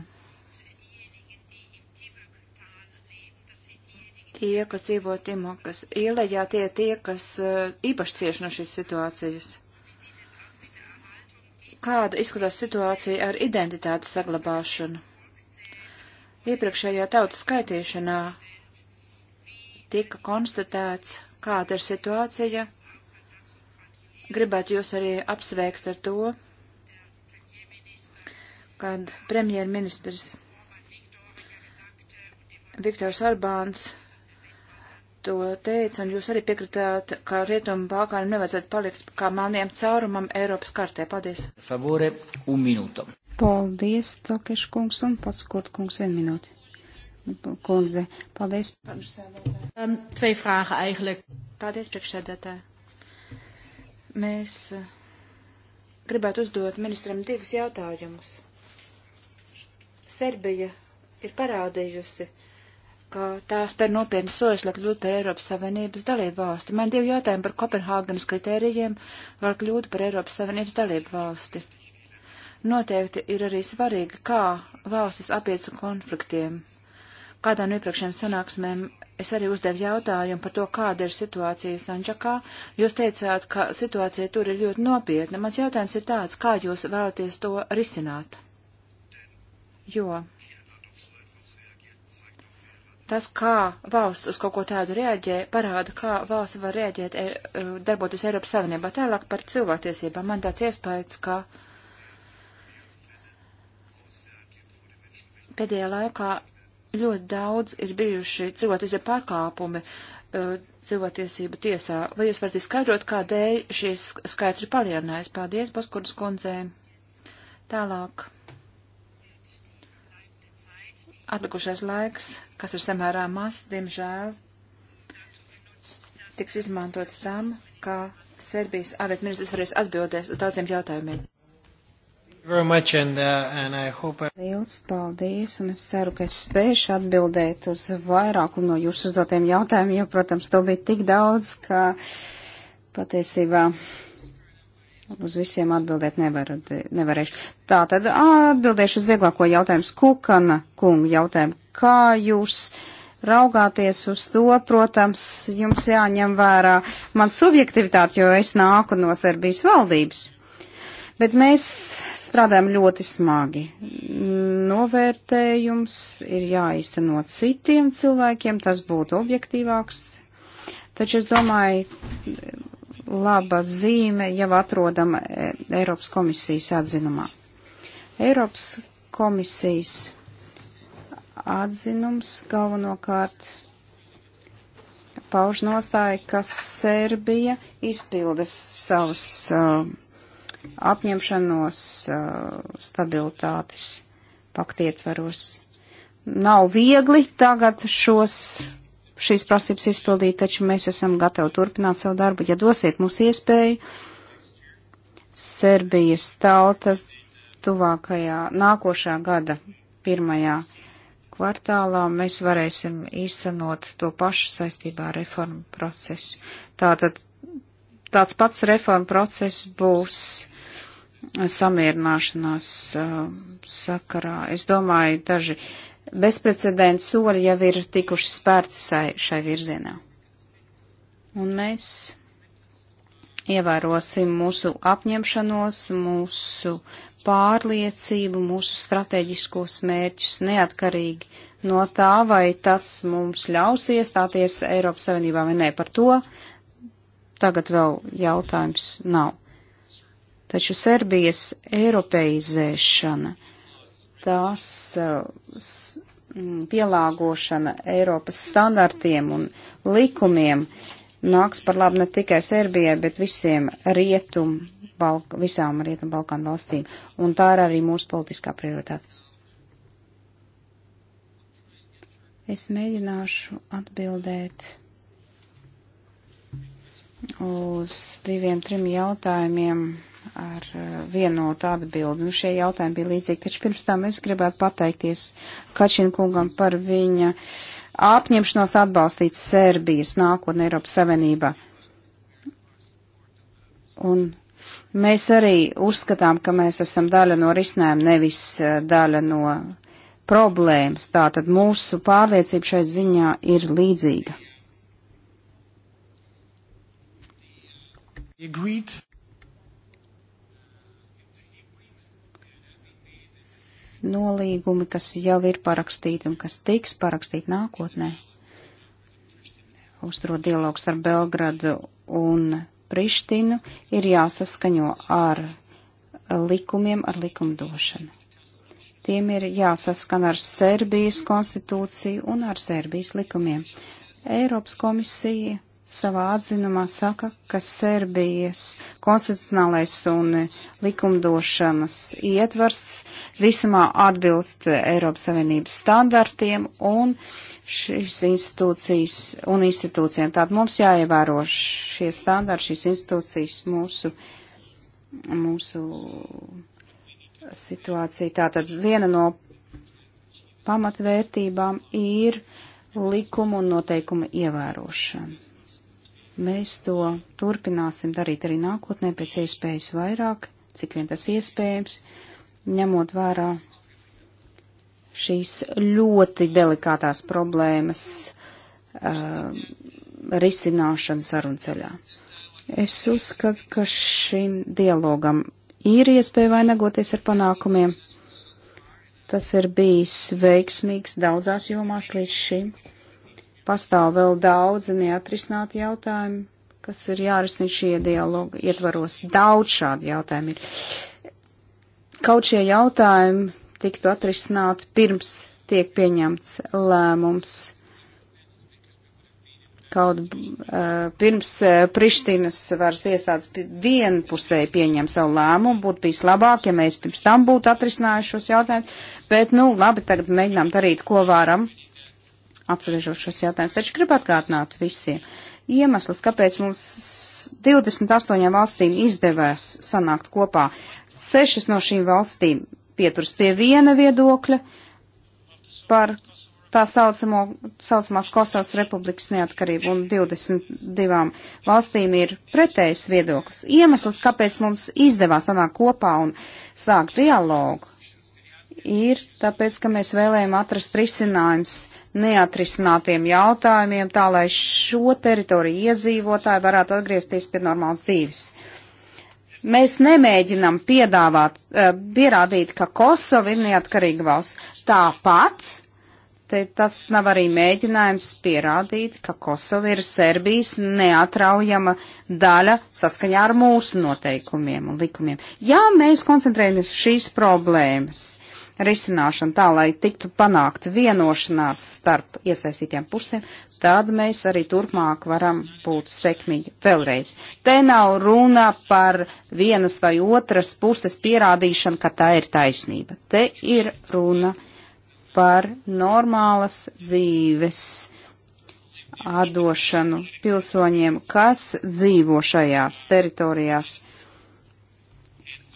Tie, kas dzīvo Timokas ielējā, tie tie, kas eh, īpaši cieši no šīs situācijas. Kāda izskatās situācija ar identitātes saglabāšanu? Iepriekšējā tautas skaitīšanā tika konstatēts, kāda ir situācija. Gribētu jūs arī apsveikt ar to, kad premjerministrs Viktors Orbāns to teica, un jūs arī piekritāt, ka Rietumu Balkānam nevajadzētu palikt kā melniem caurumam Eiropas kartē. Paldies. Favore un minūto. Paldies, Tokeš kungs un pats Kurt kungs, vienu minūti kundze. Paldies, priekšsēdētāji. Um, Tvei frāga, Aiglik. Paldies, priekšsēdētāji. Mēs uh, gribētu uzdot ministram divus jautājumus. Serbija ir parādījusi, ka tās par nopietnu soļus, lai kļūtu par Eiropas Savienības dalību valsti. Man divi jautājumi par Kopenhāgenes kritērijiem, var kļūt par Eiropas Savienības dalību valsti. Noteikti ir arī svarīgi, kā valstis apiet konfliktiem kādā no iepriekšējām sanāksmēm es arī uzdevu jautājumu par to, kāda ir situācija Sančakā. Jūs teicāt, ka situācija tur ir ļoti nopietna. Mans jautājums ir tāds, kā jūs vēlaties to risināt? Jo tas, kā valsts uz kaut ko tādu reaģē, parāda, kā valsts var reaģēt, e, e darboties Eiropas Savienībā. Tālāk par cilvēktiesībām. Man tāds iespējas, ka pēdējā laikā ļoti daudz ir bijuši cilvēktiesību pārkāpumi eh, cilvēktiesību tiesā. Vai jūs varat izskaidrot, kādēļ šis skaits ir palielinājis? Paldies, Baskuras kundzē. Tālāk. Atlikušais laiks, kas ir samērā maz, diemžēl, tiks izmantots tam, kā Serbijas ārlietu ministrs varēs atbildēt uz daudziem jautājumiem. And, uh, and hope... Liels paldies, un es ceru, ka es spēšu atbildēt uz vairākumu no jūsu uzdotiem jautājumiem, jo, protams, to bija tik daudz, ka patiesībā uz visiem atbildēt nevar, nevarēšu. Tā tad atbildēšu uz vieglāko jautājumu, Kukana kungu jautājumu. Kā jūs raugāties uz to, protams, jums jāņem vērā man subjektivitāte, jo es nāku no Serbijas valdības. Bet mēs strādājam ļoti smagi. Novērtējums ir jāizteno citiem cilvēkiem, tas būtu objektīvāks. Taču es domāju, laba zīme jau atrodama e, Eiropas komisijas atzinumā. Eiropas komisijas atzinums galvenokārt pauž nostāju, ka Serbija izpildas savas uh, apņemšanos stabilitātes paktietvaros. Nav viegli tagad šos, šīs prasības izpildīt, taču mēs esam gatavi turpināt savu darbu, ja dosiet mums iespēju. Serbijas tauta tuvākajā nākošā gada pirmajā kvartālā mēs varēsim īstenot to pašu saistībā ar reformu procesu. Tātad tāds pats reformu process būs samierināšanās uh, sakarā. Es domāju, daži bezprecedenta soļi jau ir tikuši spērti šai, šai virzienā. Un mēs ievērosim mūsu apņemšanos, mūsu pārliecību, mūsu strateģiskos mērķus neatkarīgi no tā, vai tas mums ļaus iestāties Eiropas Savienībā vai nē. Par to tagad vēl jautājums nav. Taču Serbijas eiropeizēšana, tās uh, mm, pielāgošana Eiropas standartiem un likumiem nāks par labu ne tikai Serbijai, bet visiem rietum, Balk visām rietum Balkānu valstīm. Un tā ir arī mūsu politiskā prioritāte. Es mēģināšu atbildēt uz diviem, trim jautājumiem ar eh, vienotu atbildi. Nu, šie jautājumi bija līdzīgi, taču pirms tam es gribētu pateikties Kačina kungam par viņa apņemšanos atbalstīt Serbijas nākotnē Eiropas Savienībā. Un mēs arī uzskatām, ka mēs esam daļa no risinājuma, nevis eh, daļa no problēmas. Tātad mūsu pārliecība šai ziņā ir līdzīga. Agreed. nolīgumi, kas jau ir parakstīti un kas tiks parakstīti nākotnē. Uzturot dialogu starp Belgradu un Prištinu ir jāsaskaņo ar likumiem, ar likumdošanu. Tiem ir jāsaskan ar Serbijas konstitūciju un ar Serbijas likumiem. Eiropas komisija savā atzinumā saka, ka Serbijas konstitucionālais un likumdošanas ietvars visumā atbilst Eiropas Savienības standartiem un šīs institūcijas un institūcijiem. Tātad mums jāievēro šie standarti, šīs institūcijas mūsu, mūsu situācija. Tātad viena no pamatvērtībām ir likumu un noteikumu ievērošana Mēs to turpināsim darīt arī nākotnē pēc iespējas vairāk, cik vien tas iespējams, ņemot vērā šīs ļoti delikātās problēmas uh, risināšanu sarunu ceļā. Es uzskatu, ka šim dialogam ir iespēja vainagoties ar panākumiem. Tas ir bijis veiksmīgs daudzās jomās līdz šim pastāv vēl daudzi neatrisināti jautājumi, kas ir jārisina šie dialogi ietvaros. Daudz šādi jautājumi ir. Kaut šie jautājumi tiktu atrisināti pirms tiek pieņemts lēmums. Kaut uh, pirms uh, Prištinas varas iestādes vienpusēji pieņem savu lēmumu, būtu bijis labāk, ja mēs pirms tam būtu atrisinājuši šos jautājumus, bet, nu, labi, tagad mēģinām darīt, ko varam apspriežot šos jautājumus. Taču gribu atgādināt visiem. Iemesls, kāpēc mums 28 valstīm izdevās sanākt kopā, sešas no šīm valstīm pieturas pie viena viedokļa par tā saucamo, saucamās Kosovas republikas neatkarību, un 22 valstīm ir pretējs viedoklis. Iemesls, kāpēc mums izdevās sanākt kopā un sākt dialogu, ir tāpēc, ka mēs vēlējam atrast risinājums neatrisinātiem jautājumiem, tā lai šo teritoriju iedzīvotāji varētu atgriezties pie normālas dzīves. Mēs nemēģinam piedāvāt, eh, pierādīt, ka Kosova ir neatkarīga valsts. Tāpat te, tas nav arī mēģinājums pierādīt, ka Kosova ir Serbijas neatraujama daļa saskaņā ar mūsu noteikumiem un likumiem. Ja mēs koncentrējamies uz šīs problēmas, risināšanu tā, lai tiktu panākt vienošanās starp iesaistītiem pusēm, tad mēs arī turpmāk varam būt sekmīgi vēlreiz. Te nav runa par vienas vai otras puses pierādīšanu, ka tā ir taisnība. Te ir runa par normālas dzīves atdošanu pilsoņiem, kas dzīvo šajās teritorijās.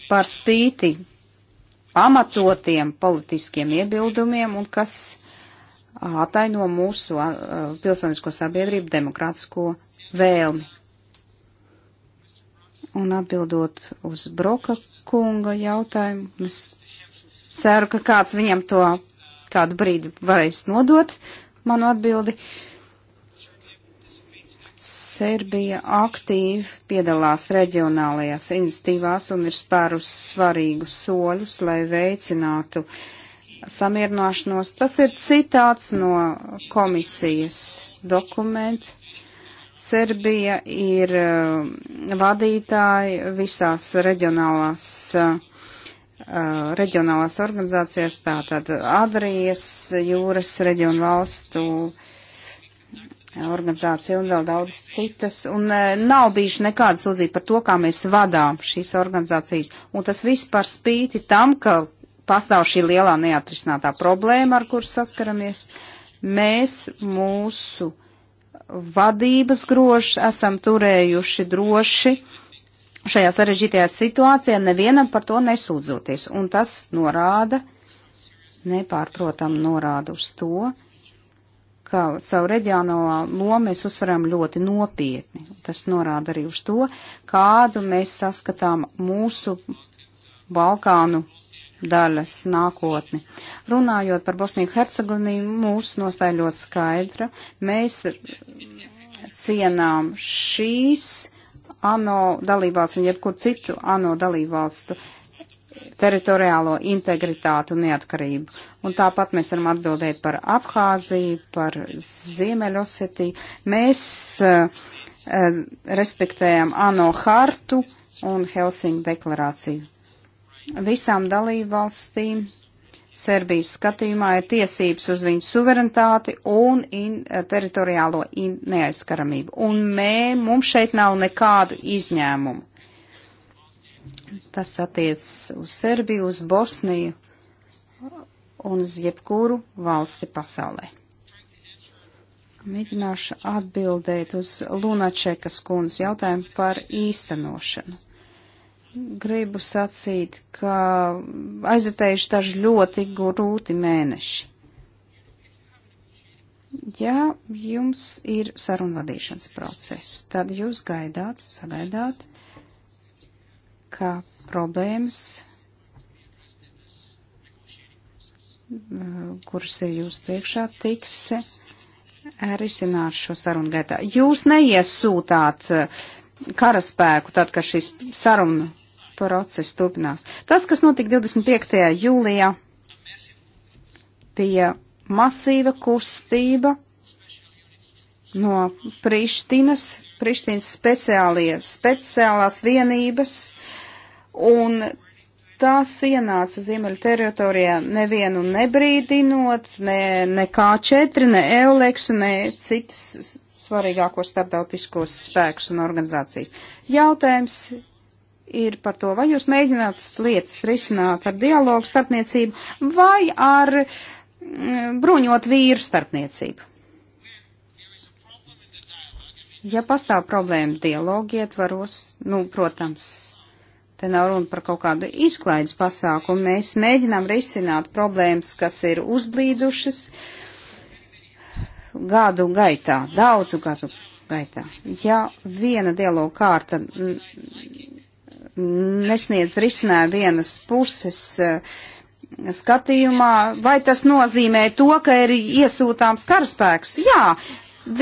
Par spīti pamatotiem politiskiem iebildumiem un kas ataino mūsu uh, pilsonisko sabiedrību demokrātisko vēlmi. Un atbildot uz Broka kunga jautājumu, es ceru, ka kāds viņam to kādu brīdi varēs nodot manu atbildi. Uh, Serbija aktīvi piedalās reģionālajās iniciatīvās un ir spērus svarīgus soļus, lai veicinātu samierināšanos. Tas ir citāts no komisijas dokumenta. Serbija ir uh, vadītāji visās reģionālās, uh, uh, reģionālās organizācijās, tātad Adrijas jūras reģionu valstu organizācija un vēl daudz citas, un e, nav bijuši nekāda sūdzība par to, kā mēs vadām šīs organizācijas, un tas viss par spīti tam, ka pastāv šī lielā neatrisinātā problēma, ar kur saskaramies, mēs mūsu vadības groši esam turējuši droši šajā sarežģītajā situācijā, nevienam par to nesūdzoties, un tas norāda, nepārprotam norāda uz to, ka savu reģionālā lomu mēs uzsveram ļoti nopietni. Tas norāda arī uz to, kādu mēs saskatām mūsu Balkānu daļas nākotni. Runājot par Bosniju Hercegovinu, mūsu nostāja ļoti skaidra. Mēs cienām šīs ANO dalībvalsts un jebkur citu ANO dalībvalstu teritoriālo integritātu un neatkarību. Un tāpat mēs varam atbildēt par Abhāziju, par Ziemeļosetiju. Mēs uh, uh, respektējam ANO hartu un Helsinku deklarāciju. Visām dalībvalstīm Serbijas skatījumā ir tiesības uz viņu suverenitāti un in, eh, teritoriālo in, neaizskaramību. Un mē, mums šeit nav nekādu izņēmumu. Tas attiec uz Serbiju, uz Bosniju un uz jebkuru valsti pasaulē. Mēģināšu atbildēt uz Lunačekas kundzes jautājumu par īstenošanu. Gribu sacīt, ka aizritējuši daži ļoti grūti mēneši. Ja jums ir sarunvadīšanas process, tad jūs gaidāt, sagaidāt ka problēmas, kuras ir jūs priekšā, tiks risināt šo sarunu gaitā. Jūs neiesūtāt eh, karaspēku tad, kad šīs sarunu process turpinās. Tas, kas notika 25. jūlijā, bija masīva kustība no Prištinas, Prištinas speciālās vienības, uh, Un tās ienāca ziemeļu teritorijā nevienu nebrīdinot, ne, ne K4, ne Euleks, ne citas svarīgākos starptautiskos spēkus un organizācijas. Jautājums ir par to, vai jūs mēģināt lietas risināt ar dialogu starpniecību vai ar mm, bruņot vīru starpniecību. Ja pastāv problēma dialogu ietvaros, nu, protams, Te nav runa par kaut kādu izklaides pasākumu. Mēs mēģinām risināt problēmas, kas ir uzblīdušas gadu gaitā, daudzu gadu gaitā. Ja viena dialogu kārta nesniedz risinājumu vienas puses eh, skatījumā, vai tas nozīmē to, ka ir iesūtāms karaspēks? Jā,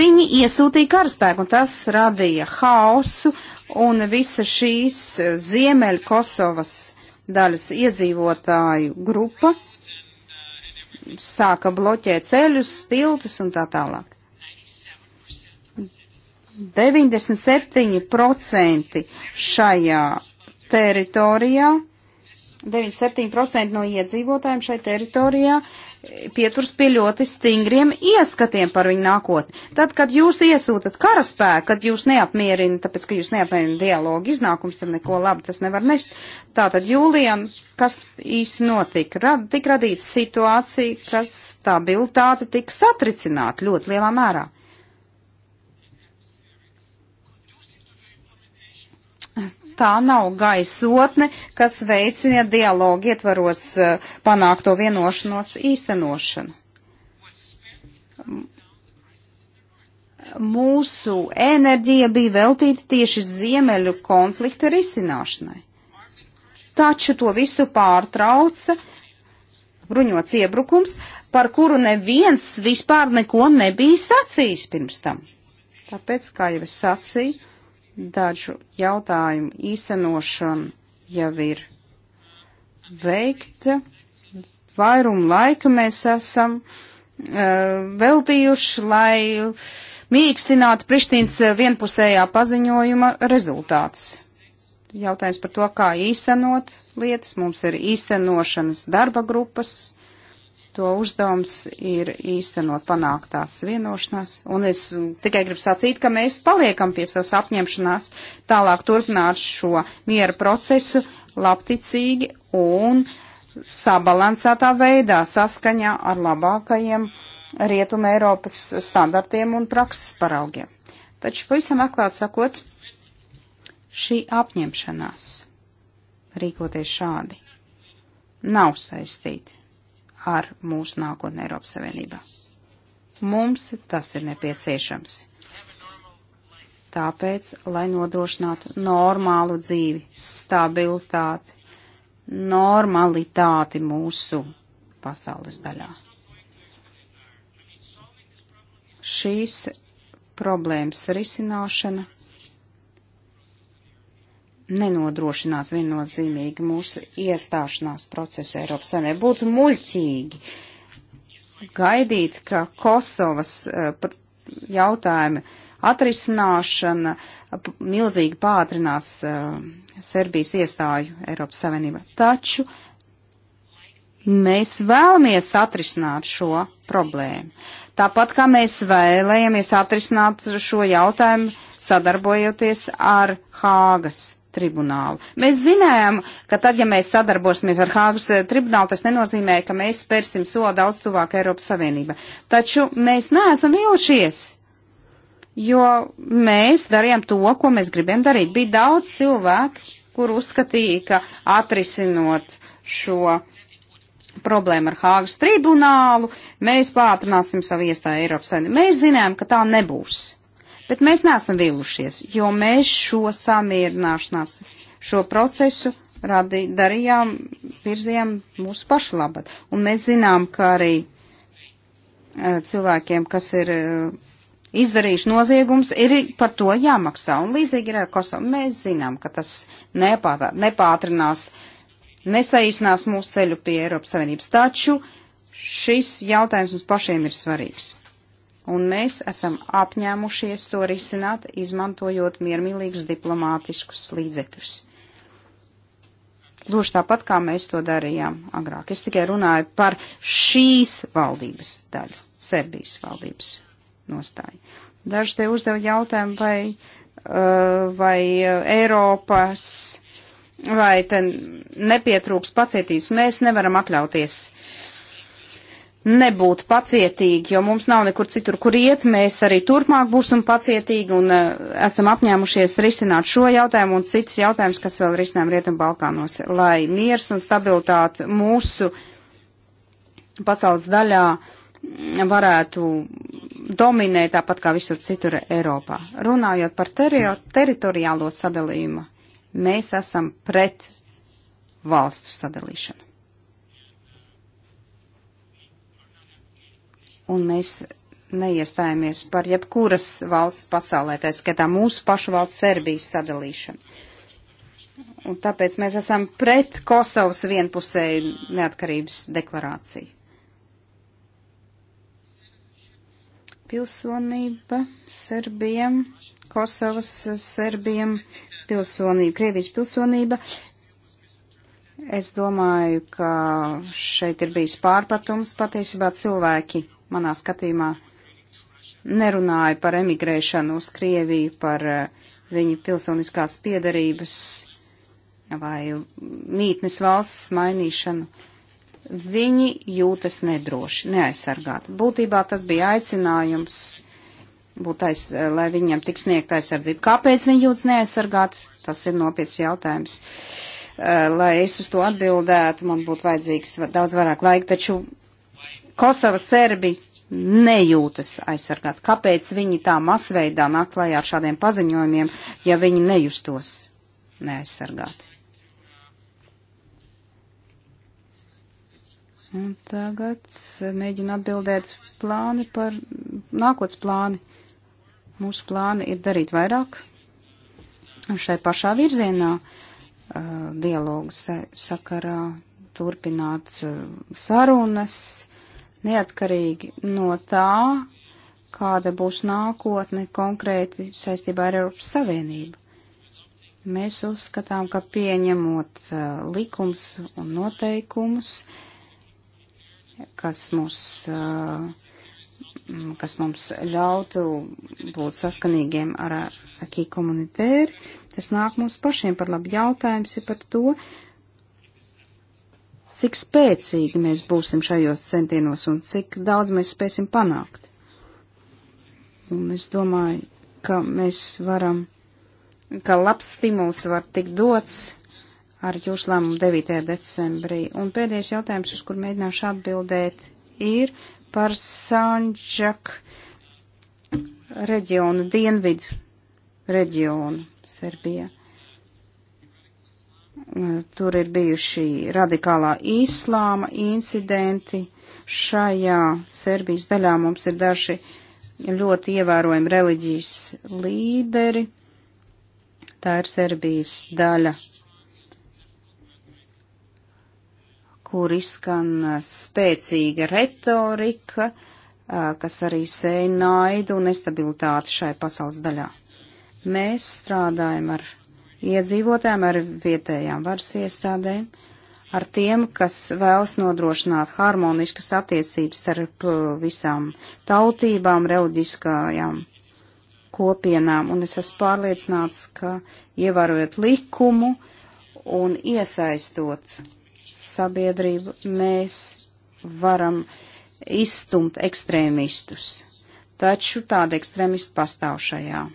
viņi iesūtīja karaspēku, un tas radīja hausu un visa šīs Ziemeļ Kosovas daļas iedzīvotāju grupa sāka bloķēt ceļus, tiltus un tā tālāk. 97% šajā teritorijā 97% no iedzīvotājiem šai teritorijā pieturas pie ļoti stingriem ieskatiem par viņu nākotni. Tad, kad jūs iesūtat karaspēku, kad jūs neapmierina, tāpēc, ka jūs neapmierina dialogu iznākums, tad neko labi tas nevar nest. Tātad, Jūlijam, kas īsti notika? Rad, tik radīta situācija, ka stabilitāte tika satricināta ļoti lielā mērā. tā nav gaisotne, kas veicina dialogu ietvaros eh, panākto vienošanos īstenošanu. Mūsu enerģija bija veltīta tieši ziemeļu konflikta risināšanai. Taču to visu pārtrauca bruņots iebrukums, par kuru neviens vispār neko nebija sacījis pirms tam. Tāpēc, kā jau es sacīju, Dažu jautājumu īstenošana jau ir veikta. Vairumu laika mēs esam uh, veltījuši, lai mīkstinātu Prištīnas eh, vienpusējā paziņojuma rezultātus. Jautājums par to, kā īstenot lietas. Mums ir īstenošanas darba grupas to uzdevums ir īstenot panāktās vienošanās, un es tikai gribu sacīt, ka mēs paliekam pie savas apņemšanās tālāk turpināt šo miera procesu labticīgi un sabalansētā veidā saskaņā ar labākajiem Rietuma Eiropas standartiem un prakses paraugiem. Taču pavisam atklāt sakot, šī apņemšanās rīkoties šādi nav saistīta ar mūsu nākotni Eiropas Savienībā. Mums tas ir nepieciešams. Tāpēc, lai nodrošinātu normālu dzīvi, stabilitāti, normalitāti mūsu pasaules daļā. Šīs problēmas risināšana nenodrošinās viennozīmīgi mūsu iestāšanās procesu Eiropas Savienībā. Būtu muļķīgi gaidīt, ka Kosovas eh, jautājumi atrisināšana milzīgi pātrinās eh, Serbijas iestāju Eiropas Savienībā. Taču mēs vēlamies atrisināt šo problēmu. Tāpat kā mēs vēlējamies atrisināt šo jautājumu sadarbojoties ar Hāgas tribunālu. Mēs zinājām, ka tad, ja mēs sadarbosimies ar Hāgas eh, tribunālu, tas nenozīmē, ka mēs spērsim soli daudz tuvāk Eiropas Savienība. Taču mēs neesam vilšies, jo mēs darījām to, ko mēs gribējām darīt. Bija daudz cilvēku, kur uzskatīja, ka atrisinot šo problēmu ar Hāgas tribunālu, mēs pātrināsim savu iestāju Eiropas Savienību. Mēs zinām, ka tā nebūs. Bet mēs neesam vīlušies, jo mēs šo samierināšanās, šo procesu radī, darījām, virzījām mūsu pašu labad. Un mēs zinām, ka arī e, cilvēkiem, kas ir e, izdarījuši noziegums, ir par to jāmaksā. Un līdzīgi ir ar Kosovu. Mēs zinām, ka tas nepātā, nepātrinās, nesaīsinās mūsu ceļu pie Eiropas Savienības. Taču šis jautājums mums pašiem ir svarīgs un mēs esam apņēmušies to risināt, izmantojot miermīlīgus diplomātiskus līdzekļus. Gluži tāpat, kā mēs to darījām agrāk. Es tikai runāju par šīs valdības daļu, Serbijas valdības nostāju. Daži te uzdeva jautājumu, vai, uh, vai uh, Eiropas, vai te nepietrūks pacietības. Mēs nevaram atļauties uh, nebūt pacietīgi, jo mums nav nekur citur, kur iet. Mēs arī turpmāk būsim pacietīgi un uh, esam apņēmušies risināt šo jautājumu un citus jautājumus, kas vēl risinām Rietumbalkānos, lai miers un stabilitāte mūsu pasaules daļā varētu dominēt tāpat kā visur citur Eiropā. Runājot par teri teritoriālo sadalījumu, mēs esam pret valstu sadalīšanu. un mēs neiestājāmies par jebkuras valsts pasaulē, tā skatā mūsu pašu valsts Serbijas sadalīšanu. Un tāpēc mēs esam pret Kosovas vienpusēju neatkarības deklarāciju. Pilsonība Serbijam, Kosovas Serbijam, pilsonība, Krievijas pilsonība. Es domāju, ka šeit ir bijis pārpratums. Patiesībā cilvēki manā skatījumā nerunāja par emigrēšanu uz Krieviju, par eh, viņu pilsoniskās piedarības vai mītnes valsts mainīšanu. Viņi jūtas nedroši, neaizsargāti. Būtībā tas bija aicinājums, būt aiz, eh, lai viņiem tik sniegt aizsardzību. Kāpēc viņi jūtas neaizsargāti? Tas ir nopietns jautājums. Eh, lai es uz to atbildētu, man būtu vajadzīgs daudz vairāk laika, taču Kosova serbi nejūtas aizsargāt. Kāpēc viņi tā masveidā nāk klajā ar šādiem paziņojumiem, ja viņi nejustos neaizsargāti? Un tagad mēģinu atbildēt plāni par nākotnes plāni. Mūsu plāni ir darīt vairāk šai pašā virzienā, uh, dialogu sakarā, turpināt uh, sarunas neatkarīgi no tā, kāda būs nākotne konkrēti saistībā ar Eiropas Savienību. Mēs uzskatām, ka pieņemot uh, likums un noteikumus, kas mūs uh, kas mums ļautu būt saskanīgiem ar uh, akī komunitēru. Tas nāk mums pašiem par labu jautājums ir par to, cik spēcīgi mēs būsim šajos centienos un cik daudz mēs spēsim panākt. Un es domāju, ka mēs varam, ka labs stimuls var tikt dots ar jūsu lēmumu 9. decembrī. Un pēdējais jautājums, uz kur mēģināšu atbildēt, ir par Sanžak reģionu, dienvidu reģionu Serbijā. Tur ir bijuši radikālā īslāma incidenti. Šajā Serbijas daļā mums ir daži ļoti ievērojami reliģijas līderi. Tā ir Serbijas daļa, kur izskan uh, spēcīga retorika, uh, kas arī sēja naidu un nestabilitāti šai pasaules daļā. Mēs strādājam ar iedzīvotājiem, ar vietējām varas iestādēm, ar tiem, kas vēlas nodrošināt harmoniskas attiecības starp uh, visām tautībām, reliģiskajām kopienām, un es esmu pārliecināts, ka ievarojot likumu un iesaistot sabiedrību, mēs varam izstumt ekstrēmistus. Taču tādi ekstrēmisti pastāv šajā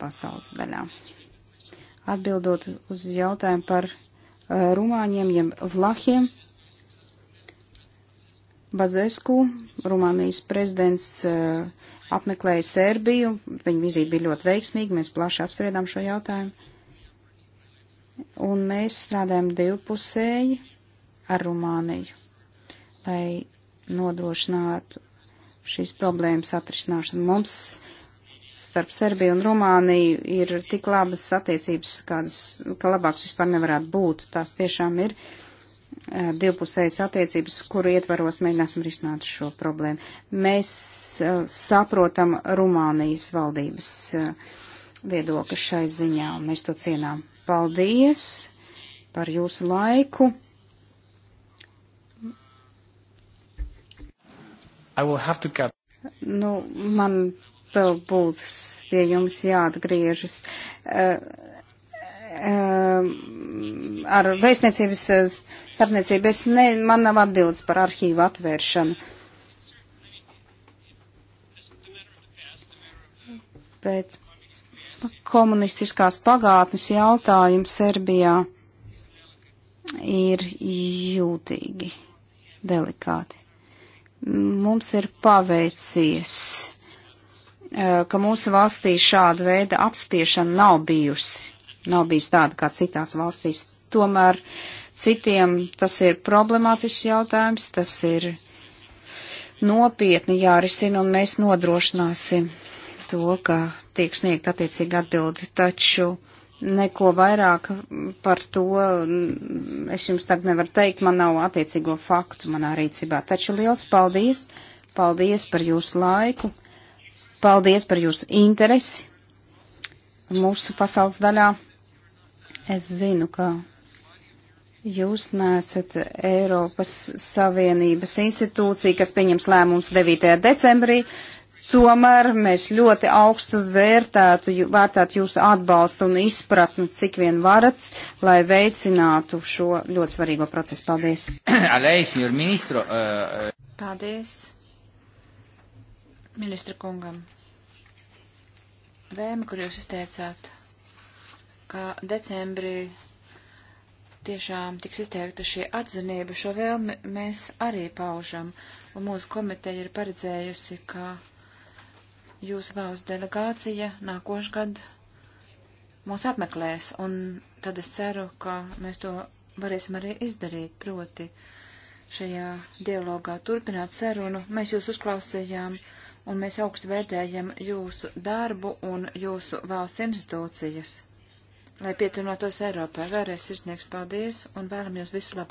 pasaules daļā. Atbildot uz jautājumu par uh, rumāņiem, jeb vlahiem, Bazesku, Rumānijas prezidents, uh, apmeklēja Sērbiju, viņa vizīte bija ļoti veiksmīga, mēs plaši apspriedām šo jautājumu. Un mēs strādājam divpusēji ar Rumāniju, lai nodrošinātu šīs problēmas atrisināšanu. Mums starp Serbiju un Rumāniju ir tik labas attiecības, kādas, ka labāks vispār nevarētu būt. Tās tiešām ir uh, divpusējas attiecības, kuru ietvaros mēģināsim risināt šo problēmu. Mēs uh, saprotam Rumānijas valdības uh, viedokli šai ziņā, un mēs to cienām. Paldies par jūsu laiku. Nu, man vēl būs pie jums jāatgriežas. Uh, uh, ar vēstniecības eh, starpniecību es ne, man nav atbildes par arhīvu atvēršanu. Bet komunistiskās pagātnes jautājums Serbijā ir jūtīgi, delikāti. Mums ir paveicies Eh, ka mūsu valstī šāda veida apspiešana nav bijusi, nav bijusi tāda kā citās valstīs. Tomēr citiem tas ir problemātisks jautājums, tas ir nopietni jārisina un mēs nodrošināsim to, ka tiek sniegt attiecīgi atbildi. Taču neko vairāk par to es jums tagad nevaru teikt, man nav attiecīgo faktu manā rīcībā. Taču liels paldies! Paldies par jūsu laiku! Paldies par jūsu interesi mūsu pasaules daļā. Es zinu, ka Jūs neesat Eiropas Savienības institūcija, kas pieņems lēmums 9. decembrī. Tomēr mēs ļoti augstu vērtētu, vērtētu jūsu atbalstu un izpratni, cik vien varat, lai veicinātu šo ļoti svarīgo procesu. Paldies! Eh, eh. Paldies! ministra kungam. Vēma, kur jūs izteicāt, ka decembrī tiešām tiks izteikta šī atzinība, šo vēlmi mēs arī paužam, un mūsu komiteja ir paredzējusi, ka jūsu valsts delegācija nākošgad mūs apmeklēs, un tad es ceru, ka mēs to varēsim arī izdarīt, proti, uh, šajā dialogā turpināt sarunu. Mēs jūs uzklausījām un mēs augstu vērtējam jūsu darbu un jūsu valsts institūcijas, lai pietunotos Eiropai. Vēlreiz sirsnieks paldies un vēlam jūs visu labu.